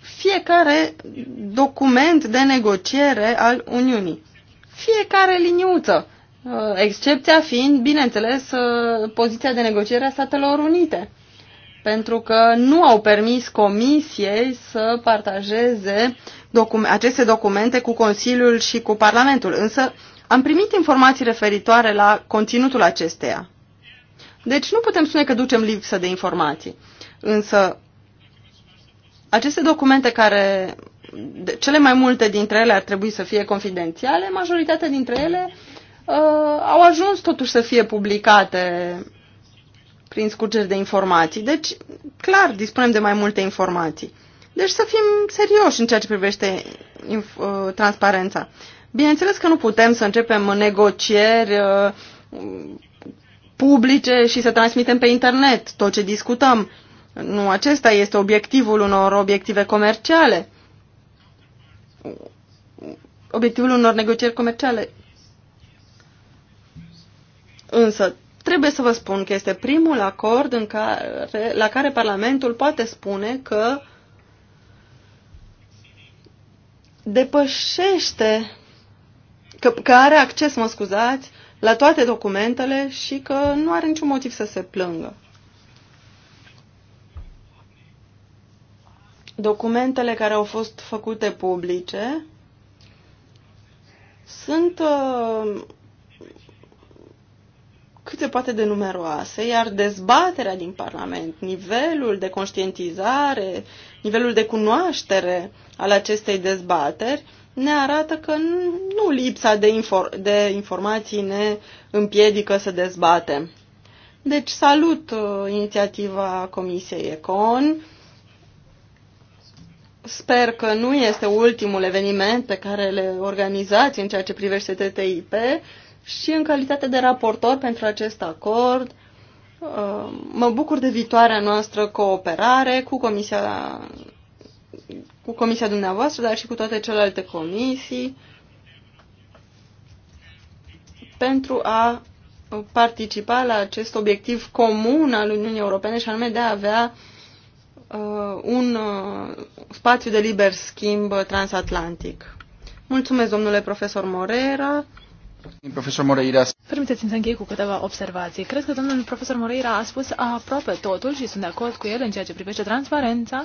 fiecare document de negociere al Uniunii. Fiecare liniuță, uh, excepția fiind, bineînțeles, uh, poziția de negociere a Statelor Unite pentru că nu au permis Comisiei să partajeze docu aceste documente cu Consiliul și cu Parlamentul, însă am primit informații referitoare la conținutul acesteia. Deci nu putem spune că ducem lipsă de informații, însă aceste documente care cele mai multe dintre ele ar trebui să fie confidențiale, majoritatea dintre ele uh, au ajuns totuși să fie publicate prin scurgeri de informații. Deci, clar, dispunem de mai multe informații. Deci să fim serioși în ceea ce privește uh, transparența. Bineînțeles că nu putem să începem negocieri uh, publice și să transmitem pe internet tot ce discutăm. Nu acesta este obiectivul unor obiective comerciale. Obiectivul unor negocieri comerciale. Însă Trebuie să vă spun că este primul acord în care, la care Parlamentul poate spune că depășește, că, că are acces, mă scuzați, la toate documentele și că nu are niciun motiv să se plângă. Documentele care au fost făcute publice sunt uh, cât se poate de numeroase, iar dezbaterea din Parlament, nivelul de conștientizare, nivelul de cunoaștere al acestei dezbateri, ne arată că nu lipsa de, infor- de informații ne împiedică să dezbatem. Deci salut uh, inițiativa Comisiei Econ. Sper că nu este ultimul eveniment pe care le organizați în ceea ce privește TTIP și în calitate de raportor pentru acest acord. Uh, mă bucur de viitoarea noastră cooperare cu Comisia, cu comisia dumneavoastră, dar și cu toate celelalte comisii pentru a participa la acest obiectiv comun al Uniunii Europene și anume de a avea uh, un uh, spațiu de liber schimb transatlantic. Mulțumesc, domnule profesor Morera. Profesor Moreira. Permiteți-mi să închei cu câteva observații. Cred că domnul profesor Moreira a spus aproape totul și sunt de acord cu el în ceea ce privește transparența.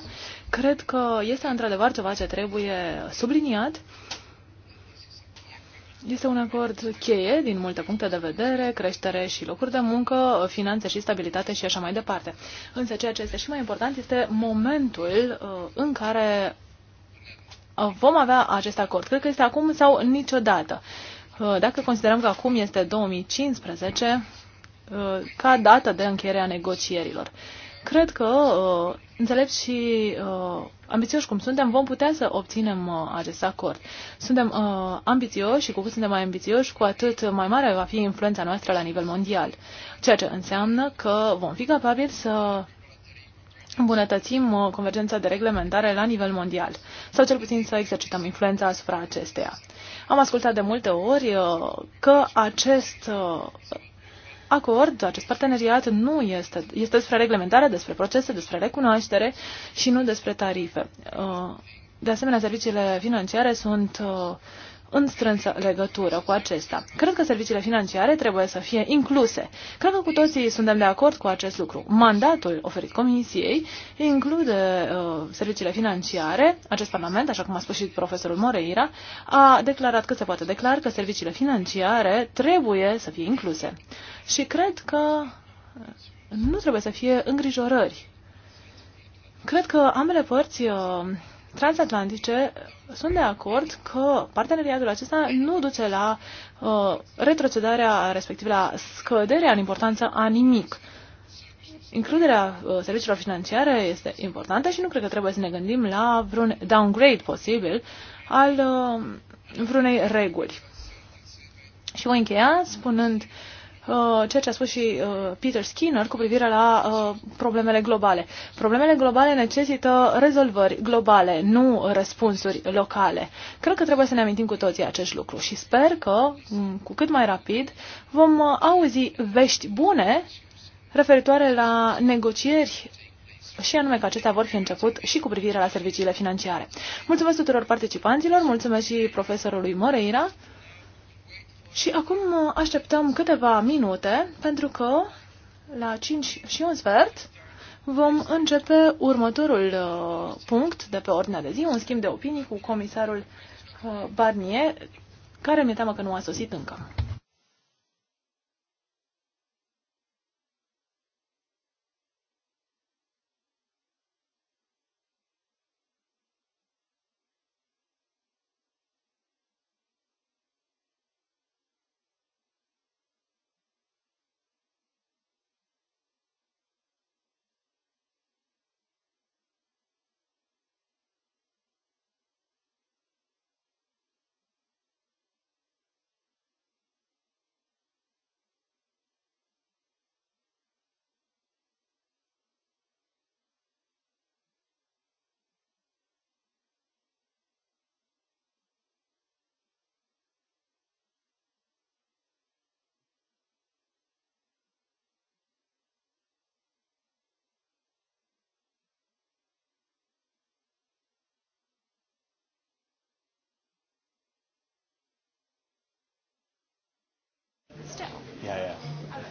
Cred că este într-adevăr ceva ce trebuie subliniat. Este un acord cheie din multe puncte de vedere, creștere și locuri de muncă, finanțe și stabilitate și așa mai departe. Însă ceea ce este și mai important este momentul uh, în care uh, vom avea acest acord. Cred că este acum sau niciodată. Uh, dacă considerăm că acum este 2015 uh, ca dată de încheiere a negocierilor, cred că, uh, înțelept și ambițioși cum suntem, vom putea să obținem acest acord. Suntem ambițioși și cu cât suntem mai ambițioși, cu atât mai mare va fi influența noastră la nivel mondial, ceea ce înseamnă că vom fi capabili să îmbunătățim uh, convergența de reglementare la nivel mondial, sau cel puțin să exercităm influența asupra acesteia. Am ascultat de multe ori uh, că acest uh, acord, acest parteneriat nu este, este despre reglementare, despre procese, despre recunoaștere și nu despre tarife. De asemenea, serviciile financiare sunt în strânsă legătură cu acesta. Cred că serviciile financiare trebuie să fie incluse. Cred că cu toții suntem de acord cu acest lucru. Mandatul oferit Comisiei include uh, serviciile financiare. Acest Parlament, așa cum a spus și profesorul Moreira, a declarat că se poate declara că serviciile financiare trebuie să fie incluse. Și cred că nu trebuie să fie îngrijorări. Cred că ambele părți uh, transatlantice, sunt de acord că parteneriatul acesta nu duce la uh, retrocedarea, respectiv la scăderea în importanță a nimic. Includerea uh, serviciilor financiare este importantă și nu cred că trebuie să ne gândim la vreun downgrade posibil al uh, vreunei reguli. Și voi încheia spunând uh, Uh, ceea ce a spus și uh, Peter Skinner cu privire la uh, problemele globale. Problemele globale necesită rezolvări globale, nu răspunsuri locale. Cred că trebuie să ne amintim cu toții acest lucru și sper că, mm, cu cât mai rapid, vom auzi vești bune referitoare la negocieri și anume că acestea vor fi început și cu privire la serviciile financiare. Mulțumesc tuturor participanților, mulțumesc și profesorului Moreira. Și acum uh, așteptăm câteva minute, pentru că la 5 și un sfert vom începe următorul uh, punct de pe ordinea de zi, un schimb de opinii cu comisarul uh, Barnier, care mi-e teamă că nu a sosit încă.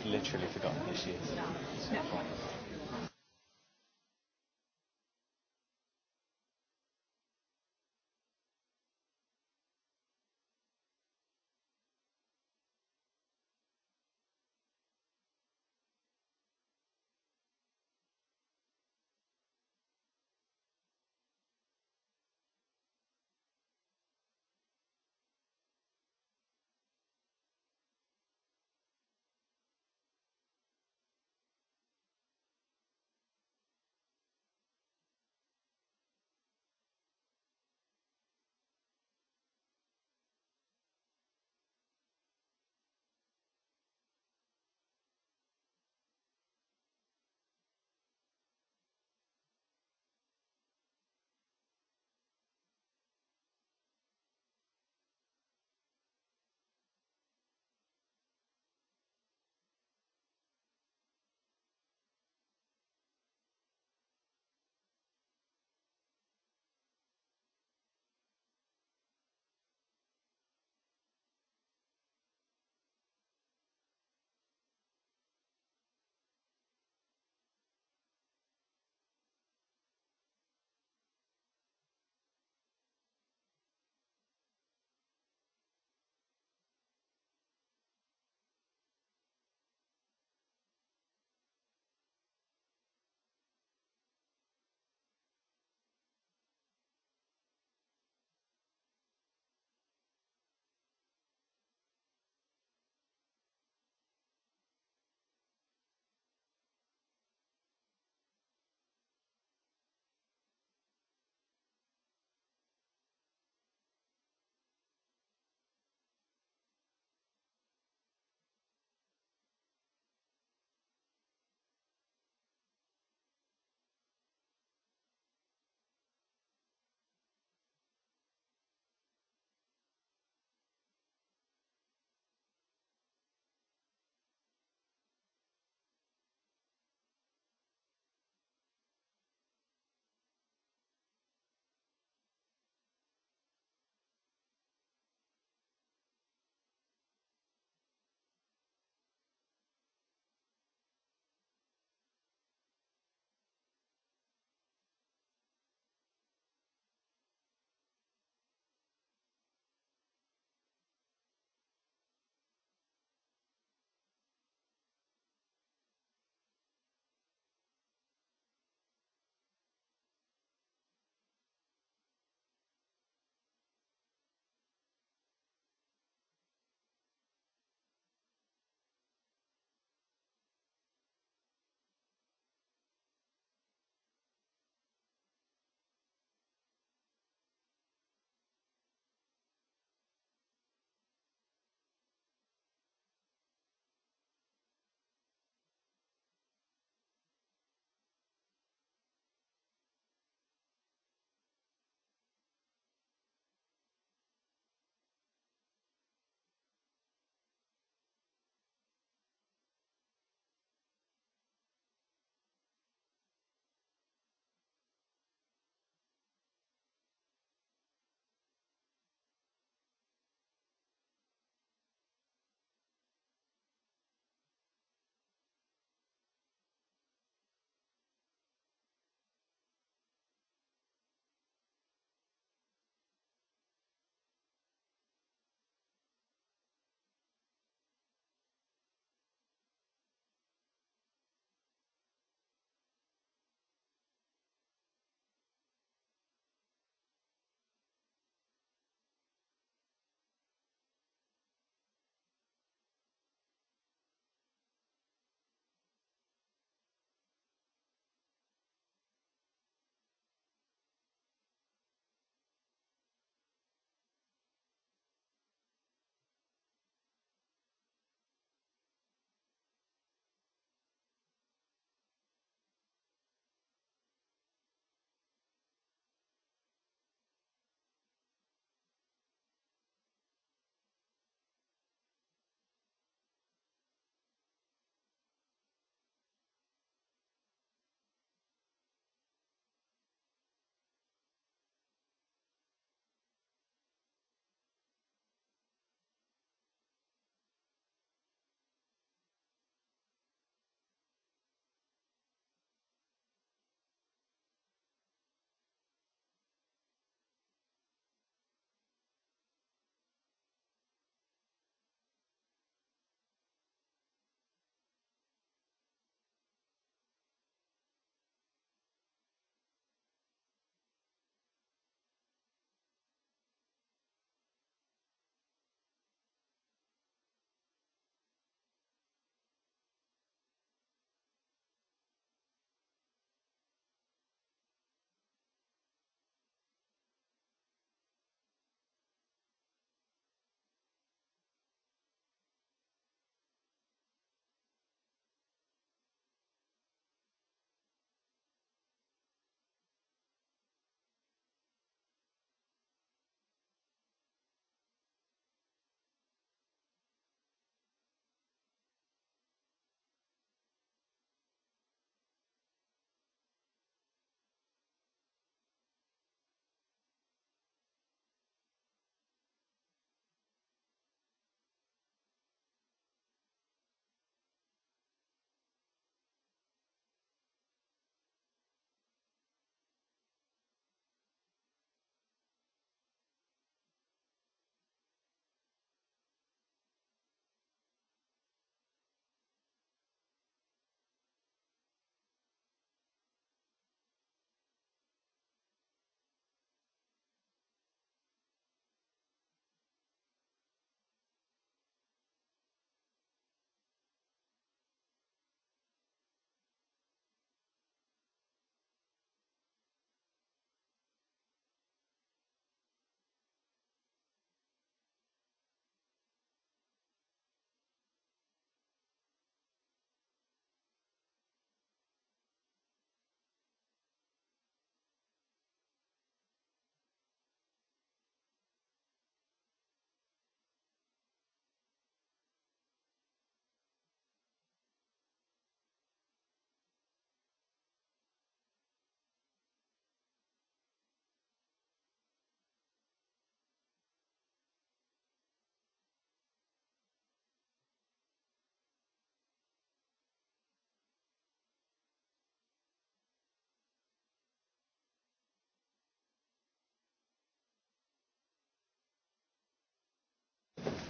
literally forgotten who she is. Yeah. Yeah.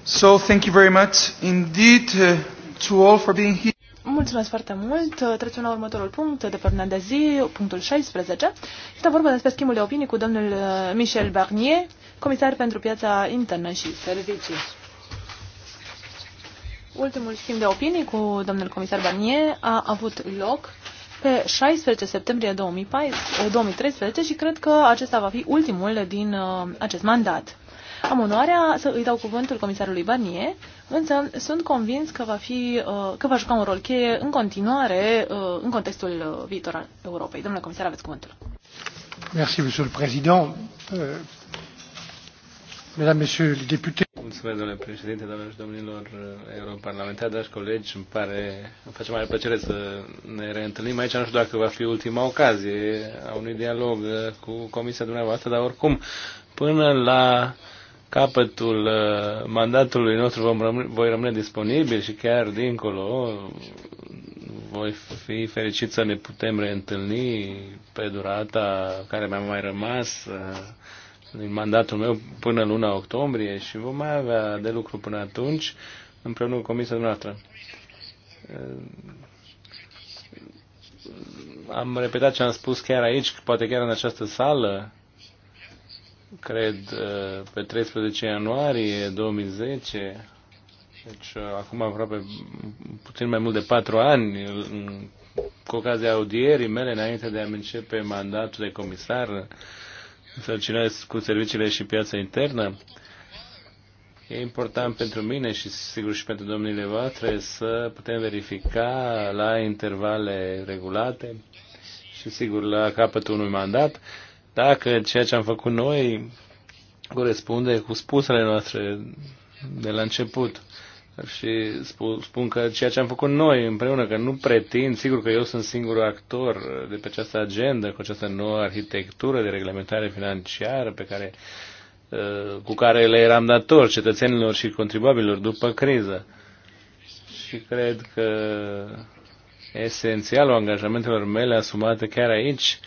So, thank you very much indeed uh, to all for being here. Mulțumesc foarte mult. Uh, trecem la următorul punct de pe de zi, punctul 16. Este vorba despre schimbul de opinii cu domnul uh, Michel Barnier, comisar pentru piața internă și servicii. Ultimul schimb de opinii cu domnul comisar Barnier a avut loc pe 16 septembrie 2014, 2013 și cred că acesta va fi ultimul din acest mandat. Am onoarea să îi dau cuvântul comisarului Barnier, însă sunt convins că va, fi, uh, că va juca un rol cheie în continuare uh, în contextul uh, viitor al Europei. Domnule comisar, aveți cuvântul. Merci, monsieur le président. Euh, mesdames, messieurs les députés. Mulțumesc, domnule președinte, doamnelor și domnilor europarlamentari, dragi colegi, îmi pare, îmi face mare plăcere să ne reîntâlnim aici. Nu știu dacă va fi ultima ocazie a unui dialog cu comisia dumneavoastră, dar oricum, până la capătul uh, mandatului nostru vom rămâne, voi rămâne disponibil și chiar dincolo voi fi fericit să ne putem reîntâlni pe durata care mi-a mai rămas uh, din mandatul meu până luna octombrie și vom mai avea de lucru până atunci împreună cu comisia noastră. Uh, am repetat ce am spus chiar aici, poate chiar în această sală, cred, uh, pe 13 ianuarie 2010, deci uh, acum aproape puțin mai mult de patru ani, cu ocazia audierii mele, înainte de a începe mandatul de comisar, însărcinat cu serviciile și piața internă, E important pentru mine și sigur și pentru domnile voastre să putem verifica la intervale regulate și sigur la capătul unui mandat dacă ceea ce am făcut noi corespunde cu spusele noastre de la început. Și spun că ceea ce am făcut noi împreună, că nu pretind, sigur că eu sunt singurul actor de pe această agendă, cu această nouă arhitectură de reglementare financiară pe care, uh, cu care le eram dator cetățenilor și contribuabililor după criză. Și cred că esențialul angajamentelor mele asumate chiar aici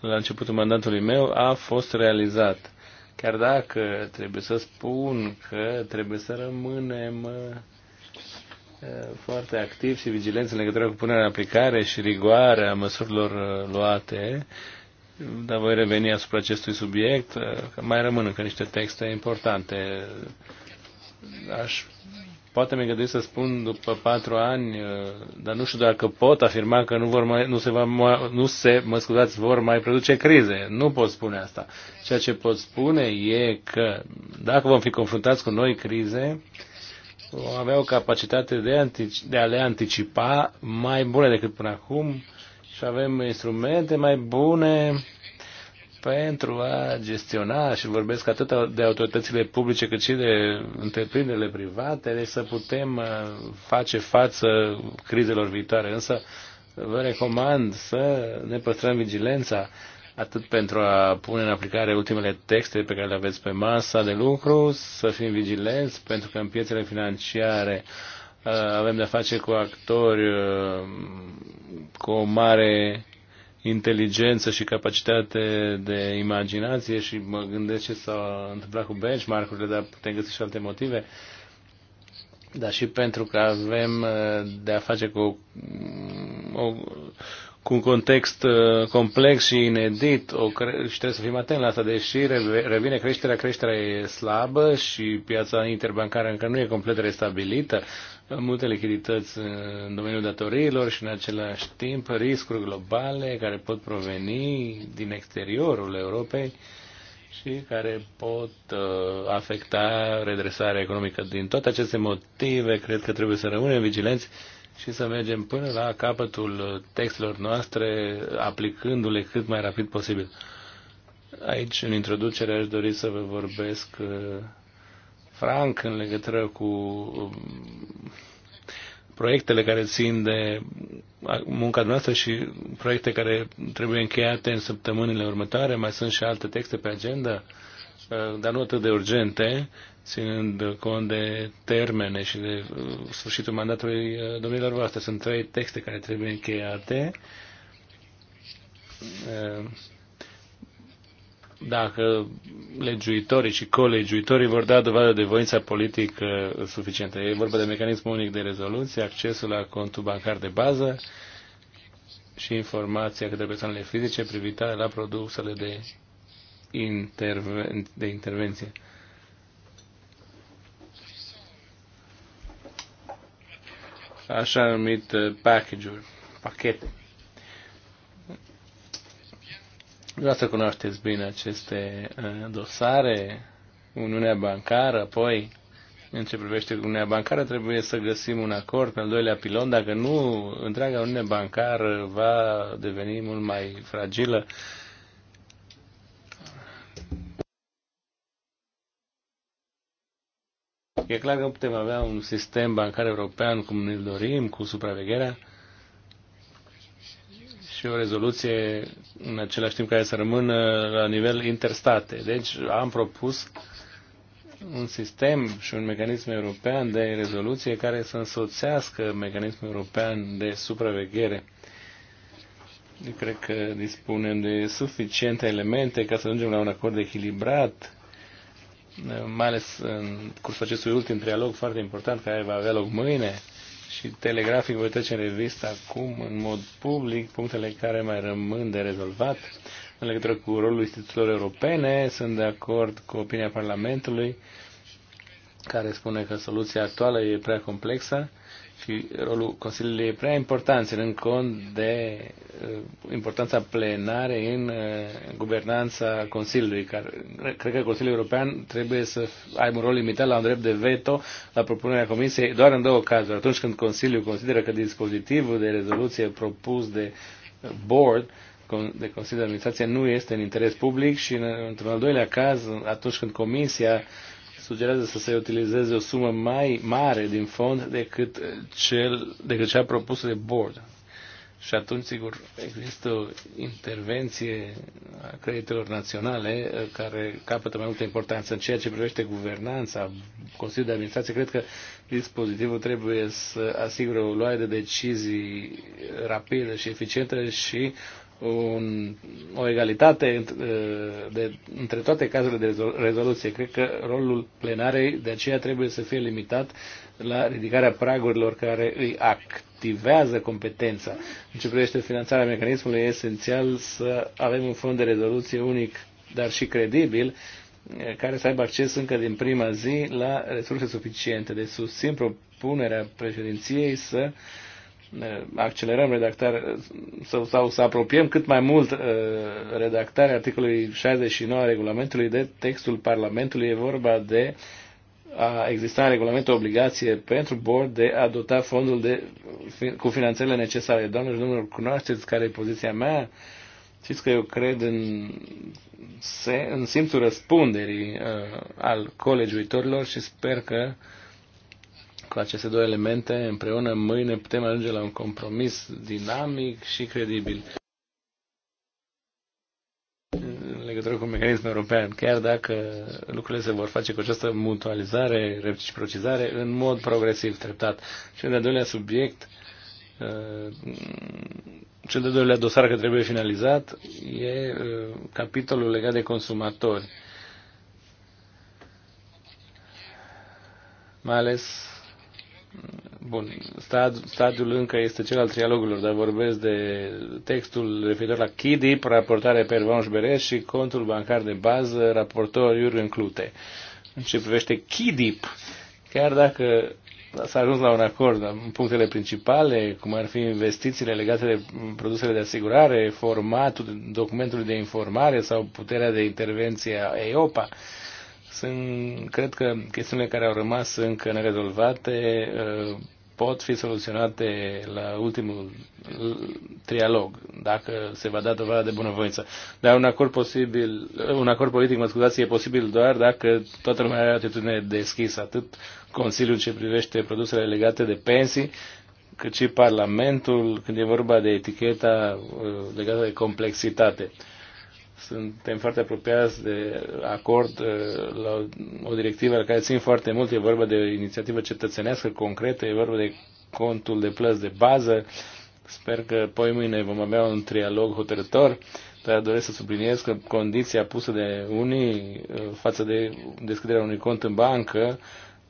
la începutul mandatului meu a fost realizat. Chiar dacă trebuie să spun că trebuie să rămânem uh, foarte activ și vigilenți în legătură cu punerea în aplicare și rigoarea măsurilor uh, luate, dar voi reveni asupra acestui subiect, uh, că mai rămân încă niște texte importante. Aș poate mi-e gândit să spun după patru ani, uh, dar nu știu dacă pot afirma că nu, vor mai, nu, se, va, nu se, mă scuzați, vor mai produce crize. Nu pot spune asta. Ceea ce pot spune e că dacă vom fi confruntați cu noi crize, vom avea o capacitate de, antici, de a le anticipa mai bune decât până acum și avem instrumente mai bune pentru a gestiona, și vorbesc atât de autoritățile publice cât și de întreprinderile private, deci să putem uh, face față crizelor viitoare. Însă vă recomand să ne păstrăm vigilența atât pentru a pune în aplicare ultimele texte pe care le aveți pe masa de lucru, să fim vigilenți, pentru că în piețele financiare uh, avem de-a face cu actori uh, cu o mare inteligență și capacitate de imaginație și mă gândesc ce s-a întâmplat cu benchmark-urile, dar putem găsi și alte motive. Dar și pentru că avem eh, de a face cu o, o cu un context uh, complex și inedit o cre- și trebuie să fim atenți la asta, deși revine creșterea, creșterea e slabă și piața interbancară încă nu e complet restabilită, multe lichidități uh, în domeniul datoriilor și în același timp riscuri globale care pot proveni din exteriorul Europei și care pot uh, afecta redresarea economică. Din toate aceste motive, cred că trebuie să rămânem vigilenți uh, și să mergem până la capătul textelor noastre, aplicându-le cât mai rapid posibil. Aici, în introducere, aș dori să vă vorbesc uh, franc în legătură cu um, proiectele care țin de munca noastră și proiecte care trebuie încheiate în săptămânile următoare. Mai sunt și alte texte pe agenda. Eh, dar nu atât de urgente, ținând cont de termene și de eh, sfârșitul mandatului eh, domnilor voastre. Sunt trei texte care trebuie încheiate. Dacă legiuitorii și colegiuitorii vor da dovadă de voința politică suficientă. E vorba de mecanismul unic de rezoluție, accesul la contul bancar de bază și informația către persoanele fizice privitoare la produsele de interven de intervenție. Așa numit uh, package-uri, pachete. Vreau să cunoașteți bine aceste uh, dosare, Uniunea Bancară, apoi în ce privește Uniunea Bancară, trebuie să găsim un acord pe al doilea pilon. Dacă nu, întreaga Uniune Bancară va deveni mult mai fragilă E clar că nu putem avea un sistem bancar european cum ne dorim, cu supravegherea și o rezoluție în același timp care să rămână la nivel interstate. Deci am propus un sistem și un mecanism european de rezoluție care să însoțească mecanismul european de supraveghere. Eu cred că dispunem de suficiente elemente ca să ajungem la un acord echilibrat mai ales în cursul acestui ultim trialog foarte important care va avea loc mâine și telegrafic voi trece în revistă acum în mod public punctele care mai rămân de rezolvat în legătură cu rolul instituțiilor europene. Sunt de acord cu opinia Parlamentului care spune că soluția actuală e prea complexă și rolul Consiliului e prea important, ținând cont de uh, importanța plenare uh, în guvernanța Consiliului. Care, cred că Consiliul European trebuie să aibă un rol limitat la un drept de veto la propunerea Comisiei doar în două cazuri. Atunci când Consiliul consideră că dispozitivul de rezoluție propus de board de Consiliul de Administrație nu este în interes public și, într-un al doilea caz, atunci când Comisia sugerează să se utilizeze o sumă mai mare din fond decât, eh, cel, decât cea propusă de board. Și atunci, sigur, există o intervenție a creditelor naționale eh, care capătă mai multă importanță în ceea ce privește guvernanța. Consiliul de Administrație cred că dispozitivul trebuie să asigure o luare de decizii rapidă și eficientă și un, o egalitate ă, de, între toate cazurile de rezoluție. Cred că rolul plenarei de aceea trebuie să fie limitat la ridicarea pragurilor care îi activează competența. În ce privește finanțarea mecanismului, e esențial să avem un fond de rezoluție unic, dar și credibil, care să aibă acces încă din prima zi la resurse suficiente. Deci susțin propunerea președinției să uh, accelerăm redactarea sau, sau să apropiem cât mai mult uh, redactarea articolului 69 a regulamentului de textul Parlamentului. E vorba de a exista în regulament o obligație pentru board de a dota fondul de, cu finanțele necesare. Doamne și domnilor, cunoașteți care e poziția mea? Știți că eu cred în, se, în simțul răspunderii uh, al colegiuitorilor și sper că uh, cu aceste două elemente împreună mâine putem ajunge la un compromis dinamic și credibil în legătură cu mecanismul european, chiar dacă lucrurile se vor face cu această mutualizare, reciprocizare, în mod progresiv, treptat. Cel de-al doilea subiect, uh, cel de-al doilea dosar care trebuie finalizat e uh, capitolul legat de consumatori. Mai ales Bun, stadiul stadiul încă este cel al trialogurilor, dar vorbesc de textul referitor la KIDIP, raportare pe Ervan Beres și contul bancar de bază, raportor Iurgen Clute. În ce privește KIDIP, chiar dacă s-a ajuns la un acord în punctele principale, cum ar fi investițiile legate de produsele de asigurare, formatul documentului de informare sau puterea de intervenție a EOPA, sunt, cred că chestiunile care au rămas încă nerezolvate uh, pot fi soluționate la ultimul uh, trialog, dacă se va da dovadă de bunăvoință. Dar un acord, posibil, uh, un acord politic, mă scuzați, e posibil doar dacă toată lumea are atitudine deschisă, atât Consiliul ce privește produsele legate de pensii, cât și Parlamentul când e vorba de eticheta legată de complexitate suntem foarte apropiați de acord uh, la o directivă la care țin foarte mult. E vorba de o inițiativă cetățenească concretă, e vorba de contul de plăți de bază. Sper că poi mâine vom avea un trialog hotărător, dar doresc să subliniez că condiția pusă de unii uh, față de deschiderea unui cont în bancă,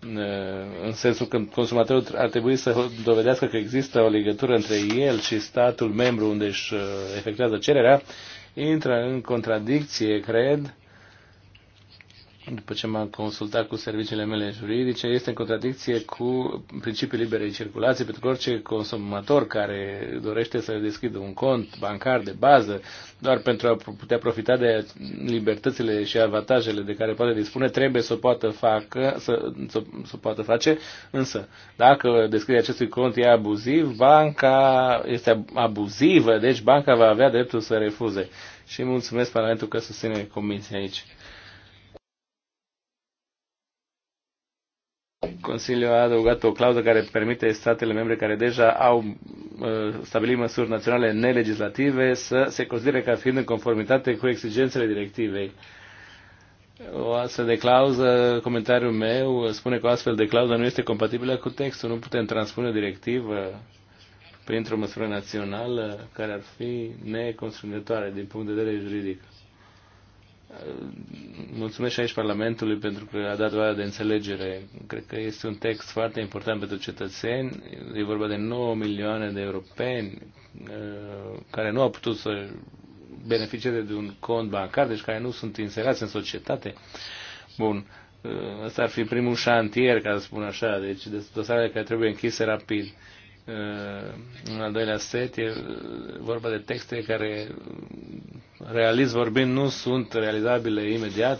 uh, în sensul că consumatorul ar trebui să dovedească că există o legătură între el și statul membru unde își efectuează cererea, intră în contradicție, cred, după ce m-am consultat cu serviciile mele juridice, este în contradicție cu principiul liberei circulații, pentru că orice consumator care dorește să deschidă un cont bancar de bază, doar pentru a putea profita de libertățile și avantajele de care poate dispune, trebuie să o poată, facă, să, să, să poată face, însă dacă deschiderea acestui cont e abuziv, banca este abuzivă, deci banca va avea dreptul să refuze. Și mulțumesc Parlamentul că susține comisia aici. Consiliul a adăugat o clauză care permite statele membre care deja au uh, stabilit măsuri naționale nelegislative să se considere ca fiind în conformitate cu exigențele directivei. O astfel de clauză, comentariul meu spune că o astfel de clauză nu este compatibilă cu textul. Nu putem transpune o directivă printr-o măsură națională care ar fi neconstrângătoare din punct de vedere juridic. Uh, mulțumesc și aici Parlamentului pentru că a dat dovadă de înțelegere. Cred că este un text foarte important pentru cetățeni. E vorba de 9 milioane de europeni uh, care nu au putut să beneficieze de un cont bancar, deci care nu sunt inserați în societate. Bun, uh, ăsta ar fi primul șantier, ca să spun așa, deci dosarele care trebuie închise rapid. În al doilea set e vorba de texte care, realist vorbind, nu sunt realizabile imediat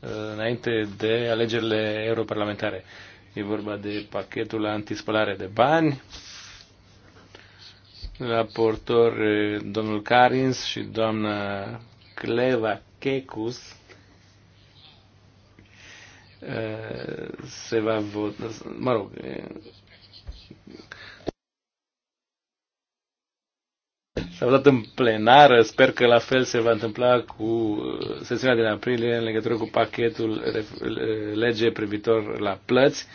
uh, înainte de alegerile europarlamentare. E vorba de pachetul antispălare de bani, raportor uh, domnul Carins și doamna Cleva Checus uh, se va vota, mă rog, s-a dat în plenară, sper că la fel se va întâmpla cu uh, sesiunea din aprilie în legătură cu pachetul lege privitor la plăți,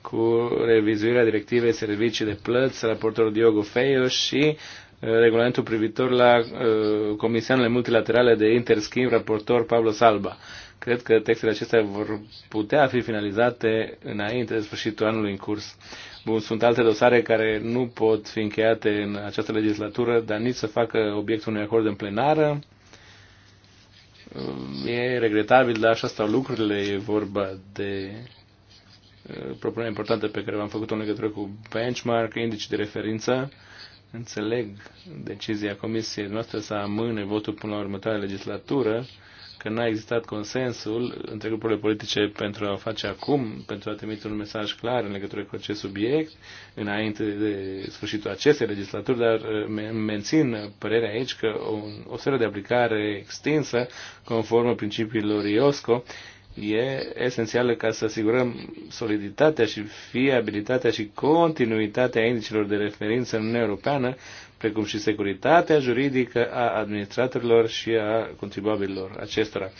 cu revizuirea directivei servicii de plăți, raportorul Diogo Feio și regulamentul privitor la uh, comisioanele multilaterale de interschimb, raportor Pablo Salba. Cred că textele acestea vor putea fi finalizate înainte de sfârșitul anului în curs. Bun, sunt alte dosare care nu pot fi încheiate în această legislatură, dar nici să facă obiectul unui acord în plenară. Uh, e regretabil, dar așa stau lucrurile. E vorba de uh, probleme importante pe care v-am făcut-o în legătură cu benchmark, indici de referință Înțeleg decizia Comisiei noastre să amâne votul până la următoarea legislatură, că n-a existat consensul între grupurile politice pentru a face acum, pentru a trimite un mesaj clar în legătură cu acest subiect, înainte de sfârșitul acestei legislaturi, dar uh, mențin părerea aici că o, o seră de aplicare extinsă, conform principiilor IOSCO, e esențială ca să asigurăm soliditatea și fiabilitatea și continuitatea indicilor de referință în Uniunea Europeană, precum și securitatea juridică a administratorilor și a contribuabililor acestora.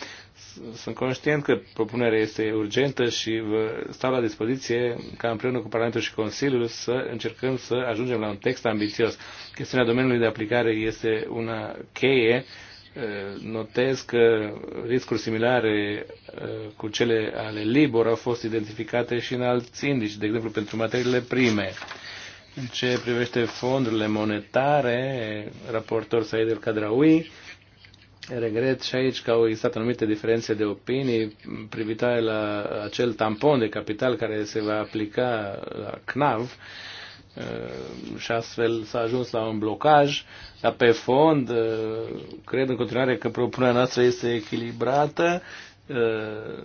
Sunt conștient că propunerea este urgentă și vă stau la dispoziție ca împreună cu Parlamentul și Consiliul să încercăm să ajungem la un text ambițios. Chestiunea domeniului de aplicare este una cheie Notez că riscuri similare uh, cu cele ale Libor au fost identificate și în alți indici, de exemplu pentru materiile prime. În ce privește fondurile monetare, raportor Said El regret și aici că au existat anumite diferențe de opinii privitoare la acel tampon de capital care se va aplica la CNAV, Uh, și astfel s-a ajuns la un blocaj, dar pe fond uh, cred în continuare că propunerea noastră este echilibrată, uh,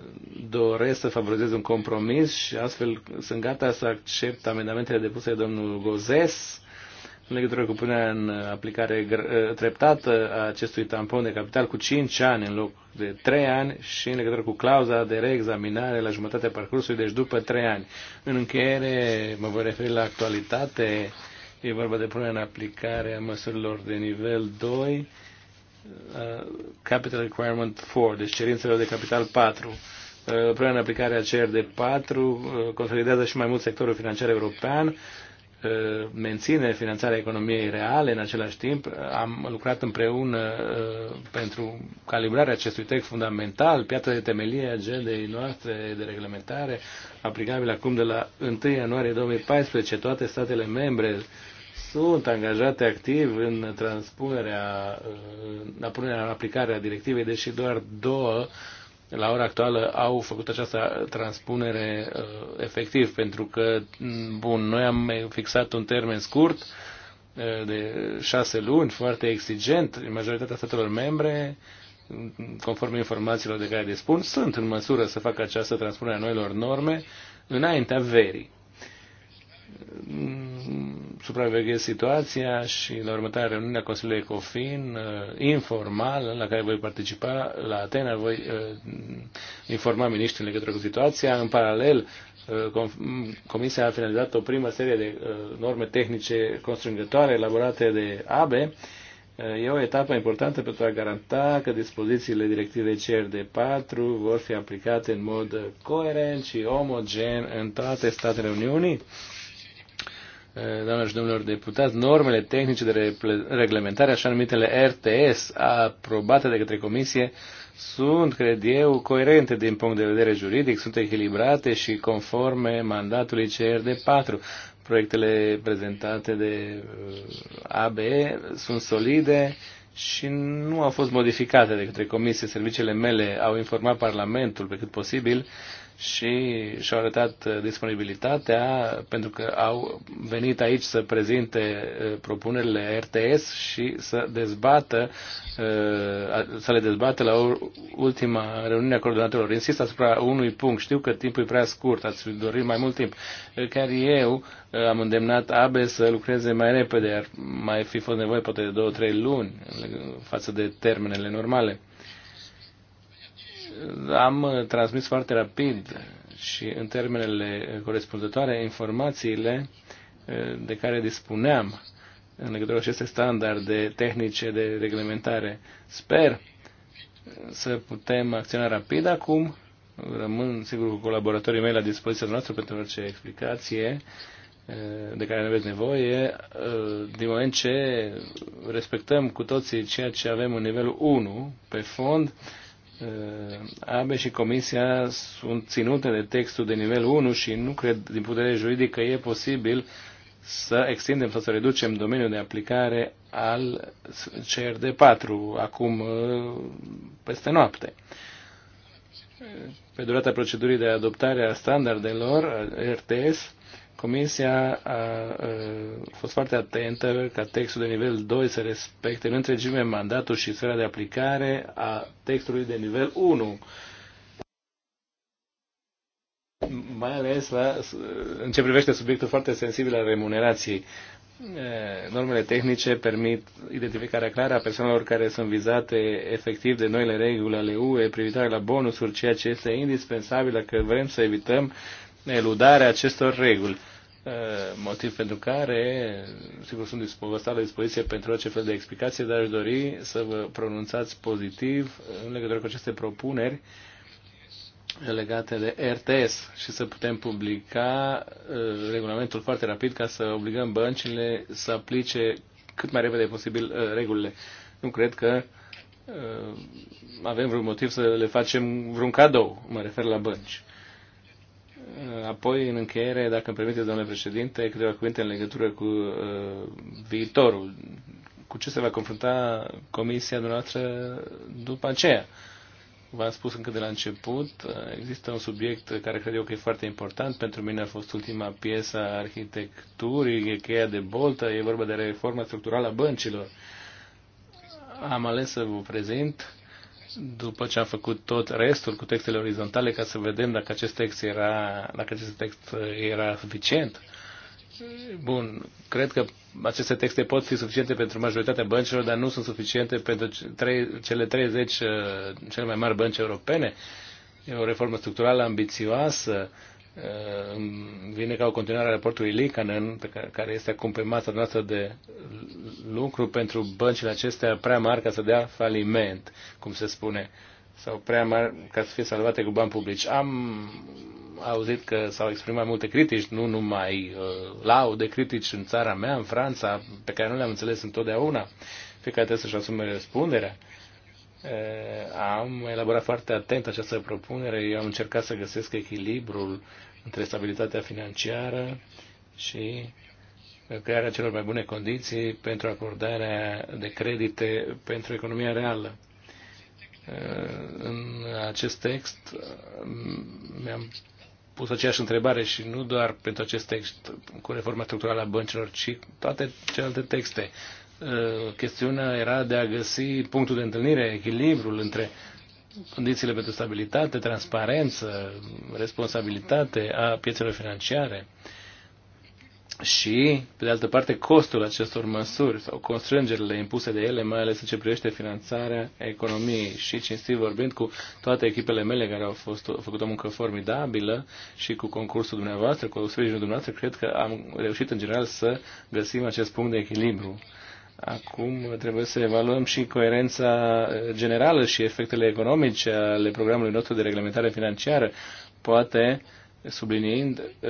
doresc să favorizez un compromis și astfel sunt gata să accept amendamentele depuse de domnul Gozes în legătură cu punerea în aplicare ă, treptată a acestui tampon de capital cu 5 ani în loc de 3 ani și în legătură cu clauza de reexaminare la jumătatea parcursului, deci după 3 ani. În încheiere mă voi referi la actualitate, e vorba de punerea în aplicare a măsurilor de nivel 2, ă, Capital Requirement 4, deci cerințele de capital 4. Ă, punerea în aplicare a CRD 4 consolidează și mai mult sectorul financiar european, Uh, menține finanțarea economiei reale în același timp. Am lucrat împreună uh, pentru calibrarea acestui text fundamental, piața de temelie a agendei noastre de reglementare, aplicabil acum de la 1 ianuarie 2014. Toate statele membre sunt angajate activ în transpunerea, uh, în punerea în aplicare a directivei, deși doar două la ora actuală au făcut această transpunere uh, efectiv, pentru că, mm, bun, noi am fixat un termen scurt uh, de șase luni, foarte exigent, în majoritatea statelor membre, conform informațiilor de care dispun, sunt în măsură să facă această transpunere a noilor norme înaintea verii mm, supraveghez situația și la următoarea reuniune a Consiliului Ecofin, uh, informal, la care voi participa la Atena, voi uh, informa miniștrii în legătură cu situația. În paralel, uh, Comisia a finalizat o primă serie de norme tehnice constrângătoare elaborate de ABE. E o etapă importantă pentru a garanta că dispozițiile directivei CRD4 vor fi aplicate în mod coerent și omogen în toate statele Uniunii doamnelor și domnilor deputați, normele tehnice de reglementare, așa numitele RTS, aprobate de către Comisie, sunt, cred eu, coerente din punct de vedere juridic, sunt echilibrate și conforme mandatului CRD4. Proiectele prezentate de uh, ABE sunt solide și nu au fost modificate de către Comisie. Serviciile mele au informat Parlamentul pe cât posibil și și-au arătat uh, disponibilitatea pentru că au venit aici să prezinte uh, propunerile RTS și să dezbată, uh, să le dezbată la ultima reuniune a coordonatorilor. Insist asupra unui punct. Știu că timpul e prea scurt, ați dorit mai mult timp. Chiar eu am îndemnat ABE să lucreze mai repede, ar mai fi fost nevoie poate de două, trei luni față de termenele normale am transmis foarte rapid și în termenele corespunzătoare informațiile eh, de care dispuneam în legătură cu aceste standarde tehnice de reglementare. Sper să putem acționa rapid acum. Rămân, sigur, cu colaboratorii mei la dispoziția noastră pentru orice explicație eh, de care ne aveți nevoie, eh, din moment ce respectăm cu toții ceea ce avem în nivelul 1 pe fond, Eh, ABE și Comisia sunt ținute de textul de nivel 1 și nu cred din putere juridică e posibil să extindem sau să reducem domeniul de aplicare al CRD4 acum eh, peste noapte. Pe durata procedurii de adoptare a standardelor eh, RTS, Comisia a, a fost foarte atentă ca textul de nivel 2 să respecte în întregime mandatul și sfera de aplicare a textului de nivel 1 mai ales la, în ce privește subiectul foarte sensibil al remunerației. Normele tehnice permit identificarea clară a persoanelor care sunt vizate efectiv de noile reguli ale UE privitoare la bonusuri, ceea ce este indispensabil dacă vrem să evităm eludarea acestor reguli. Eh, motiv pentru care, sigur, sunt vă stau la dispoziție pentru orice fel de explicație, dar aș dori să vă pronunțați pozitiv în legătură cu aceste propuneri legate de RTS și să putem publica eh, regulamentul foarte rapid ca să obligăm băncile să aplice cât mai repede posibil eh, regulile. Nu cred că avem vreun motiv să le facem vreun cadou, mă refer la bănci. Apoi, în încheiere, dacă îmi permite, domnule președinte, câteva cuvinte în legătură cu uh, viitorul. Cu ce se va confrunta comisia dumneavoastră după aceea? V-am spus încă de la început, uh, există un subiect care cred eu că e foarte important. Pentru mine a fost ultima piesă a arhitecturii, e cheia de boltă, e vorba de reforma structurală a băncilor. Am ales să vă prezint după ce am făcut tot restul cu textele orizontale ca să vedem dacă acest text era, dacă acest text era suficient. Bun, cred că aceste texte pot fi suficiente pentru majoritatea băncilor, dar nu sunt suficiente pentru cele 30 uh, cele mai mari bănci europene. E o reformă structurală ambițioasă Uh, vine ca o continuare a raportului Licanen, care este acum pe masa noastră de lucru pentru băncile acestea prea mari ca să dea faliment, cum se spune, sau prea mari ca să fie salvate cu bani publici. Am auzit că s-au exprimat multe critici, nu numai uh, laude, critici în țara mea, în Franța, pe care nu le-am înțeles întotdeauna. Fiecare trebuie să-și asume răspunderea. Uh, Eh, am elaborat foarte atent această propunere. Eu am încercat să găsesc echilibrul între stabilitatea financiară și crearea celor mai bune condiții pentru acordarea de credite pentru economia reală. Eh, în acest text mm, mi-am pus aceeași întrebare și nu doar pentru acest text cu reforma structurală a băncilor, ci toate celelalte texte. Uh, chestiunea era de a găsi punctul de întâlnire, echilibrul între condițiile pentru stabilitate, transparență, responsabilitate a piețelor financiare și, pe de altă parte, costul acestor măsuri sau constrângerile impuse de ele, mai ales în ce privește finanțarea economiei. Și, cinstit vorbind, cu toate echipele mele care au fost, au făcut o muncă formidabilă și cu concursul dumneavoastră, cu sprijinul dumneavoastră, cred că am reușit, în general, să găsim acest punct de echilibru Acum trebuie să evaluăm și coerența uh, generală și efectele economice ale programului nostru de reglementare financiară, poate subliniind uh,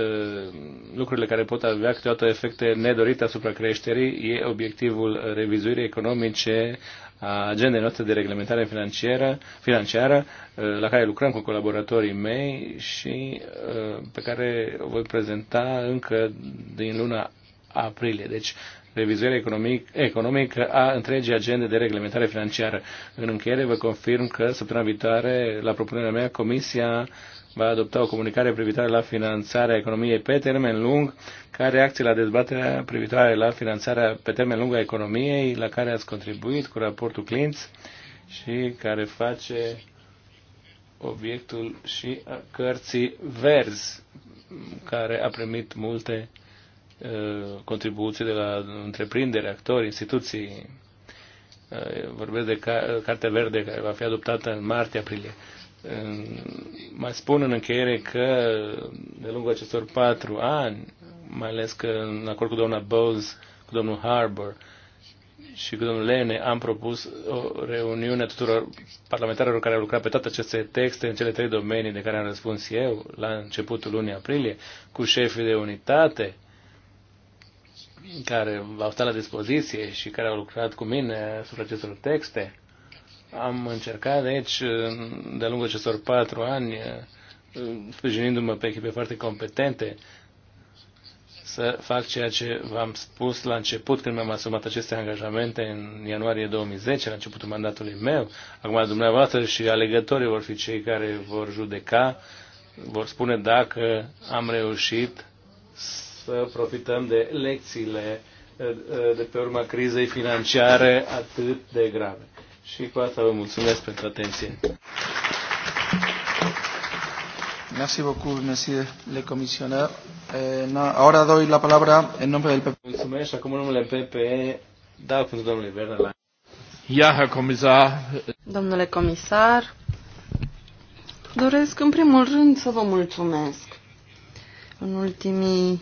lucrurile care pot avea câteodată efecte nedorite asupra creșterii, e obiectivul revizuirii economice a agendei noastre de reglementare financiară, financiară uh, la care lucrăm cu colaboratorii mei și pe care o voi prezenta încă din luna aprilie. Deci revizuire economic, economică a întregii agende de reglementare financiară. În încheiere vă confirm că săptămâna viitoare, la propunerea mea, Comisia va adopta o comunicare privitoare la finanțarea economiei pe termen lung, ca reacție la dezbaterea privitoare la finanțarea pe termen lung a economiei, la care ați contribuit cu raportul Clintz și care face obiectul și a cărții verzi, care a primit multe Uh, contribuții de la întreprinderi, actori, instituții. Uh, vorbesc de Cartea Verde care va fi adoptată în martie-aprilie. Uh, mai spun în încheiere că de lungul acestor patru ani, mai ales că în acord cu doamna Bowes, cu domnul Harbour și cu domnul Lene am propus o reuniune a tuturor parlamentarilor care au lucrat pe toate aceste texte în cele trei domenii de care am răspuns eu la începutul lunii aprilie, cu șefii de unitate, care au stat la dispoziție și care au lucrat cu mine asupra acestor texte. Am încercat, deci, de-a lungul acestor patru ani, sprijinindu-mă pe echipe foarte competente, să fac ceea ce v-am spus la început când mi-am asumat aceste angajamente în ianuarie 2010, la începutul mandatului meu. Acum dumneavoastră și alegătorii vor fi cei care vor judeca, vor spune dacă am reușit să profităm de lecțiile eh, eh, de pe urma crizei financiare atât de grave. Și cu asta vă mulțumesc pentru atenție. Merci beaucoup, monsieur le commissionnaire. Eh, no, ahora doy la palabra en nombre del PP. Mulțumesc, acum numele PP, da, cuvântul domnului Verda la... Ia, Herr comisar. Domnule comisar, doresc în primul rând să vă mulțumesc. În ultimii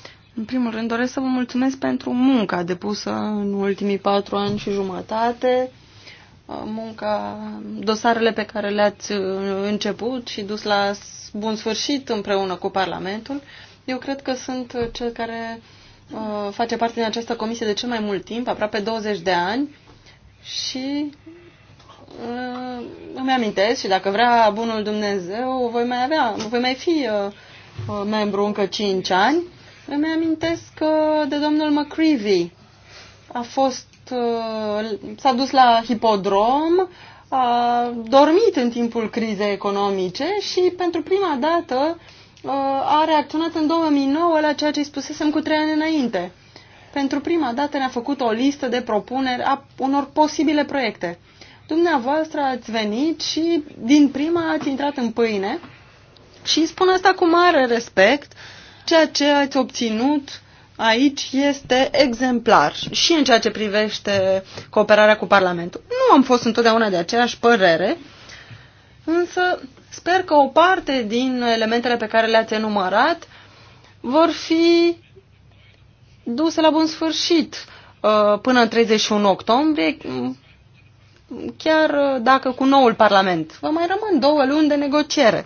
În primul rând doresc să vă mulțumesc pentru munca depusă în ultimii patru ani și jumătate, uh, munca, dosarele pe care le-ați uh, început și dus la bun sfârșit împreună cu Parlamentul. Eu cred că sunt uh, cel care face parte din această comisie de cel mai mult timp, aproape 20 de ani și îmi amintesc și dacă vrea bunul Dumnezeu voi mai avea, voi mai fi membru încă 5 ani îmi amintesc uh, de domnul McCreevy. A fost, uh, s-a dus la hipodrom, a dormit în timpul crizei economice și pentru prima dată uh, a reacționat în 2009 la ceea ce îi spusesem cu trei ani înainte. Pentru prima dată ne-a făcut o listă de propuneri a unor posibile proiecte. Dumneavoastră ați venit și din prima ați intrat în pâine și spun asta cu mare respect uh, Ceea ce ați obținut aici este exemplar și în ceea ce privește cooperarea cu Parlamentul. Nu am fost întotdeauna de aceeași părere, însă sper că o parte din elementele pe care le-ați enumerat vor fi duse la bun sfârșit uh, până în 31 octombrie, chiar uh, dacă cu noul Parlament. Vă mai rămân două luni de negociere.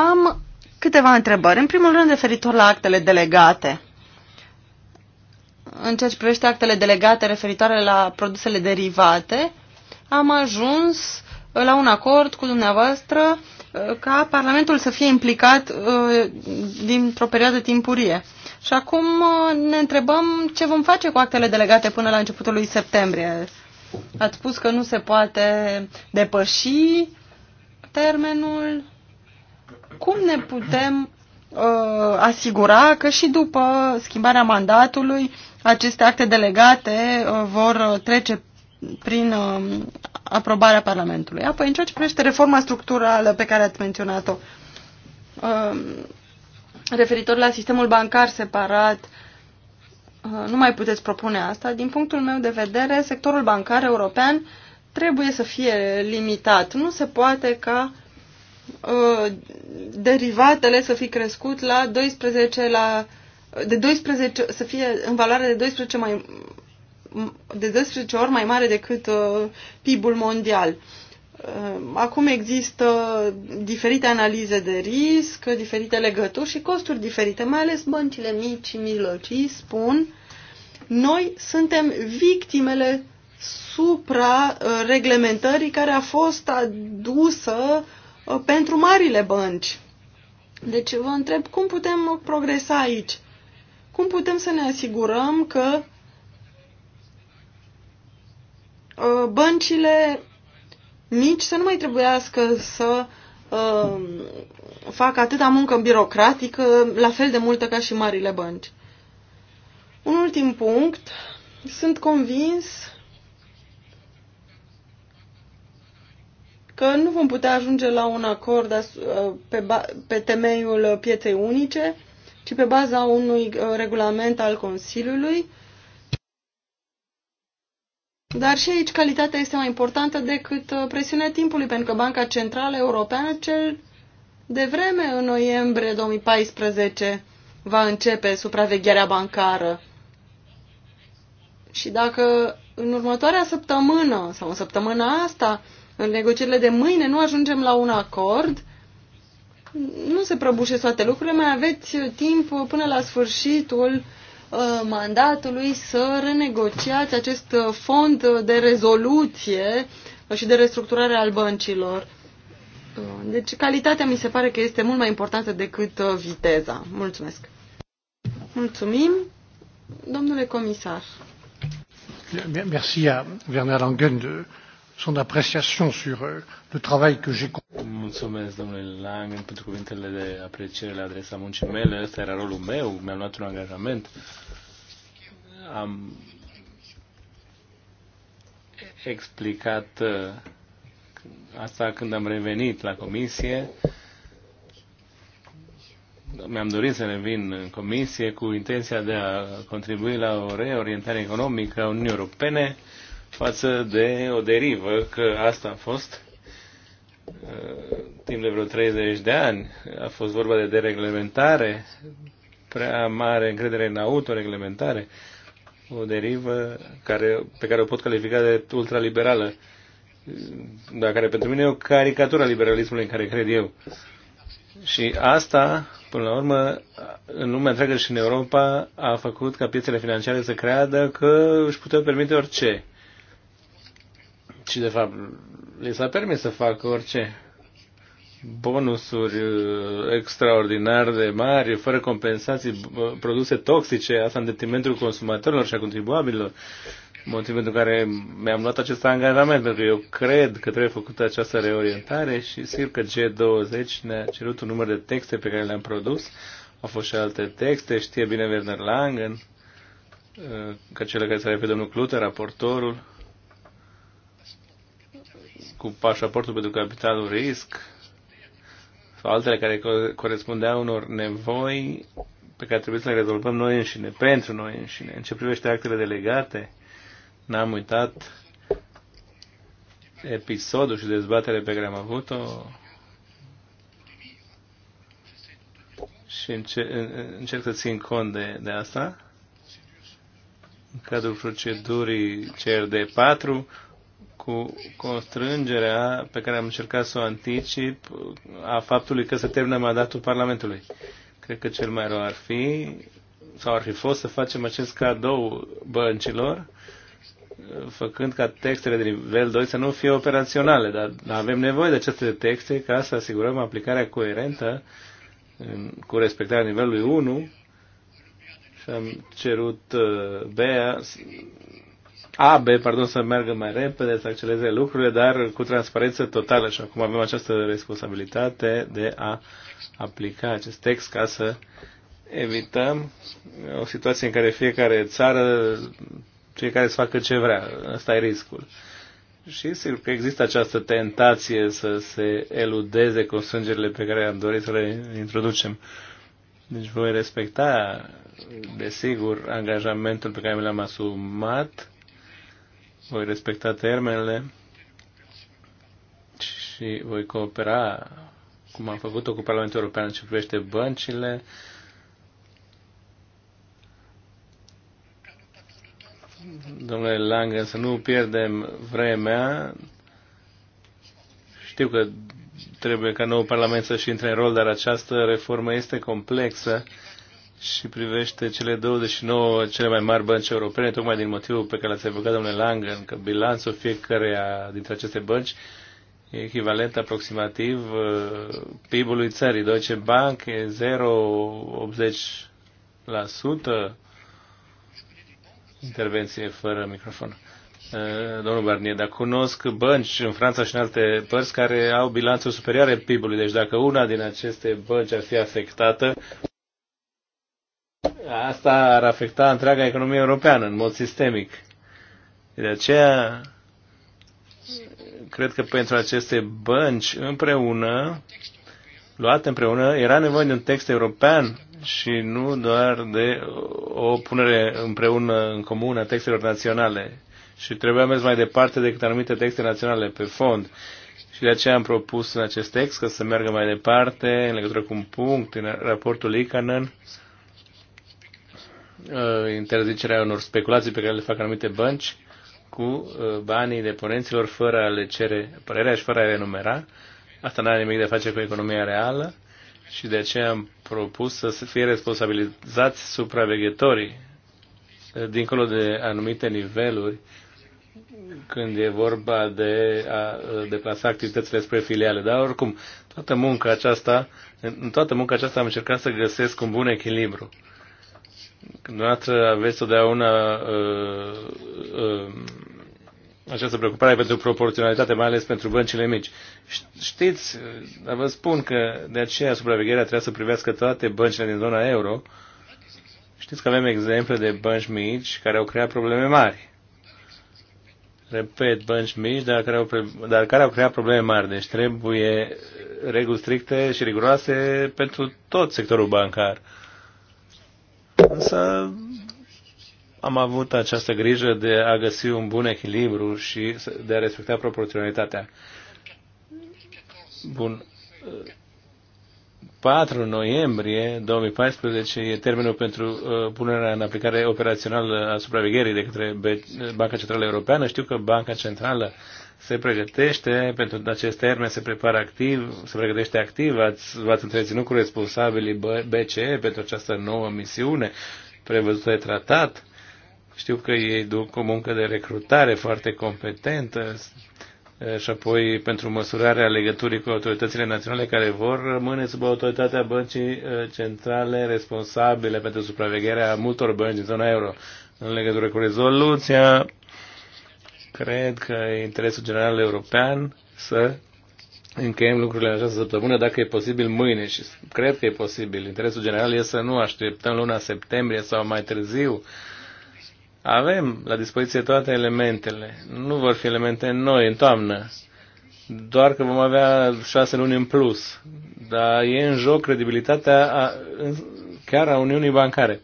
Am câteva întrebări. În primul rând, referitor la actele delegate. În ceea ce privește actele delegate referitoare la produsele derivate, am ajuns uh, la un acord cu dumneavoastră uh, ca Parlamentul să fie implicat uh, dintr-o perioadă timpurie. Și acum ne întrebăm ce vom face cu actele delegate până la începutul lui septembrie. Ați spus că nu se poate depăși termenul cum ne putem uh, asigura că și după schimbarea mandatului aceste acte delegate uh, vor uh, trece prin uh, aprobarea Parlamentului. Apoi, în ceea ce privește reforma structurală pe care ați menționat-o, uh, referitor la sistemul bancar separat, uh, nu mai puteți propune asta. Din punctul meu de vedere, sectorul bancar european trebuie să fie limitat. Nu se poate ca uh, Uh, derivatele să fi crescut la 12 la de 12 să fie în valoare de 12 mai de 12 ori mai mare decât uh, PIB-ul mondial. Uh, acum există diferite analize de risc, diferite legături și costuri diferite, mai ales băncile mici și mijlocii spun noi suntem victimele supra-reglementării uh, care a fost adusă Uh, pentru marile bănci. Deci vă întreb cum putem progresa aici? Cum putem să ne asigurăm că uh, băncile mici să nu mai trebuiască să uh, fac atâta muncă birocratică, la fel de multă ca și marile bănci. Un ultim punct. Sunt convins că nu vom putea ajunge la un acord uh, pe, pe temeiul pieței unice, ci pe baza unui uh, regulament al Consiliului. Dar și aici calitatea este mai importantă decât uh, presiunea timpului, pentru că Banca Centrală Europeană cel de vreme în noiembrie 2014 va începe supravegherea bancară. Și dacă în următoarea săptămână sau în săptămâna asta în negocierile de mâine nu ajungem la un acord, nu se prăbușe toate lucrurile, mai aveți timp până la sfârșitul uh, mandatului să renegociați acest fond de rezoluție și de restructurare al băncilor. Uh, deci calitatea mi se pare că este mult mai importantă decât uh, viteza. Mulțumesc. Mulțumim, domnule comisar. Merci à Werner Langen de son appréciation sur euh, le travail que j'ai Mulțumesc, domnule Lang, pentru cuvintele de apreciere la adresa muncii mele. Ăsta era rolul meu, mi-am luat un angajament. Am explicat uh, asta când am revenit la comisie. Mi-am dorit să revin în comisie cu intenția de a contribui la o reorientare economică a Uniunii Europene față de o derivă, că asta a fost uh, timp de vreo 30 de ani. A fost vorba de dereglementare, prea mare încredere în autoreglementare, o derivă care, pe care o pot califica de ultraliberală, dar care pentru mine e o caricatură a liberalismului în care cred eu. Și asta, până la urmă, în lumea întreagă și în Europa, a făcut ca piețele financiare să creadă că își puteau permite orice și de fapt li s-a permis să facă orice bonusuri uh, extraordinar de mari, fără compensații, uh, produse toxice, asta în detrimentul consumatorilor și a contribuabililor. Motiv pentru care mi-am luat acest angajament, pentru că eu cred că trebuie făcută această reorientare și sigur că G20 ne-a cerut un număr de texte pe care le-am produs. Au fost și alte texte, știe bine Werner Langen, uh, că cele care s-a pe domnul Clute, raportorul, cu pașaportul pentru capitalul risc sau altele care corespundeau unor nevoi pe care trebuie să le rezolvăm noi înșine, pentru noi înșine. În ce privește actele delegate, n-am uitat episodul și dezbatere pe care am avut-o și încerc să țin cont de, de asta în cadrul procedurii CRD 4 cu constrângerea pe care am încercat să o anticip a faptului că se termină mandatul Parlamentului. Cred că cel mai rău ar fi, sau ar fi fost să facem acest cadou băncilor, făcând ca textele de nivel 2 să nu fie operaționale, dar avem nevoie de aceste texte ca să asigurăm aplicarea coerentă cu respectarea nivelului 1 și am cerut uh, BEA abe, pardon, să meargă mai repede, să acceleze lucrurile, dar cu transparență totală și acum avem această responsabilitate de a aplica acest text ca să evităm o situație în care fiecare țară, fiecare să facă ce vrea. Asta e riscul. Și sigur că există această tentație să se eludeze constrângerile pe care am dorit să le introducem. Deci voi respecta, desigur, angajamentul pe care mi l-am asumat voi respecta termenele și voi coopera, cum am făcut-o cu Parlamentul European în ce privește băncile. Domnule Langen, să nu pierdem vremea. Știu că trebuie ca nou Parlament să-și intre în rol, dar această reformă este complexă și privește cele 29 cele mai mari bănci europene, tocmai din motivul pe care l-ați evocat, domnule Langen, că bilanțul fiecăreia dintre aceste bănci e echivalent aproximativ uh, PIB-ului țării. Deutsche Bank e 0,80% intervenție fără microfon. Uh, domnul Barnier, dar cunosc bănci în Franța și în alte părți care au bilanțuri superioare PIB-ului. Deci dacă una din aceste bănci ar fi afectată, Asta ar afecta întreaga economie europeană în mod sistemic. De aceea, cred că pentru aceste bănci împreună, luate împreună, era nevoie de un text european și nu doar de o punere împreună în comun a textelor naționale. Și trebuia mers mai departe decât anumite texte naționale pe fond. Și de aceea am propus în acest text că să meargă mai departe în legătură cu un punct în raportul Icanen Uh, interzicerea unor speculații pe care le fac anumite bănci cu uh, banii deponenților fără a le cere părerea și fără a le numera. Asta nu are nimic de a face cu economia reală și de aceea am propus să fie responsabilizați supraveghetorii uh, dincolo de anumite niveluri când e vorba de a deplasa activitățile spre filiale. Dar oricum, toată munca aceasta, în toată munca aceasta am încercat să găsesc un bun echilibru dumneavoastră aveți totdeauna uh, uh, această preocupare pentru proporționalitate, mai ales pentru băncile mici. Știți, dar vă spun că de aceea supravegherea trebuie să privească toate băncile din zona euro. Știți că avem exemple de bănci mici care au creat probleme mari. Repet, bănci mici, dar care au, dar care au creat probleme mari. Deci trebuie reguli stricte și riguroase pentru tot sectorul bancar. Însă am avut această grijă de a găsi un bun echilibru și de a respecta proporționalitatea. Bun. 4 noiembrie 2014 e termenul pentru uh, punerea în aplicare operațională a supravegherii de către Banca Centrală Europeană. Știu că Banca Centrală se pregătește pentru acest termen, se prepară activ, se pregătește activ, ați, v-ați întreținut cu responsabilii BCE pentru această nouă misiune prevăzută de tratat. Știu că ei duc o muncă de recrutare foarte competentă și apoi pentru măsurarea legăturii cu autoritățile naționale care vor rămâne sub autoritatea băncii centrale responsabile pentru supravegherea multor bănci din zona euro. În legătură cu rezoluția Cred că e interesul general european să încheiem lucrurile în această săptămână, dacă e posibil mâine și cred că e posibil. Interesul general e să nu așteptăm luna septembrie sau mai târziu. Avem la dispoziție toate elementele. Nu vor fi elemente noi în toamnă. Doar că vom avea șase luni în plus. Dar e în joc credibilitatea a, chiar a Uniunii Bancare.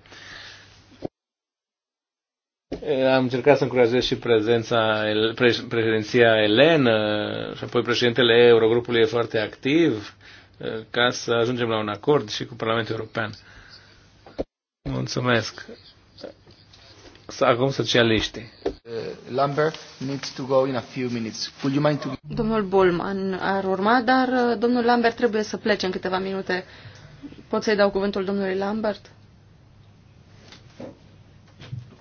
Am încercat să încurajez și prezența, președinția Elenă și apoi președintele Eurogrupului e foarte activ eh, ca să ajungem la un acord și cu Parlamentul European. Mulțumesc. Acum socialiștii. Eh, Lambert needs to go in a few minutes. Would you mind to... Domnul Bolman ar urma, dar eh, domnul Lambert trebuie să plece în câteva minute. Pot să-i dau cuvântul domnului Lambert?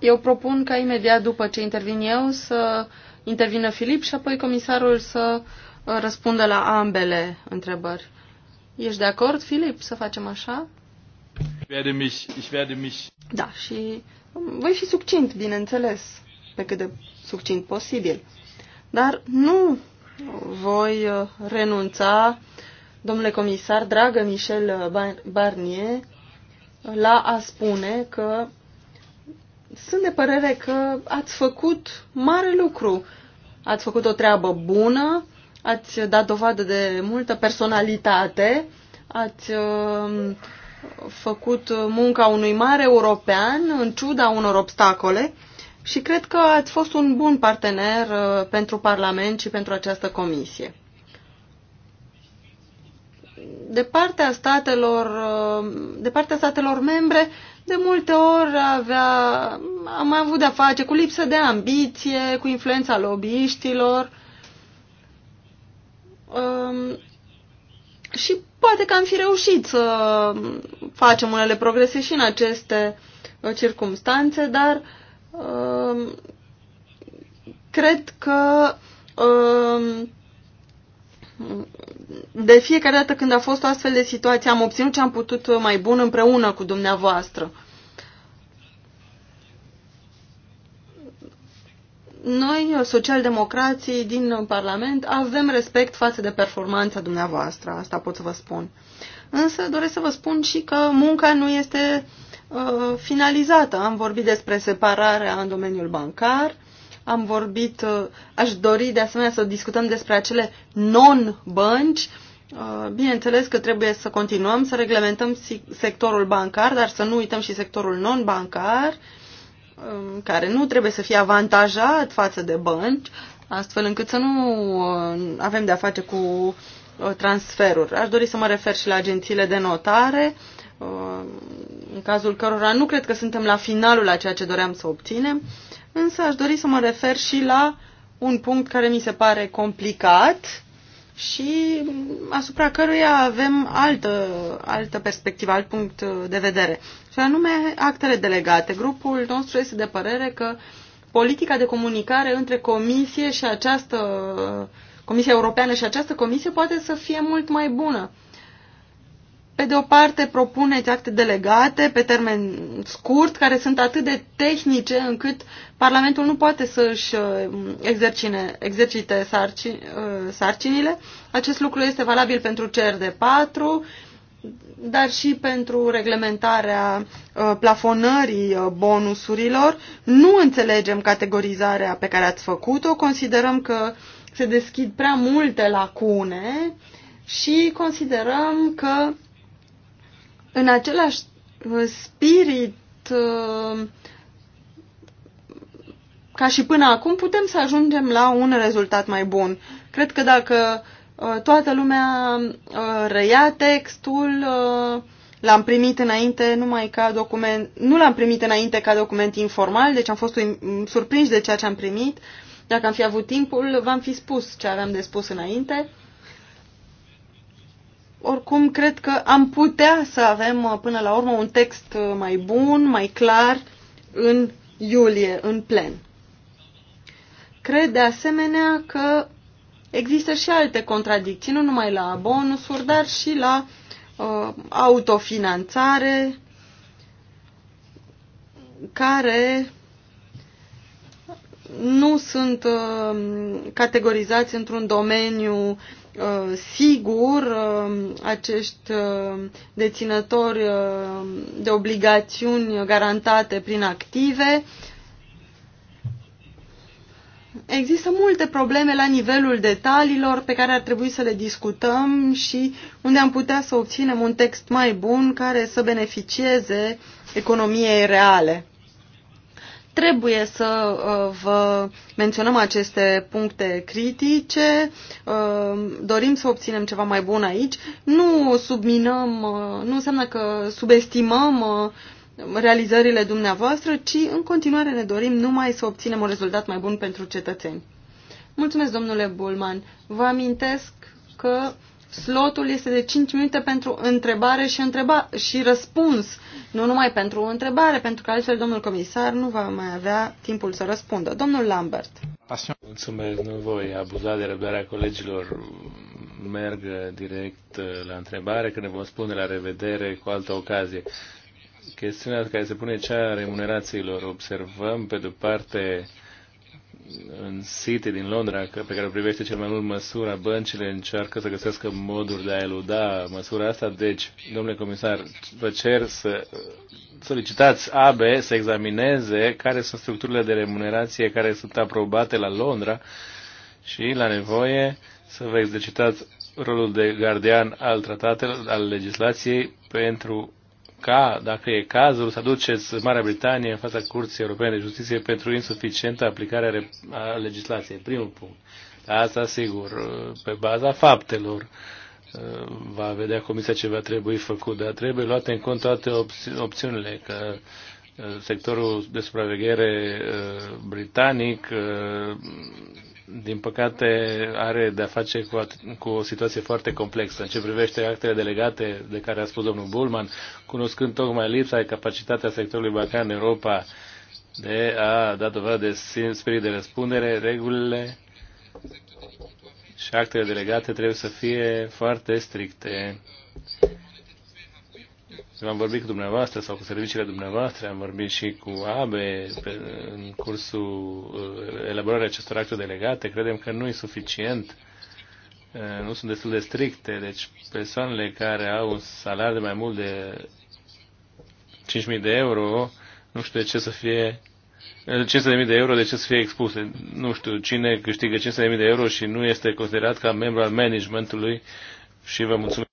Eu propun ca imediat după ce intervin eu să intervină Filip și apoi comisarul să uh, răspundă la ambele întrebări. Ești de acord, Filip, să facem așa? Werde mich, ich werde mich. Da, și um, voi fi succint, bineînțeles, pe cât de succint posibil. Dar nu voi uh, renunța, domnule comisar, dragă Michel Barnier, la a spune că sunt de părere că ați făcut mare lucru. Ați făcut o treabă bună, ați dat dovadă de multă personalitate, ați uh, făcut munca unui mare european în ciuda unor obstacole și cred că ați fost un bun partener uh, pentru Parlament și pentru această comisie. De partea statelor, uh, de partea statelor membre, de multe ori avea, am mai avut de-a face cu lipsă de ambiție, cu influența lobbyiștilor um, și poate că am fi reușit să facem unele progrese și în aceste uh, circumstanțe, dar um, cred că um, de fiecare dată când a fost o astfel de situație, am obținut ce am putut mai bun împreună cu dumneavoastră. Noi, socialdemocrații din Parlament, avem respect față de performanța dumneavoastră, asta pot să vă spun. Însă doresc să vă spun și că munca nu este uh, finalizată. Am vorbit despre separarea în domeniul bancar, am vorbit, uh, aș dori de asemenea să discutăm despre acele non-bănci. Uh, bineînțeles că trebuie să continuăm să reglementăm sectorul bancar, dar să nu uităm și sectorul non-bancar, um, care nu trebuie să fie avantajat față de bănci, astfel încât să nu uh, avem de-a face cu transferuri. Aș dori să mă refer și la agențiile de notare, în cazul cărora nu cred că suntem la finalul a ceea ce doream să obținem. Însă aș dori să mă refer și la un punct care mi se pare complicat și asupra căruia avem altă, altă perspectivă, alt punct de vedere. Și anume actele delegate. Grupul nostru este de părere că politica de comunicare între comisie și această Comisia Europeană și această comisie poate să fie mult mai bună. Pe de o parte, propuneți acte delegate pe termen scurt, care sunt atât de tehnice încât Parlamentul nu poate să își uh, exercine, exercite sarci, uh, sarcinile. Acest lucru este valabil pentru CRD4, dar și pentru reglementarea uh, plafonării bonusurilor. Nu înțelegem categorizarea pe care ați făcut-o, considerăm că se deschid prea multe lacune și considerăm că în același uh, spirit, uh, ca și până acum, putem să ajungem la un rezultat mai bun. Cred că dacă uh, toată lumea reia textul, l-am primit înainte numai ca document, nu l-am primit înainte ca document informal, deci am fost mm, surprinși de ceea ce am primit. Dacă am fi avut timpul, v-am fi spus ce aveam de spus înainte. Oricum, cred că am putea să avem uh, până la urmă un text uh, mai bun, mai clar, în iulie, în plen. Cred de asemenea că există și alte contradicții, nu numai la bonusuri, dar și la uh, autofinanțare, care nu sunt uh, categorizați într-un domeniu uh, Uh, sigur uh, acești uh, deținători de obligațiuni garantate prin active. Există multe probleme la nivelul detaliilor pe care ar trebui să le discutăm și unde am putea să obținem un text mai bun care să beneficieze economiei reale. Trebuie să uh, vă menționăm aceste puncte critice, uh, dorim să obținem ceva mai bun aici. Nu subminăm, uh, nu înseamnă că subestimăm realizările dumneavoastră, ci în continuare ne dorim numai să obținem un rezultat mai bun pentru cetățeni. Mulțumesc, domnule Bulman. Vă amintesc că slotul este de 5 minute pentru întrebare și, întreba și răspuns, nu numai pentru o întrebare, pentru că altfel domnul comisar nu va mai avea timpul să răspundă. Domnul Lambert. Mulțumesc, nu voi abuza de răbdarea colegilor. Merg direct uh, la întrebare, că ne vom spune la revedere cu altă ocazie. Chestiunea care se pune cea a remunerațiilor. Observăm, pe de parte, în City din Londra, pe care o privește cel mai mult măsura, băncile încearcă să găsească moduri de a eluda măsura asta. Deci, domnule comisar, vă cer să solicitați ABE să examineze care sunt structurile de remunerație care sunt aprobate la Londra și, la nevoie, să vă exercitați rolul de gardian al tratatelor, al legislației pentru ca, dacă e cazul, să aduceți Marea Britanie în fața Curții Europene de Justiție pentru insuficientă aplicare a legislației. Primul punct. Asta, sigur, pe baza faptelor uh, va vedea Comisia ce va trebui făcut, dar trebuie luate în cont toate opți opțiunile, că uh, sectorul de supraveghere uh, britanic din păcate, are de-a face cu, cu o situație foarte complexă. În ce privește actele delegate de care a spus domnul Bulman, cunoscând tocmai lipsa de capacitatea sectorului bancar în Europa de a da dovadă de spirit de răspundere, regulile și actele delegate trebuie să fie foarte stricte am vorbit cu dumneavoastră sau cu serviciile dumneavoastră, am vorbit și cu ABE pe, în cursul uh, elaborării acestor acte delegate. Credem că nu e suficient, uh, nu sunt destul de stricte. Deci persoanele care au un salariu de mai mult de 5.000 de euro, nu știu de ce să fie 500.000 uh, de euro, de ce să fie expuse? Nu știu, cine câștigă 500.000 de euro și nu este considerat ca membru al managementului și vă mulțumesc.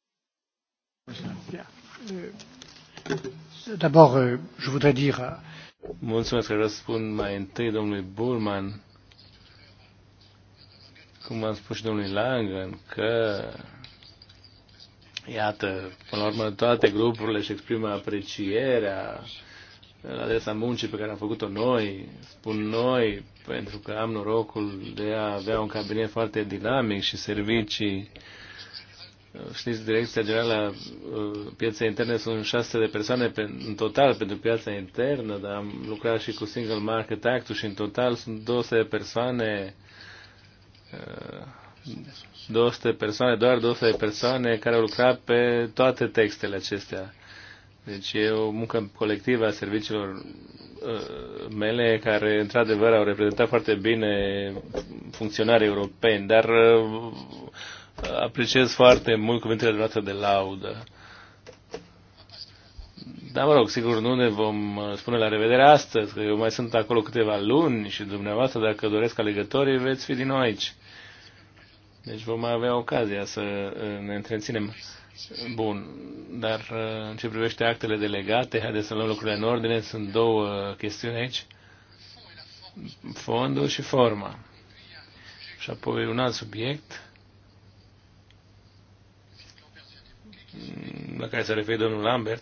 D'abord, euh, je voudrais dire... Euh, Mulțumesc că răspund mai întâi domnului Bulman, cum am spus și domnului Langen, că iată, până la urmă toate grupurile își exprimă aprecierea la adresa muncii pe care am făcut-o noi, spun noi, pentru că am norocul de a avea un cabinet foarte dinamic și servicii știți, Direcția Generală a uh, Pieței Interne sunt șase de persoane pe, în total pentru piața internă, dar am lucrat și cu Single Market act și în total sunt 200 de persoane 200 uh, de persoane, doar 200 de persoane care au lucrat pe toate textele acestea. Deci e o muncă colectivă a serviciilor uh, mele care într-adevăr au reprezentat foarte bine funcționarii europeni, dar apreciez foarte mult cuvintele noastre de laudă. Dar mă rog, sigur nu ne vom uh, spune la revedere astăzi, că eu mai sunt acolo câteva luni și dumneavoastră, dacă doresc alegătorii, veți fi din nou aici. Deci vom mai avea ocazia să uh, ne întreținem. Bun, dar uh, în ce privește actele delegate, haideți să luăm lucrurile în ordine, sunt două chestiuni aici. Fondul și forma. Și apoi un alt subiect la care se referă domnul Lambert,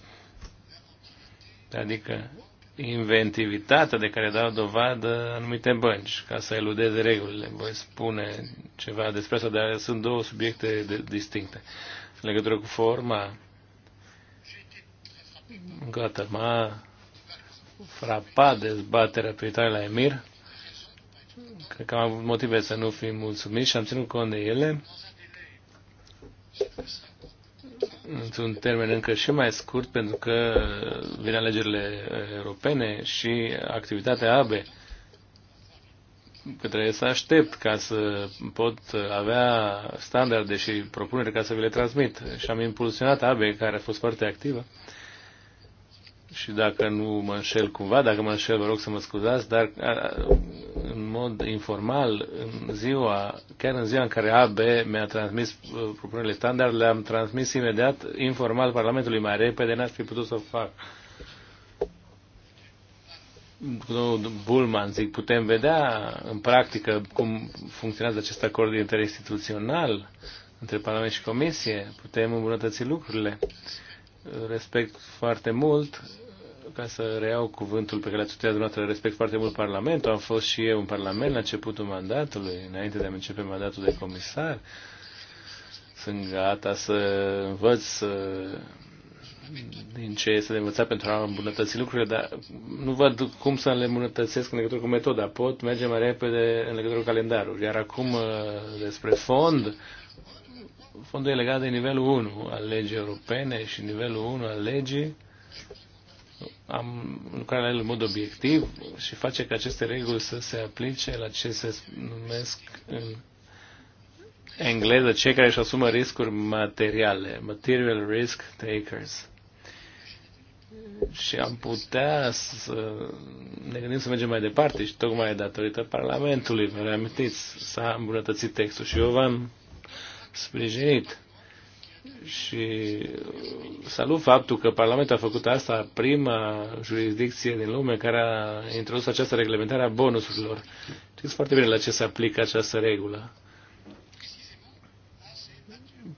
adică inventivitatea de care dau dovadă anumite bănci, ca să eludeze regulile. Voi spune ceva despre asta, dar sunt două subiecte de, distincte. În legătură cu forma, gata, o m-a frapat dezbaterea privitoare la Emir. Cred că am avut motive să nu fim mulțumiți și am ținut cont de ele într-un termen încă și mai scurt, pentru că vin alegerile europene și activitatea ABE, că trebuie să aștept ca să pot avea standarde și propuneri ca să vi le transmit. Și am impulsionat ABE, care a fost foarte activă, și dacă nu mă înșel cumva, dacă mă înșel, vă rog să mă scuzați, dar în mod informal, în ziua, chiar în ziua în care AB mi-a transmis uh, propunerile standard, le-am transmis imediat, informal, Parlamentului mai repede, n-aș fi putut să o fac. Domnul Bulman, zic, putem vedea în practică cum funcționează acest acord interinstituțional între Parlament și Comisie? Putem îmbunătăți lucrurile? Uh, respect foarte mult, ca să reiau cuvântul pe care l-ați utilizat dumneavoastră, respect foarte mult Parlamentul. Am fost și eu în Parlament la începutul mandatului, înainte de a începe mandatul de comisar. Sunt gata să învăț să din ce este de învățat pentru a îmbunătăți lucrurile, dar nu văd cum să le îmbunătățesc în legătură cu metoda. Pot merge mai repede în legătură cu calendarul. Iar acum, uh, despre fond, fondul e legat de nivelul 1 al legii europene și nivelul 1 al legii am lucrat la el în mod obiectiv și face ca aceste reguli să se aplice la ce se numesc în engleză cei care își asumă riscuri materiale, material risk takers. Și am putea să ne gândim să mergem mai departe și tocmai datorită Parlamentului, vă reamintiți, s-a îmbunătățit textul și eu v-am sprijinit. Și uh, salut faptul că Parlamentul a făcut asta prima jurisdicție din lume care a introdus această reglementare a bonusurilor. Știți foarte bine la ce se aplică această regulă.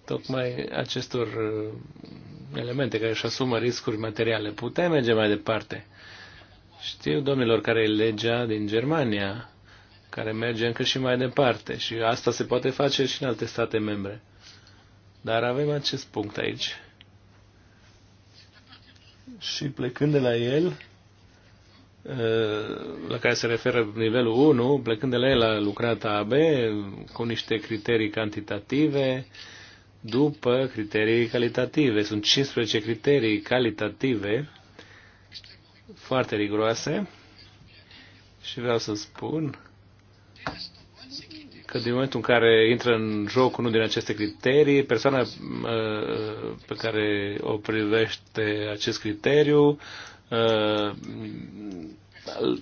Tocmai acestor uh, elemente care își asumă riscuri materiale. Putem merge mai departe. Știu, domnilor, care e legea din Germania care merge încă și mai departe și asta se poate face și în alte state membre. Dar avem acest punct aici. Și plecând de la el, uh, la care se referă nivelul 1, plecând de la el a lucrat AB cu niște criterii cantitative după criterii calitative. Sunt 15 criterii calitative foarte riguroase și vreau să spun că din momentul în care intră în joc unul din aceste criterii, persoana uh, pe care o privește acest criteriu, uh,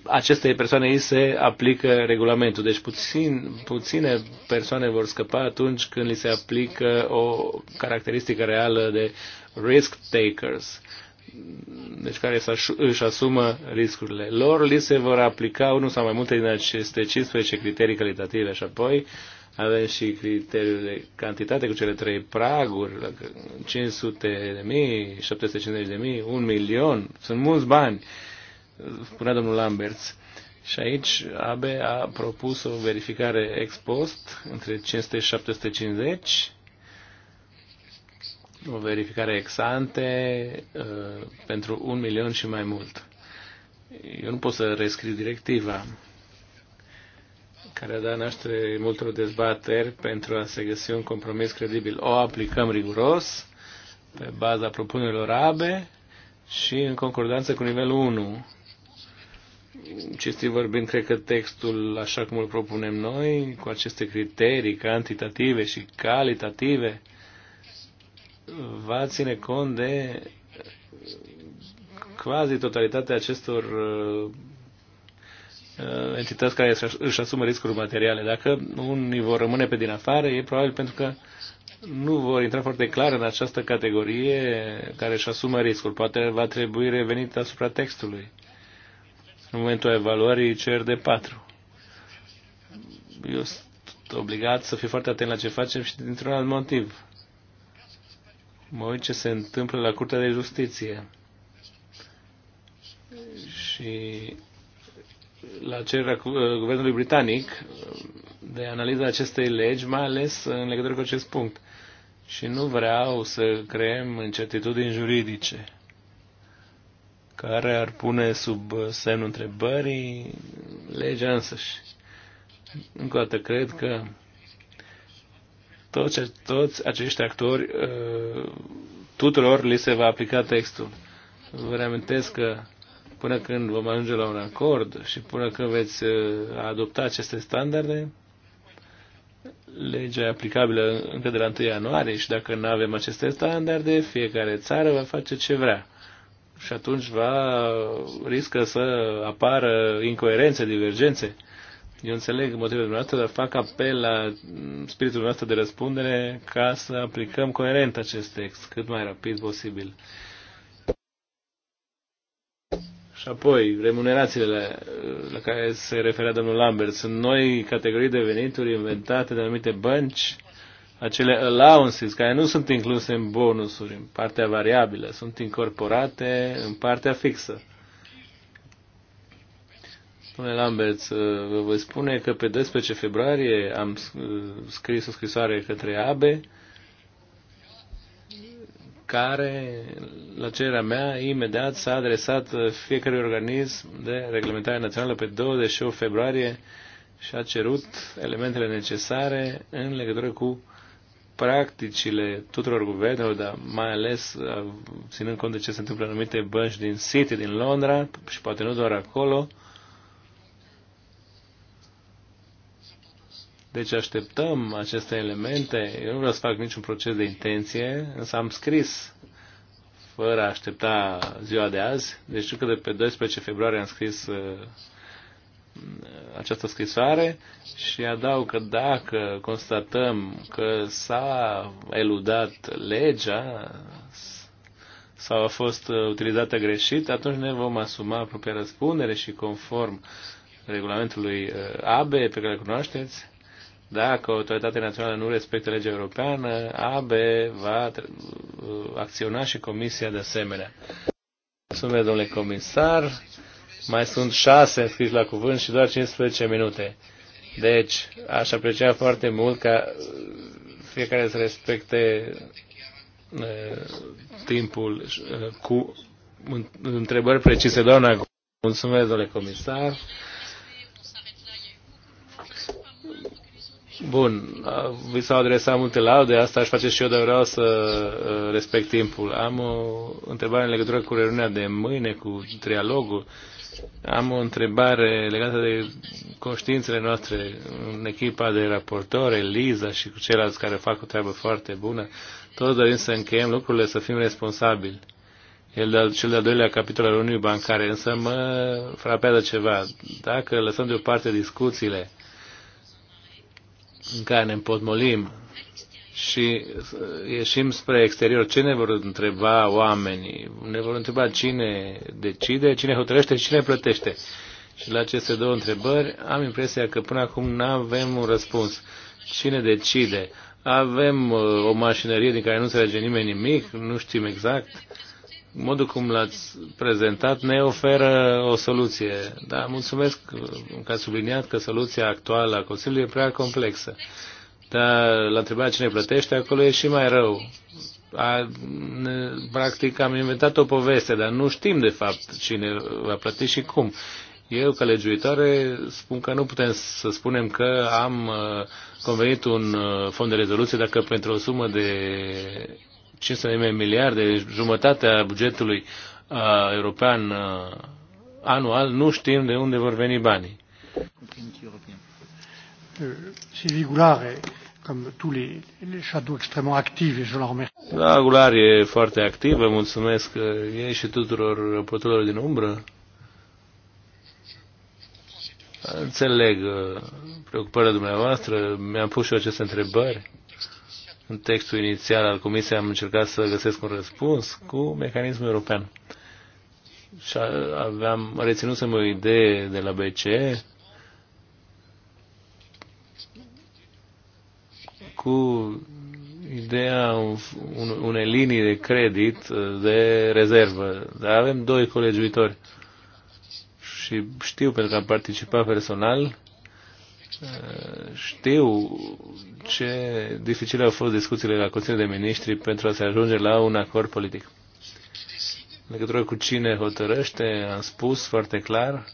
acestei persoane îi se aplică regulamentul. Deci puțin, puține persoane vor scăpa atunci când li se aplică o caracteristică reală de risk takers. Uh, deci care își asumă riscurile. Lor li se vor aplica unul sau mai multe din aceste 15 criterii calitative și apoi avem și criteriul de cantitate cu cele trei praguri, 500 de mii, 750 de mii, 1 milion, sunt mulți bani, spunea domnul Lamberts. Și aici ABE a propus o verificare ex post între 500 și 750 o verificare exante uh, pentru un milion și mai mult. Eu nu pot să rescriu directiva care a dat naștere multor dezbateri pentru a se găsi un compromis credibil. O aplicăm riguros pe baza propunerilor ABE și în concordanță cu nivelul 1. Cinstit vorbind, cred că textul, așa cum îl propunem noi, cu aceste criterii cantitative și calitative, va ține cont de uh, quasi totalitatea acestor uh, uh, entități care își asumă riscuri materiale. Dacă unii vor rămâne pe din afară, e probabil pentru că nu vor intra foarte clar în această categorie care își asumă riscul. Poate va trebui revenit asupra textului în momentul evaluării cer de 4. Eu sunt obligat să fiu foarte atent la ce facem și dintr-un alt motiv mă uit ce se întâmplă la Curtea de Justiție și la cererea uh, Guvernului Britanic de analiza acestei legi, mai ales în legătură cu acest punct. Și nu vreau să creăm incertitudini juridice care ar pune sub semnul întrebării legea însăși. Încă o dată cred că toți, toți acești actori, uh, tuturor li se va aplica textul. Vă reamintesc că până când vom ajunge la un acord și până când veți uh, adopta aceste standarde, legea e aplicabilă încă de la 1 ianuarie și dacă nu avem aceste standarde, fiecare țară va face ce vrea. Și atunci va riscă să apară incoerențe, divergențe. Eu înțeleg motivele dumneavoastră, dar fac apel la spiritul nostru de răspundere ca să aplicăm coerent acest text cât mai rapid posibil. Și apoi, remunerațiile la, la care se referea domnul Lambert. Sunt noi categorii de venituri inventate de anumite bănci, acele allowances care nu sunt incluse în bonusuri, în partea variabilă, sunt incorporate în partea fixă. Domnule Lambert, vă voi spune că pe 12 februarie am scris o scrisoare către ABE care, la cererea mea, imediat s-a adresat fiecare organism de reglementare națională pe 28 februarie și a cerut elementele necesare în legătură cu practicile tuturor guvernelor, dar mai ales ținând cont de ce se întâmplă în anumite bănci din City, din Londra și poate nu doar acolo, Deci așteptăm aceste elemente. Eu nu vreau să fac niciun proces de intenție, însă am scris fără a aștepta ziua de azi. Deci știu că de pe 12 februarie am scris uh, această scrisoare și adaug că dacă constatăm că s-a eludat legea sau a fost uh, utilizată greșit, atunci ne vom asuma propria răspundere și conform regulamentului uh, ABE pe care îl cunoașteți, dacă autoritatea națională nu respectă legea europeană, ABE va acționa și Comisia de asemenea. Mulțumesc, domnule comisar. Mai sunt șase înscriși la cuvânt și doar 15 minute. Deci, aș aprecia foarte mult ca uh, fiecare să respecte uh, timpul uh, cu întrebări precise. Doamna, mulțumesc, domnule comisar. Bun, vi s-au adresat multe laude, asta aș face și eu, dar vreau să respect timpul. Am o întrebare în legătură cu reuniunea de mâine, cu trialogul. Am o întrebare legată de conștiințele noastre în echipa de raportori, Liza și cu ceilalți care fac o treabă foarte bună. Toți dorim să încheiem lucrurile, să fim responsabili. El de cel de-al doilea capitol al Uniunii Bancare, însă mă frapează ceva. Dacă lăsăm deoparte discuțiile în care ne împotmolim și uh, ieșim spre exterior, ce ne vor întreba oamenii? Ne vor întreba cine decide, cine hotărăște și cine plătește. Și la aceste două întrebări am impresia că până acum nu avem un răspuns. Cine decide? Avem uh, o mașinărie din care nu înțelege nimeni nimic, nu știm exact modul cum l-ați prezentat ne oferă o soluție. Dar mulțumesc că ați subliniat că soluția actuală a Consiliului e prea complexă. Dar la întrebarea cine plătește, acolo e și mai rău. A, ne, practic am inventat o poveste, dar nu știm de fapt cine va plăti și cum. Eu, ca legiuitoare, spun că nu putem să spunem că am uh, convenit un uh, fond de rezoluție dacă pentru o sumă de 500 de miliarde, jumătatea bugetului uh, european uh, anual, nu știm de unde vor veni banii. Euh, active Da, Goulard e foarte activă, mulțumesc uh, ei și tuturor răpătorilor din umbră. Înțeleg uh, preocuparea dumneavoastră, mi-am pus și eu aceste întrebări. În textul inițial al Comisiei am încercat să găsesc un răspuns cu mecanismul european. Și aveam reținut să o idee de la BCE cu ideea unei linii de credit de rezervă. Dar avem doi colegi viitori și știu pentru că am participat personal știu ce dificile au fost discuțiile la Consiliul de Ministri pentru a se ajunge la un acord politic. În legătură cu cine hotărăște, am spus foarte clar,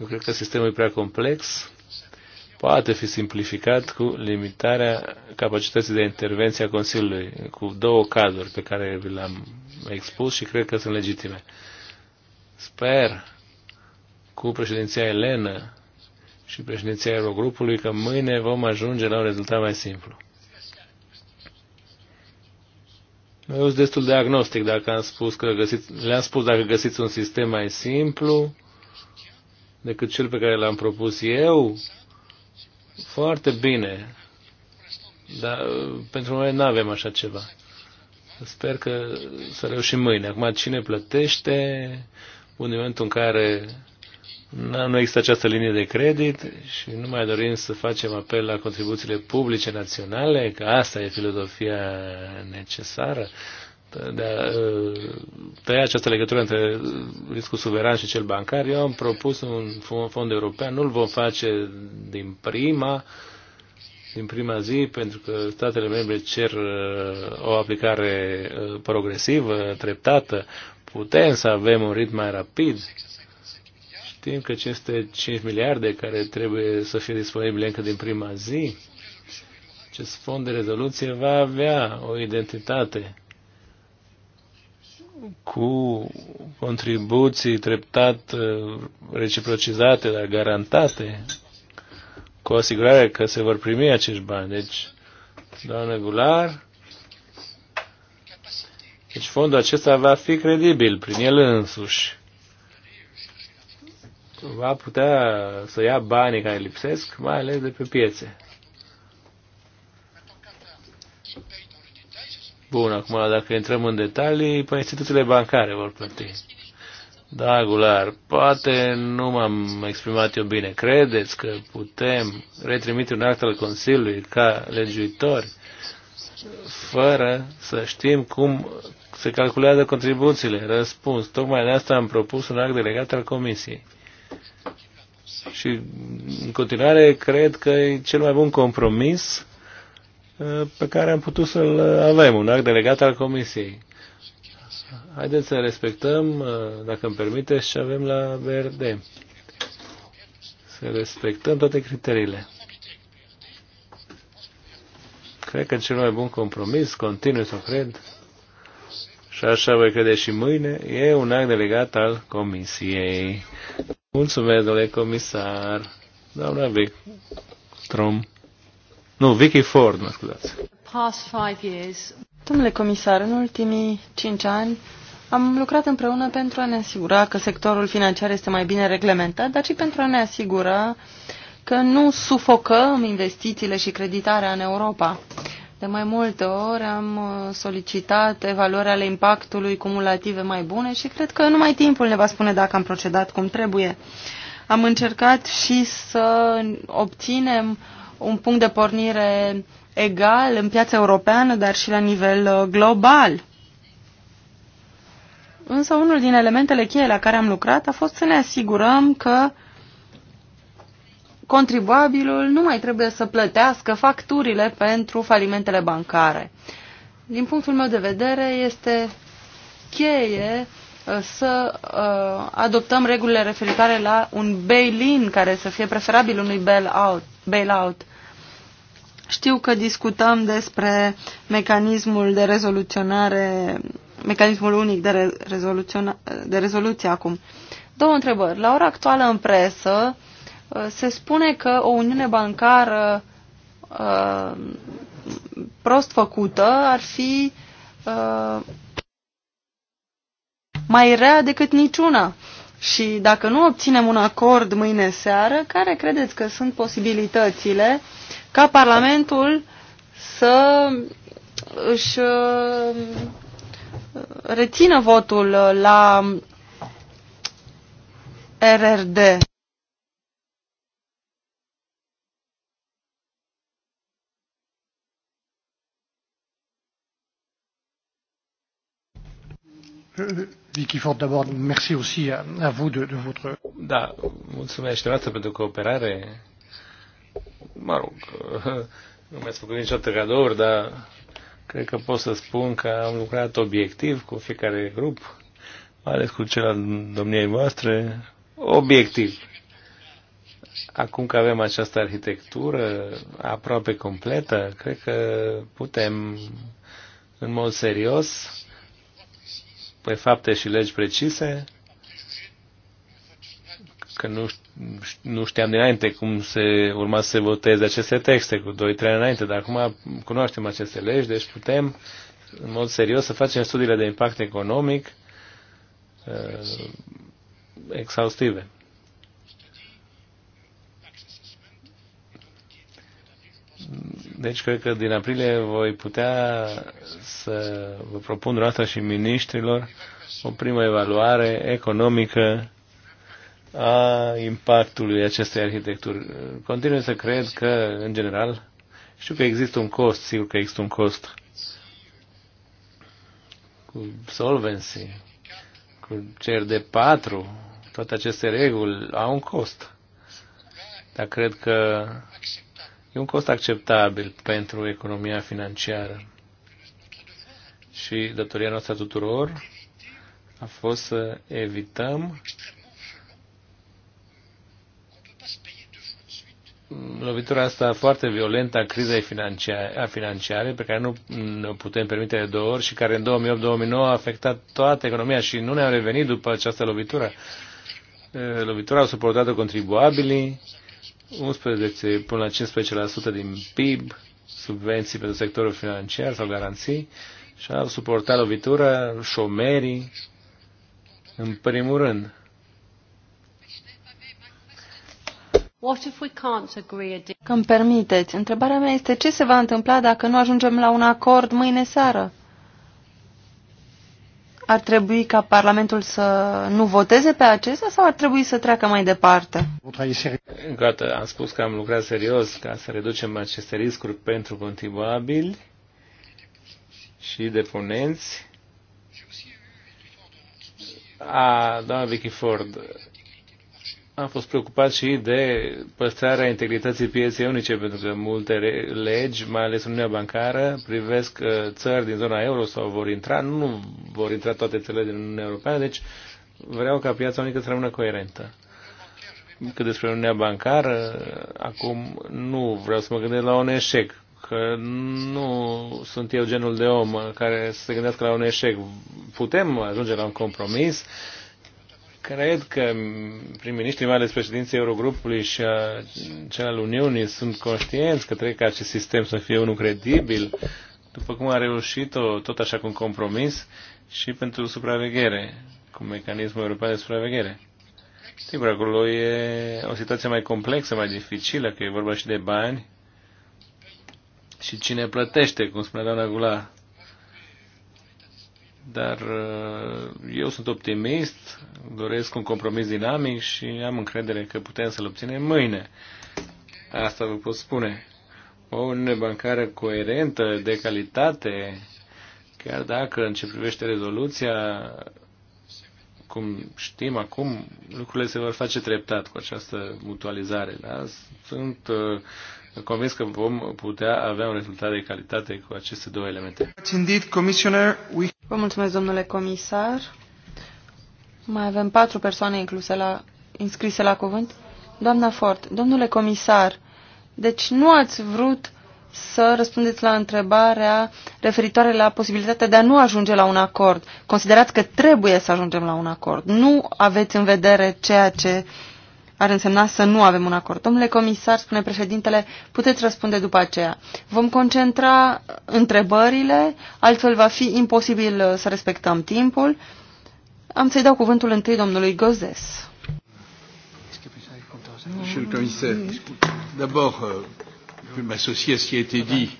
eu cred că sistemul e prea complex, poate fi simplificat cu limitarea capacității de intervenție a Consiliului, cu două cazuri pe care vi le-am expus și cred că sunt legitime. Sper cu președinția Elenă și președinția Eurogrupului că mâine vom ajunge la un rezultat mai simplu. Eu sunt destul de agnostic dacă am spus că găsiți, le-am spus dacă găsiți un sistem mai simplu decât cel pe care l-am propus eu, foarte bine. Dar uh, pentru noi nu avem așa ceva. Sper că să reușim mâine. Acum, cine plătește? În momentul în care nu există această linie de credit și nu mai dorim să facem apel la contribuțiile publice naționale, că asta e filozofia necesară, de a ă, tăia această legătură între riscul suveran și cel bancar. Eu am propus un fond european, nu-l vom face din prima, din prima zi, pentru că statele membre cer ă, o aplicare ă, progresivă, treptată, putem să avem un ritm mai rapid, Știm că aceste 5 miliarde care trebuie să fie disponibile încă din prima zi, acest fond de rezoluție va avea o identitate cu contribuții treptat uh, reciprocizate, dar garantate, cu asigurarea că se vor primi acești bani. Deci, doamne Gular, deci fondul acesta va fi credibil prin el însuși va putea să ia banii care lipsesc, mai ales de pe piețe. Bun, acum dacă intrăm în detalii, pe păi instituțiile bancare vor plăti. Da, Gular, poate nu m-am exprimat eu bine. Credeți că putem retrimite un act al Consiliului ca legiuitori fără să știm cum se calculează contribuțiile? Răspuns. Tocmai de asta am propus un act delegat al Comisiei. Și în continuare cred că e cel mai bun compromis uh, pe care am putut să-l avem, un act delegat al Comisiei. Haideți să respectăm, uh, dacă îmi permiteți, ce avem la BRD. Să respectăm toate criteriile. Cred că cel mai bun compromis, continui să cred, și așa voi crede și mâine, e un act delegat al Comisiei. Mulțumesc, domnule comisar, doamna Vic Strom. Nu, Vicky Ford, mă scuzați. Domnule comisar, în ultimii cinci ani am lucrat împreună pentru a ne asigura că sectorul financiar este mai bine reglementat, dar și pentru a ne asigura că nu sufocăm investițiile și creditarea în Europa. De mai multe ori am uh, solicitat evaluări ale impactului cumulative mai bune și cred că numai timpul ne va spune dacă am procedat cum trebuie. Am încercat și să obținem un punct de pornire egal în piața europeană, dar și la nivel uh, global. Însă unul din elementele cheie la care am lucrat a fost să ne asigurăm că uh, contribuabilul nu mai trebuie să plătească facturile pentru falimentele bancare. Din punctul meu de vedere, este cheie uh, să uh, adoptăm regulile referitoare la un bail-in care să fie preferabil unui bail-out. Bail Știu că discutăm despre mecanismul de rezoluționare, mecanismul unic de, re, rezoluționa, de rezoluție acum. Două întrebări. La ora actuală în presă Uh, se spune că o uniune bancară uh, prost făcută ar fi uh, mai rea decât niciuna. Și dacă nu obținem un acord mâine seară, care credeți că sunt posibilitățile ca Parlamentul să își rețină votul la RRD? Euh, Vicky Ford, d'abord, merci aussi à, à vous de, de votre... Da, mulțumesc, Ștefată, pentru cooperare. Mă rog, nu mi-ați făcut niciodată cadouri, dar cred că pot să spun că am lucrat obiectiv cu fiecare grup, mai ales cu cel al domniei voastre, obiectiv. Acum că avem această arhitectură aproape completă, cred că putem în mod serios pe fapte și legi precise, că nu, nu știam dinainte cum se urma să se voteze aceste texte cu 2-3 ani înainte, dar acum cunoaștem aceste legi, deci putem în mod serios să facem studiile de impact economic uh, exhaustive. Deci cred că din aprilie voi putea să vă propun dumneavoastră și ministrilor o primă evaluare economică a impactului acestei arhitecturi. Continui să cred că, în general, știu că există un cost, sigur că există un cost cu solvency, cu cer de patru, toate aceste reguli au un cost. Dar cred că E un cost acceptabil pentru economia financiară. Și datoria noastră a tuturor a fost să evităm lovitura asta foarte violentă a crizei financiare, a financiare pe care nu ne putem permite de două ori și care în 2008-2009 a afectat toată economia și nu ne-am revenit după această lovitură. Lovitura au suportat-o contribuabilii, 11 până la 15% din PIB, subvenții pentru sectorul financiar sau garanții și a suportat lovitura șomerii în primul rând. Când permiteți, întrebarea mea este ce se va întâmpla dacă nu ajungem la un acord mâine seară? Ar trebui ca Parlamentul să nu voteze pe acesta sau ar trebui să treacă mai departe? Încă o dată, am spus că am lucrat serios ca să reducem aceste riscuri pentru contribuabili și deponenți. A, doamna Vicky Ford, am fost preocupat și de păstrarea integrității pieței unice, pentru că multe legi, mai ales Uniunea Bancară, privesc uh, țări din zona euro sau vor intra, nu vor intra toate țările din Uniunea Europeană, deci vreau ca piața unică să rămână coerentă. Că despre Uniunea Bancară, acum nu vreau să mă gândesc la un eșec, că nu sunt eu genul de om care să se gândească la un eșec. Putem ajunge la un compromis, Cred că prim-ministrii, mai ales președinții Eurogrupului și a, cel al Uniunii, sunt conștienți că trebuie ca acest sistem să fie unul credibil, după cum a reușit-o, tot așa cu un compromis, și pentru supraveghere, cu mecanismul european de supraveghere. Sigur, acolo e o situație mai complexă, mai dificilă, că e vorba și de bani și cine plătește, cum spunea doamna Gula dar uh, eu sunt optimist, doresc un compromis dinamic și am încredere că putem să-l obținem mâine. Asta vă pot spune. O uniune bancară coerentă, de calitate, chiar dacă în ce privește rezoluția, cum știm acum, lucrurile se vor face treptat cu această mutualizare. Da? Sunt uh, convins că vom putea avea un rezultat de calitate cu aceste două elemente. Indeed, Commissioner, we... Vă mulțumesc, domnule comisar. Mai avem patru persoane incluse la, inscrise la cuvânt. Doamna Fort, domnule comisar, deci nu ați vrut să răspundeți la întrebarea referitoare la posibilitatea de a nu ajunge la un acord. Considerați că trebuie să ajungem la un acord. Nu aveți în vedere ceea ce uh, ar însemna să nu avem un acord. Domnule comisar, spune președintele, puteți răspunde după aceea. Vom concentra întrebările, altfel va fi imposibil uh, să respectăm timpul. Am să-i dau cuvântul întâi domnului Gozes. Monsieur le commissaire, d'abord, euh, je à ce qui a été dit.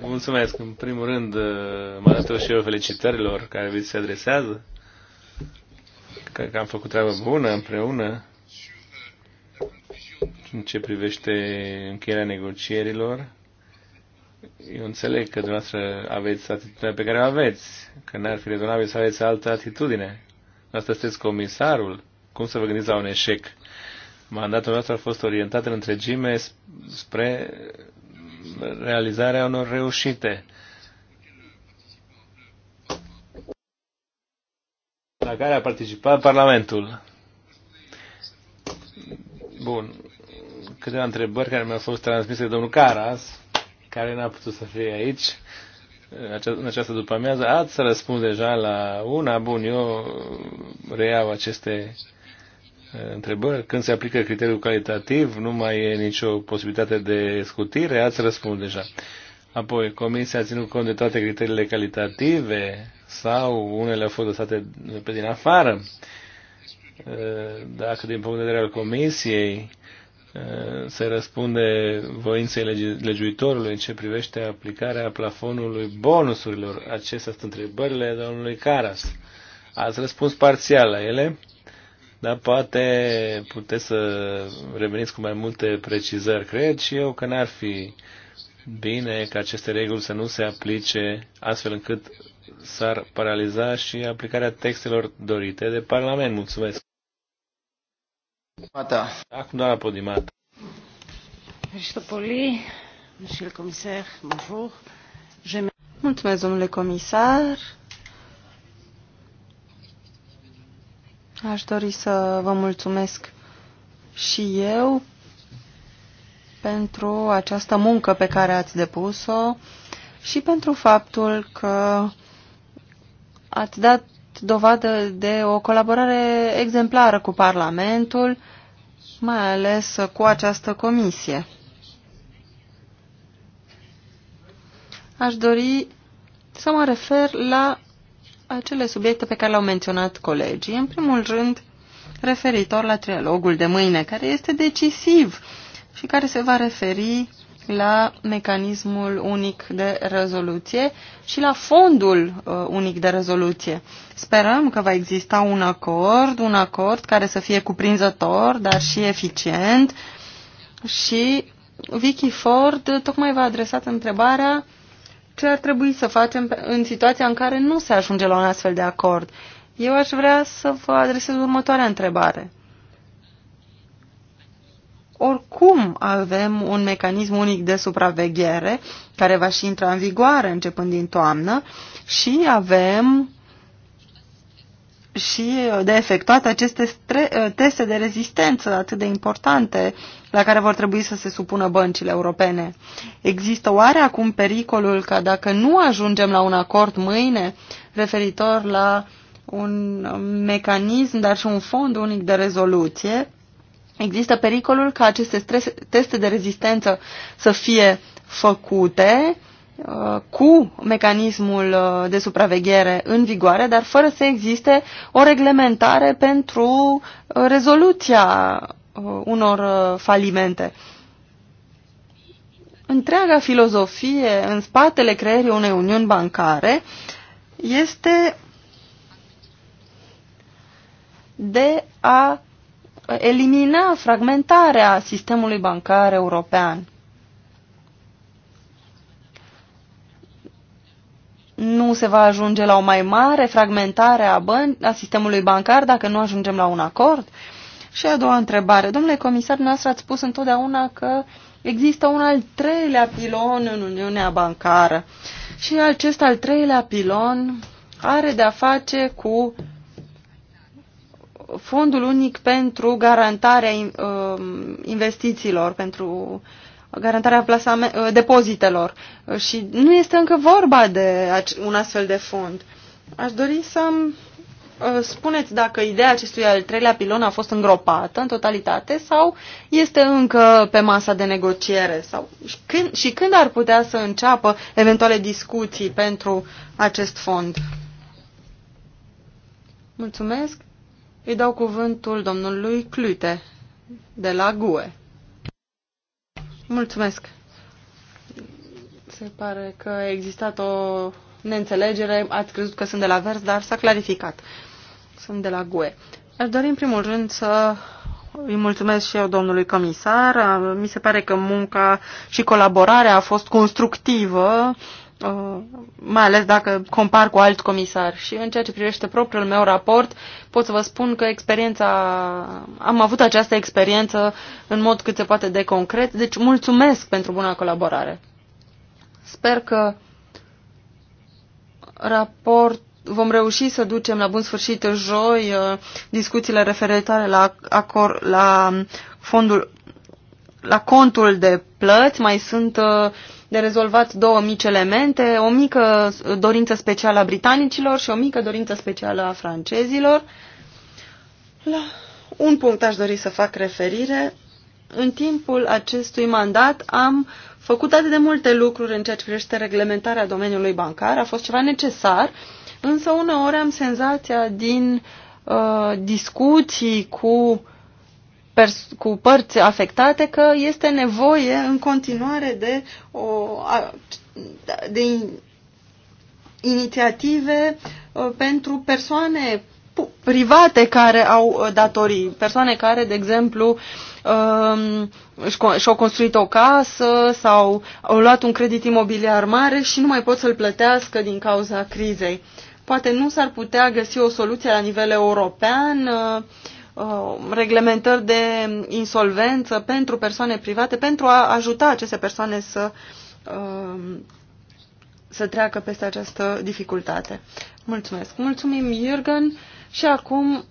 Mulțumesc. În primul rând, uh, mă alătur și eu felicitărilor care vi se adresează. Cred că am făcut treabă bună împreună în ce privește încheierea negocierilor, eu înțeleg că dumneavoastră aveți atitudinea pe care o aveți, că n-ar fi rezonabil să aveți altă atitudine. Asta sunteți comisarul. Cum să vă gândiți la un eșec? Mandatul nostru a fost orientat în întregime spre realizarea unor reușite. La care a participat Parlamentul. Bun câteva întrebări care mi-au fost transmise de domnul Caras, care n-a putut să fie aici în această după amiază. Ați să răspund deja la una, bun, eu reiau aceste uh, întrebări. Când se aplică criteriul calitativ, nu mai e nicio posibilitate de scutire? Ați să răspund deja. Apoi, Comisia a ținut cont de toate criteriile calitative sau unele au fost lăsate pe din afară? Uh, dacă din punct de vedere al Comisiei Eh, se răspunde voinței legiuitorului în ce privește aplicarea plafonului bonusurilor. Acestea sunt întrebările domnului Caras. Ați răspuns parțial la ele, dar poate puteți să reveniți cu mai multe precizări. Cred și eu că n-ar fi bine ca aceste reguli să nu se aplice astfel încât s-ar paraliza și aplicarea textelor dorite de Parlament. Mulțumesc! Mata. Acum doamna Podimata. Ευχαριστώ πολύ. Monsieur le commissaire, bonjour. Mulțumesc, domnule comisar. Aș dori să vă mulțumesc și eu pentru această muncă pe care ați depus-o și pentru faptul că ați dat dovadă de o colaborare exemplară cu Parlamentul mai ales cu această comisie. Aș dori să mă refer la acele subiecte pe care le-au menționat colegii. În primul rând, referitor la trilogul de mâine, care este decisiv și care se va referi la mecanismul unic de rezoluție și la fondul uh, unic de rezoluție. Sperăm că va exista un acord, un acord care să fie cuprinzător, dar și eficient. Și Vicky Ford tocmai v-a adresat întrebarea ce ar trebui să facem în situația în care nu se ajunge la un astfel de acord. Eu aș vrea să vă adresez următoarea întrebare. Oricum avem un mecanism unic de supraveghere care va și intra în vigoare începând din toamnă și avem și de efectuat aceste teste de rezistență atât de importante la care vor trebui să se supună băncile europene. Există oare acum pericolul ca dacă nu ajungem la un acord mâine referitor la un mecanism, dar și un fond unic de rezoluție, Există pericolul ca aceste stres, teste de rezistență să fie făcute uh, cu mecanismul uh, de supraveghere în vigoare, dar fără să existe o reglementare pentru uh, rezoluția unor falimente. Întreaga filozofie în spatele creierii unei uniuni bancare este de a elimina fragmentarea sistemului bancar european. Nu se va ajunge la o mai mare fragmentare a, băn a sistemului bancar dacă nu ajungem la un acord? Și a doua întrebare. Domnule comisar, noastră ați spus întotdeauna că există un al treilea pilon în Uniunea Bancară. Și acest al treilea pilon are de-a face cu fondul unic pentru garantarea um, investițiilor, pentru garantarea uh, depozitelor. Uh, și nu este încă vorba de un astfel de fond. Aș dori să uh, spuneți dacă ideea acestui al treilea pilon a fost îngropată în totalitate sau este încă pe masa de negociere sau și când, și când ar putea să înceapă eventuale discuții pentru acest fond. Mulțumesc. Îi dau cuvântul domnului Clute de la GUE. Mulțumesc. Se pare că a existat o neînțelegere. Ați crezut că sunt de la vers, dar s-a clarificat. Sunt de la GUE. Aș dori în primul rând să îi mulțumesc și eu domnului comisar. Mi se pare că munca și colaborarea a fost constructivă Uh, mai ales dacă compar cu alți comisari. Și în ceea ce privește propriul meu raport, pot să vă spun că experiența, am avut această experiență în mod cât se poate de concret, deci mulțumesc pentru buna colaborare. Sper că raport vom reuși să ducem la bun sfârșit joi uh, discuțiile referitoare la, acord, la fondul la contul de plăți, mai sunt uh, de rezolvat două mici elemente, o mică dorință specială a britanicilor și o mică dorință specială a francezilor. La un punct aș dori să fac referire. În timpul acestui mandat am făcut atât de multe lucruri în ceea ce privește reglementarea domeniului bancar, a fost ceva necesar, însă uneori am senzația din uh, discuții cu uh, cu părți afectate că este nevoie în continuare de, o, de inițiative uh, pentru persoane private care au uh, datorii, persoane care, de exemplu, um, și-au construit o casă sau au luat un credit imobiliar mare și nu mai pot să-l plătească din cauza crizei. Poate nu s-ar putea găsi o soluție la nivel european uh, Uh, reglementări de insolvență pentru persoane private, pentru a ajuta aceste persoane să, uh, să treacă peste această dificultate. Mulțumesc. Mulțumim, Jürgen. Și acum,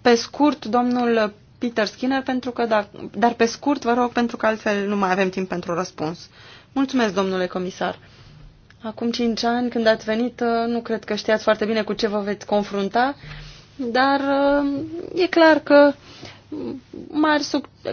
pe scurt, domnul Peter Skinner, pentru că, dar, dar pe scurt, vă rog, pentru că altfel nu mai avem timp pentru răspuns. Mulțumesc, domnule comisar. Acum cinci ani, când ați venit, uh, nu cred că știați foarte bine cu ce vă veți confrunta dar uh, e clar că mari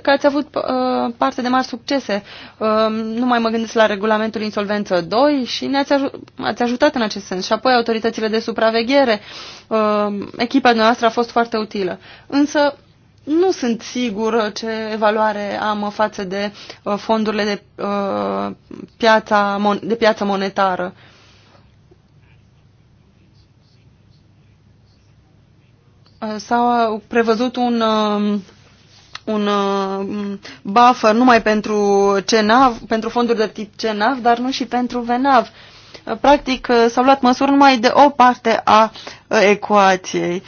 că ați avut uh, parte de mari succese. Uh, nu mai mă gândesc la regulamentul insolvență 2 și ne-ați aj ați ajutat în acest sens. Și apoi autoritățile de supraveghere, uh, echipa noastră a fost foarte utilă. Însă nu sunt sigur ce evaluare am față de uh, fondurile de, uh, piața, de piață monetară. Uh, Uh, s-a prevăzut un, um, un um, buffer numai pentru CENAV, pentru fonduri de tip CENAV, dar nu și pentru VENAV. Uh, practic uh, s-au luat măsuri numai de o parte a ecuației.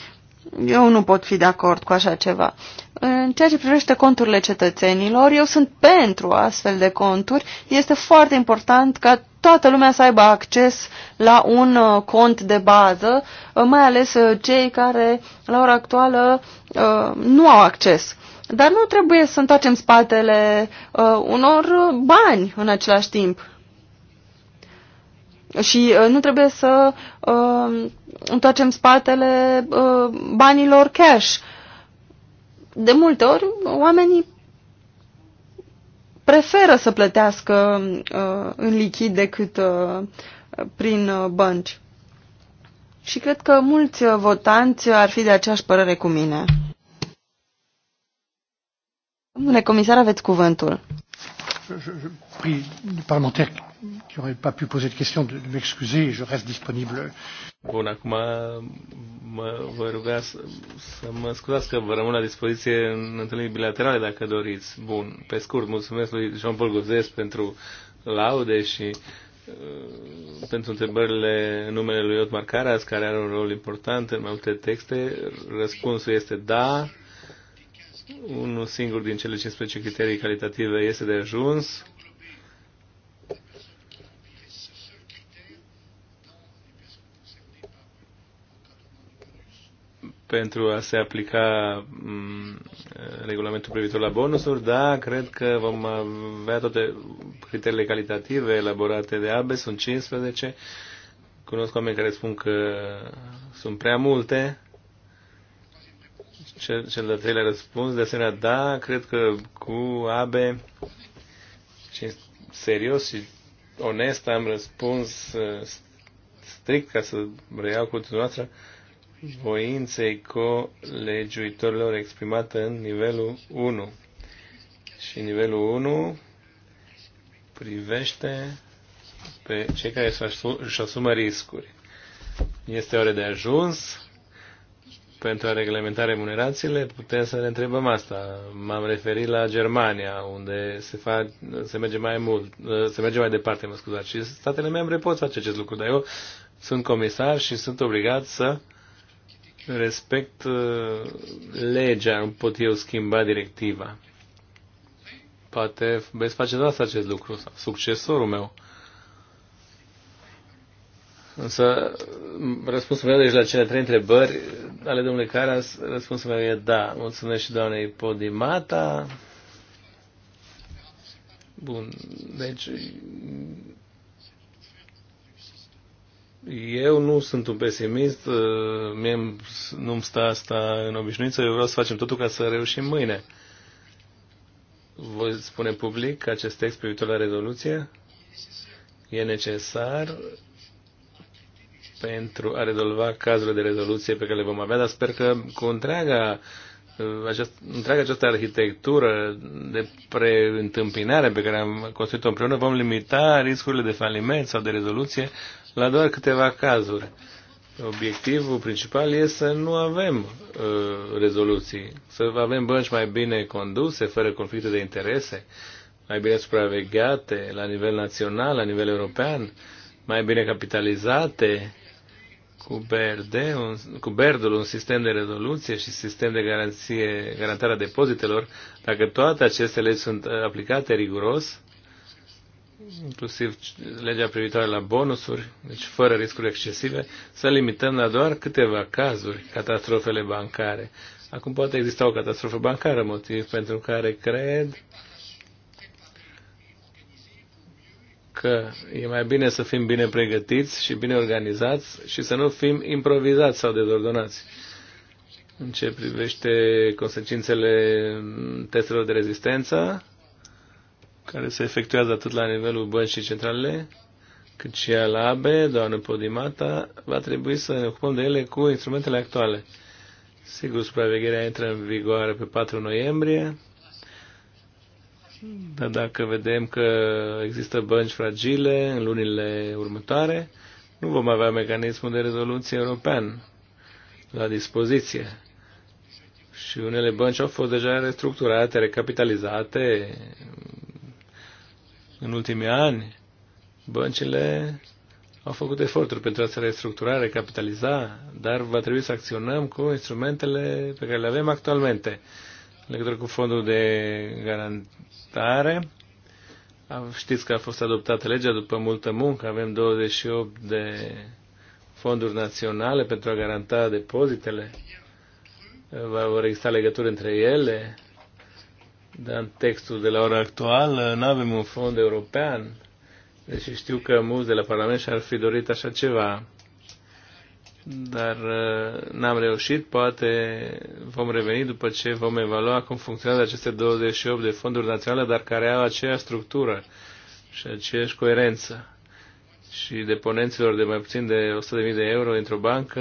Eu nu pot fi de acord cu așa ceva. În ceea ce privește conturile cetățenilor, eu sunt pentru astfel de conturi. Este foarte important ca toată lumea să aibă acces la un uh, cont de bază, uh, mai ales uh, cei care la ora actuală uh, nu au acces. Dar nu trebuie să întoarcem spatele uh, unor uh, bani în același timp. Și nu trebuie să întoarcem spatele banilor cash de multe ori oamenii preferă să plătească uh, în lichid decât uh, prin uh, bănci. Și cred că mulți uh, votanți ar fi de aceeași părere cu mine. Domnule comisar, aveți cuvântul je prie les parlementaires qui n'auraient pas pu poser de questions de, de m'excuser et je reste disponible. Bun, acum mă, voi ruga să, să mă scuzați că vă rămân la dispoziție în întâlniri bilaterale dacă doriți. Bun, pe scurt, mulțumesc lui Jean-Paul Gozes pentru laude și uh, pentru întrebările în numele lui Otmar Caras, care are un rol important în mai multe texte, răspunsul este da, unul singur din cele 15 criterii calitative este de ajuns. pentru a se aplica mm, regulamentul privitor la bonusuri, da, cred că vom avea toate criteriile calitative elaborate de ABE, sunt 15. Cunosc oameni care spun că sunt prea multe, cel, cel de treilea răspuns, de asemenea, da, cred că cu ABE, serios și onest, am răspuns uh, strict, ca să reiau cu dumneavoastră, voinței colegiuitorilor exprimată în nivelul 1. Și nivelul 1 privește pe cei care își asumă riscuri. Este ore de ajuns pentru a reglementa remunerațiile, putem să ne întrebăm asta. M-am referit la Germania, unde se, fa- se merge mai mult, se merge mai departe, mă scuzați, și statele membre pot face acest lucru, dar eu sunt comisar și sunt obligat să respect uh, legea, nu pot eu schimba directiva. Poate veți face doar acest lucru, sau succesorul meu. Însă, răspunsul meu deci la cele trei întrebări ale domnului Caras, răspunsul meu e da. Mulțumesc și doamnei Podimata. Bun, deci eu nu sunt un pesimist, mie nu-mi stă asta în obișnuință, eu vreau să facem totul ca să reușim mâine. Voi spune public că acest text privitor la rezoluție e necesar pentru a rezolva cazurile de rezoluție pe care le vom avea, dar sper că cu întreaga uh, această, întreaga această arhitectură de preîntâmpinare pe care am construit-o împreună, vom limita riscurile de faliment sau de rezoluție la doar câteva cazuri. Obiectivul principal este să nu avem uh, rezoluții, să avem bănci mai bine conduse, fără conflicte de interese, mai bine supravegheate la nivel național, la nivel european, mai bine capitalizate, cu, BRD, un, cu brd un sistem de rezoluție și sistem de garanție, garantarea depozitelor, dacă toate aceste legi sunt uh, aplicate riguros, inclusiv legea privitoare la bonusuri, deci fără riscuri excesive, să limităm la doar câteva cazuri catastrofele bancare. Acum poate exista o catastrofă bancară, motiv pentru care cred că e mai bine să fim bine pregătiți și bine organizați și să nu fim improvizați sau dezordonați în ce privește consecințele testelor de rezistență, care se efectuează atât la nivelul băncii centrale, cât și al ABE, doamnă Podimata, va trebui să ne ocupăm de ele cu instrumentele actuale. Sigur, supravegherea intră în vigoare pe 4 noiembrie dar dacă vedem că există bănci fragile în lunile următoare, nu vom avea mecanismul de rezoluție european la dispoziție. Și unele bănci au fost deja restructurate, recapitalizate în ultimii ani. Băncile au făcut eforturi pentru a se restructura, recapitaliza, dar va trebui să acționăm cu instrumentele pe care le avem actualmente. În legătură cu fondul de stare. Știți că a fost adoptată legea după multă muncă. Avem 28 de fonduri naționale pentru a garanta depozitele. Va exista legături între ele. Dar în textul de la ora actuală nu avem un fond european. Deci știu că mulți de la Parlament și-ar fi dorit așa ceva dar uh, n-am reușit. Poate vom reveni după ce vom evalua cum funcționează aceste 28 de fonduri naționale, dar care au aceeași structură și aceeași coerență. Și deponenților de mai puțin de 100.000 de euro într-o bancă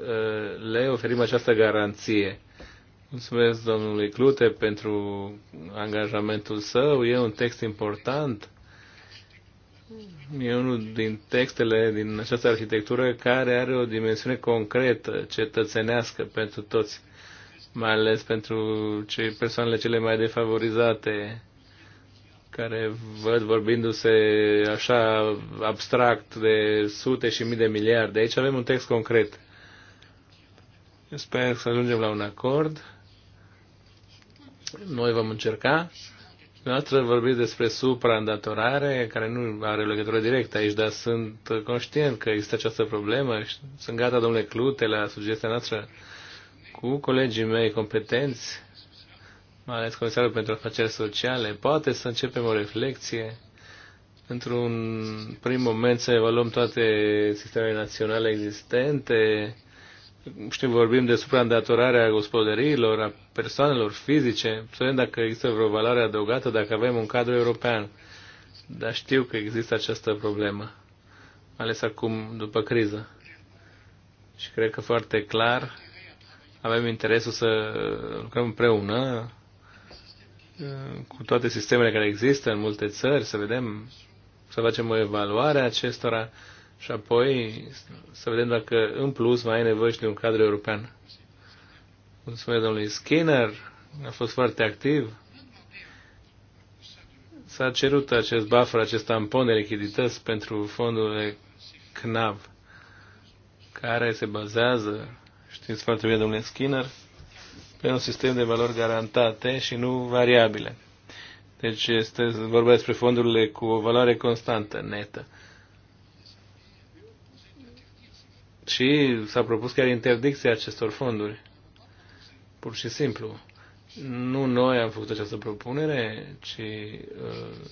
uh, le oferim această garanție. Mulțumesc domnului Clute pentru angajamentul său. E un text important e unul din textele din această arhitectură care are o dimensiune concretă, cetățenească pentru toți, mai ales pentru cei, persoanele cele mai defavorizate, care văd vorbindu-se așa abstract de sute și mii de miliarde. Aici avem un text concret. Sper să ajungem la un acord. Noi vom încerca Noastră vorbiți despre supraîndatorare, care nu are legătură directă aici, dar sunt conștient că există această problemă și sunt gata, domnule Clute, la sugestia noastră cu colegii mei competenți, mai ales Comisarul pentru Afaceri Sociale, poate să începem o reflexie într-un prim moment să evaluăm toate sistemele naționale existente, știu, vorbim de supraîndatorarea gospodăriilor, a persoanelor fizice, să vedem dacă există vreo valoare adăugată, dacă avem un cadru european. Dar știu că există această problemă, ales acum, după criză. Și cred că foarte clar avem interesul să lucrăm împreună cu toate sistemele care există în multe țări, să vedem, să facem o evaluare a acestora și apoi să vedem dacă în plus mai e nevoie și de un cadru european. Mulțumesc domnului Skinner, a fost foarte activ. S-a cerut acest buffer, acest tampon de lichidități pentru fondurile CNAV, care se bazează, știți foarte bine domnule Skinner, pe un sistem de valori garantate și nu variabile. Deci este vorba despre fondurile cu o valoare constantă, netă. și s-a propus chiar interdicția acestor fonduri. Pur și simplu. Nu noi am făcut această propunere, ci uh,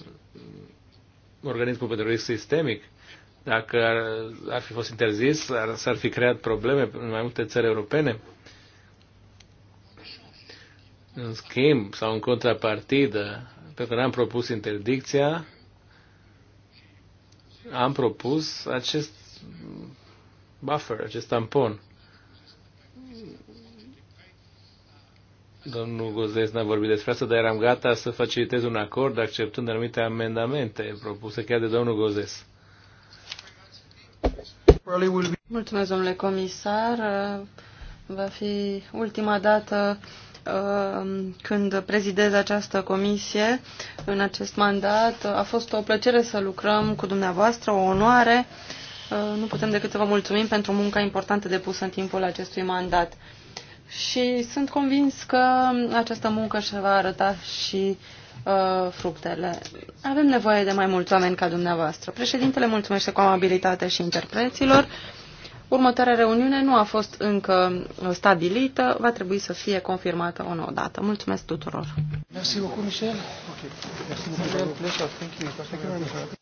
organismul pentru risc sistemic. Dacă ar, ar fi fost interzis, ar, s-ar fi creat probleme în mai multe țări europene. În schimb, sau în contrapartidă, pentru că n-am propus interdicția, am propus acest buffer, acest tampon. Domnul Gozes n-a vorbit despre asta, dar eram gata să facilitez un acord acceptând anumite amendamente propuse chiar de domnul Gozes. Mulțumesc, domnule comisar. Va fi ultima dată uh, când prezidez această comisie în acest mandat. A fost o plăcere să lucrăm cu dumneavoastră, o onoare Uh, nu putem decât să vă mulțumim pentru munca importantă depusă în timpul acestui mandat. Și sunt convins că această muncă își va arăta și uh, fructele. Avem nevoie de mai mulți oameni ca dumneavoastră. Președintele mulțumește cu amabilitate și interpreților. Următoarea reuniune nu a fost încă stabilită, va trebui să fie confirmată o nouă dată. Mulțumesc tuturor! Michel. Okay.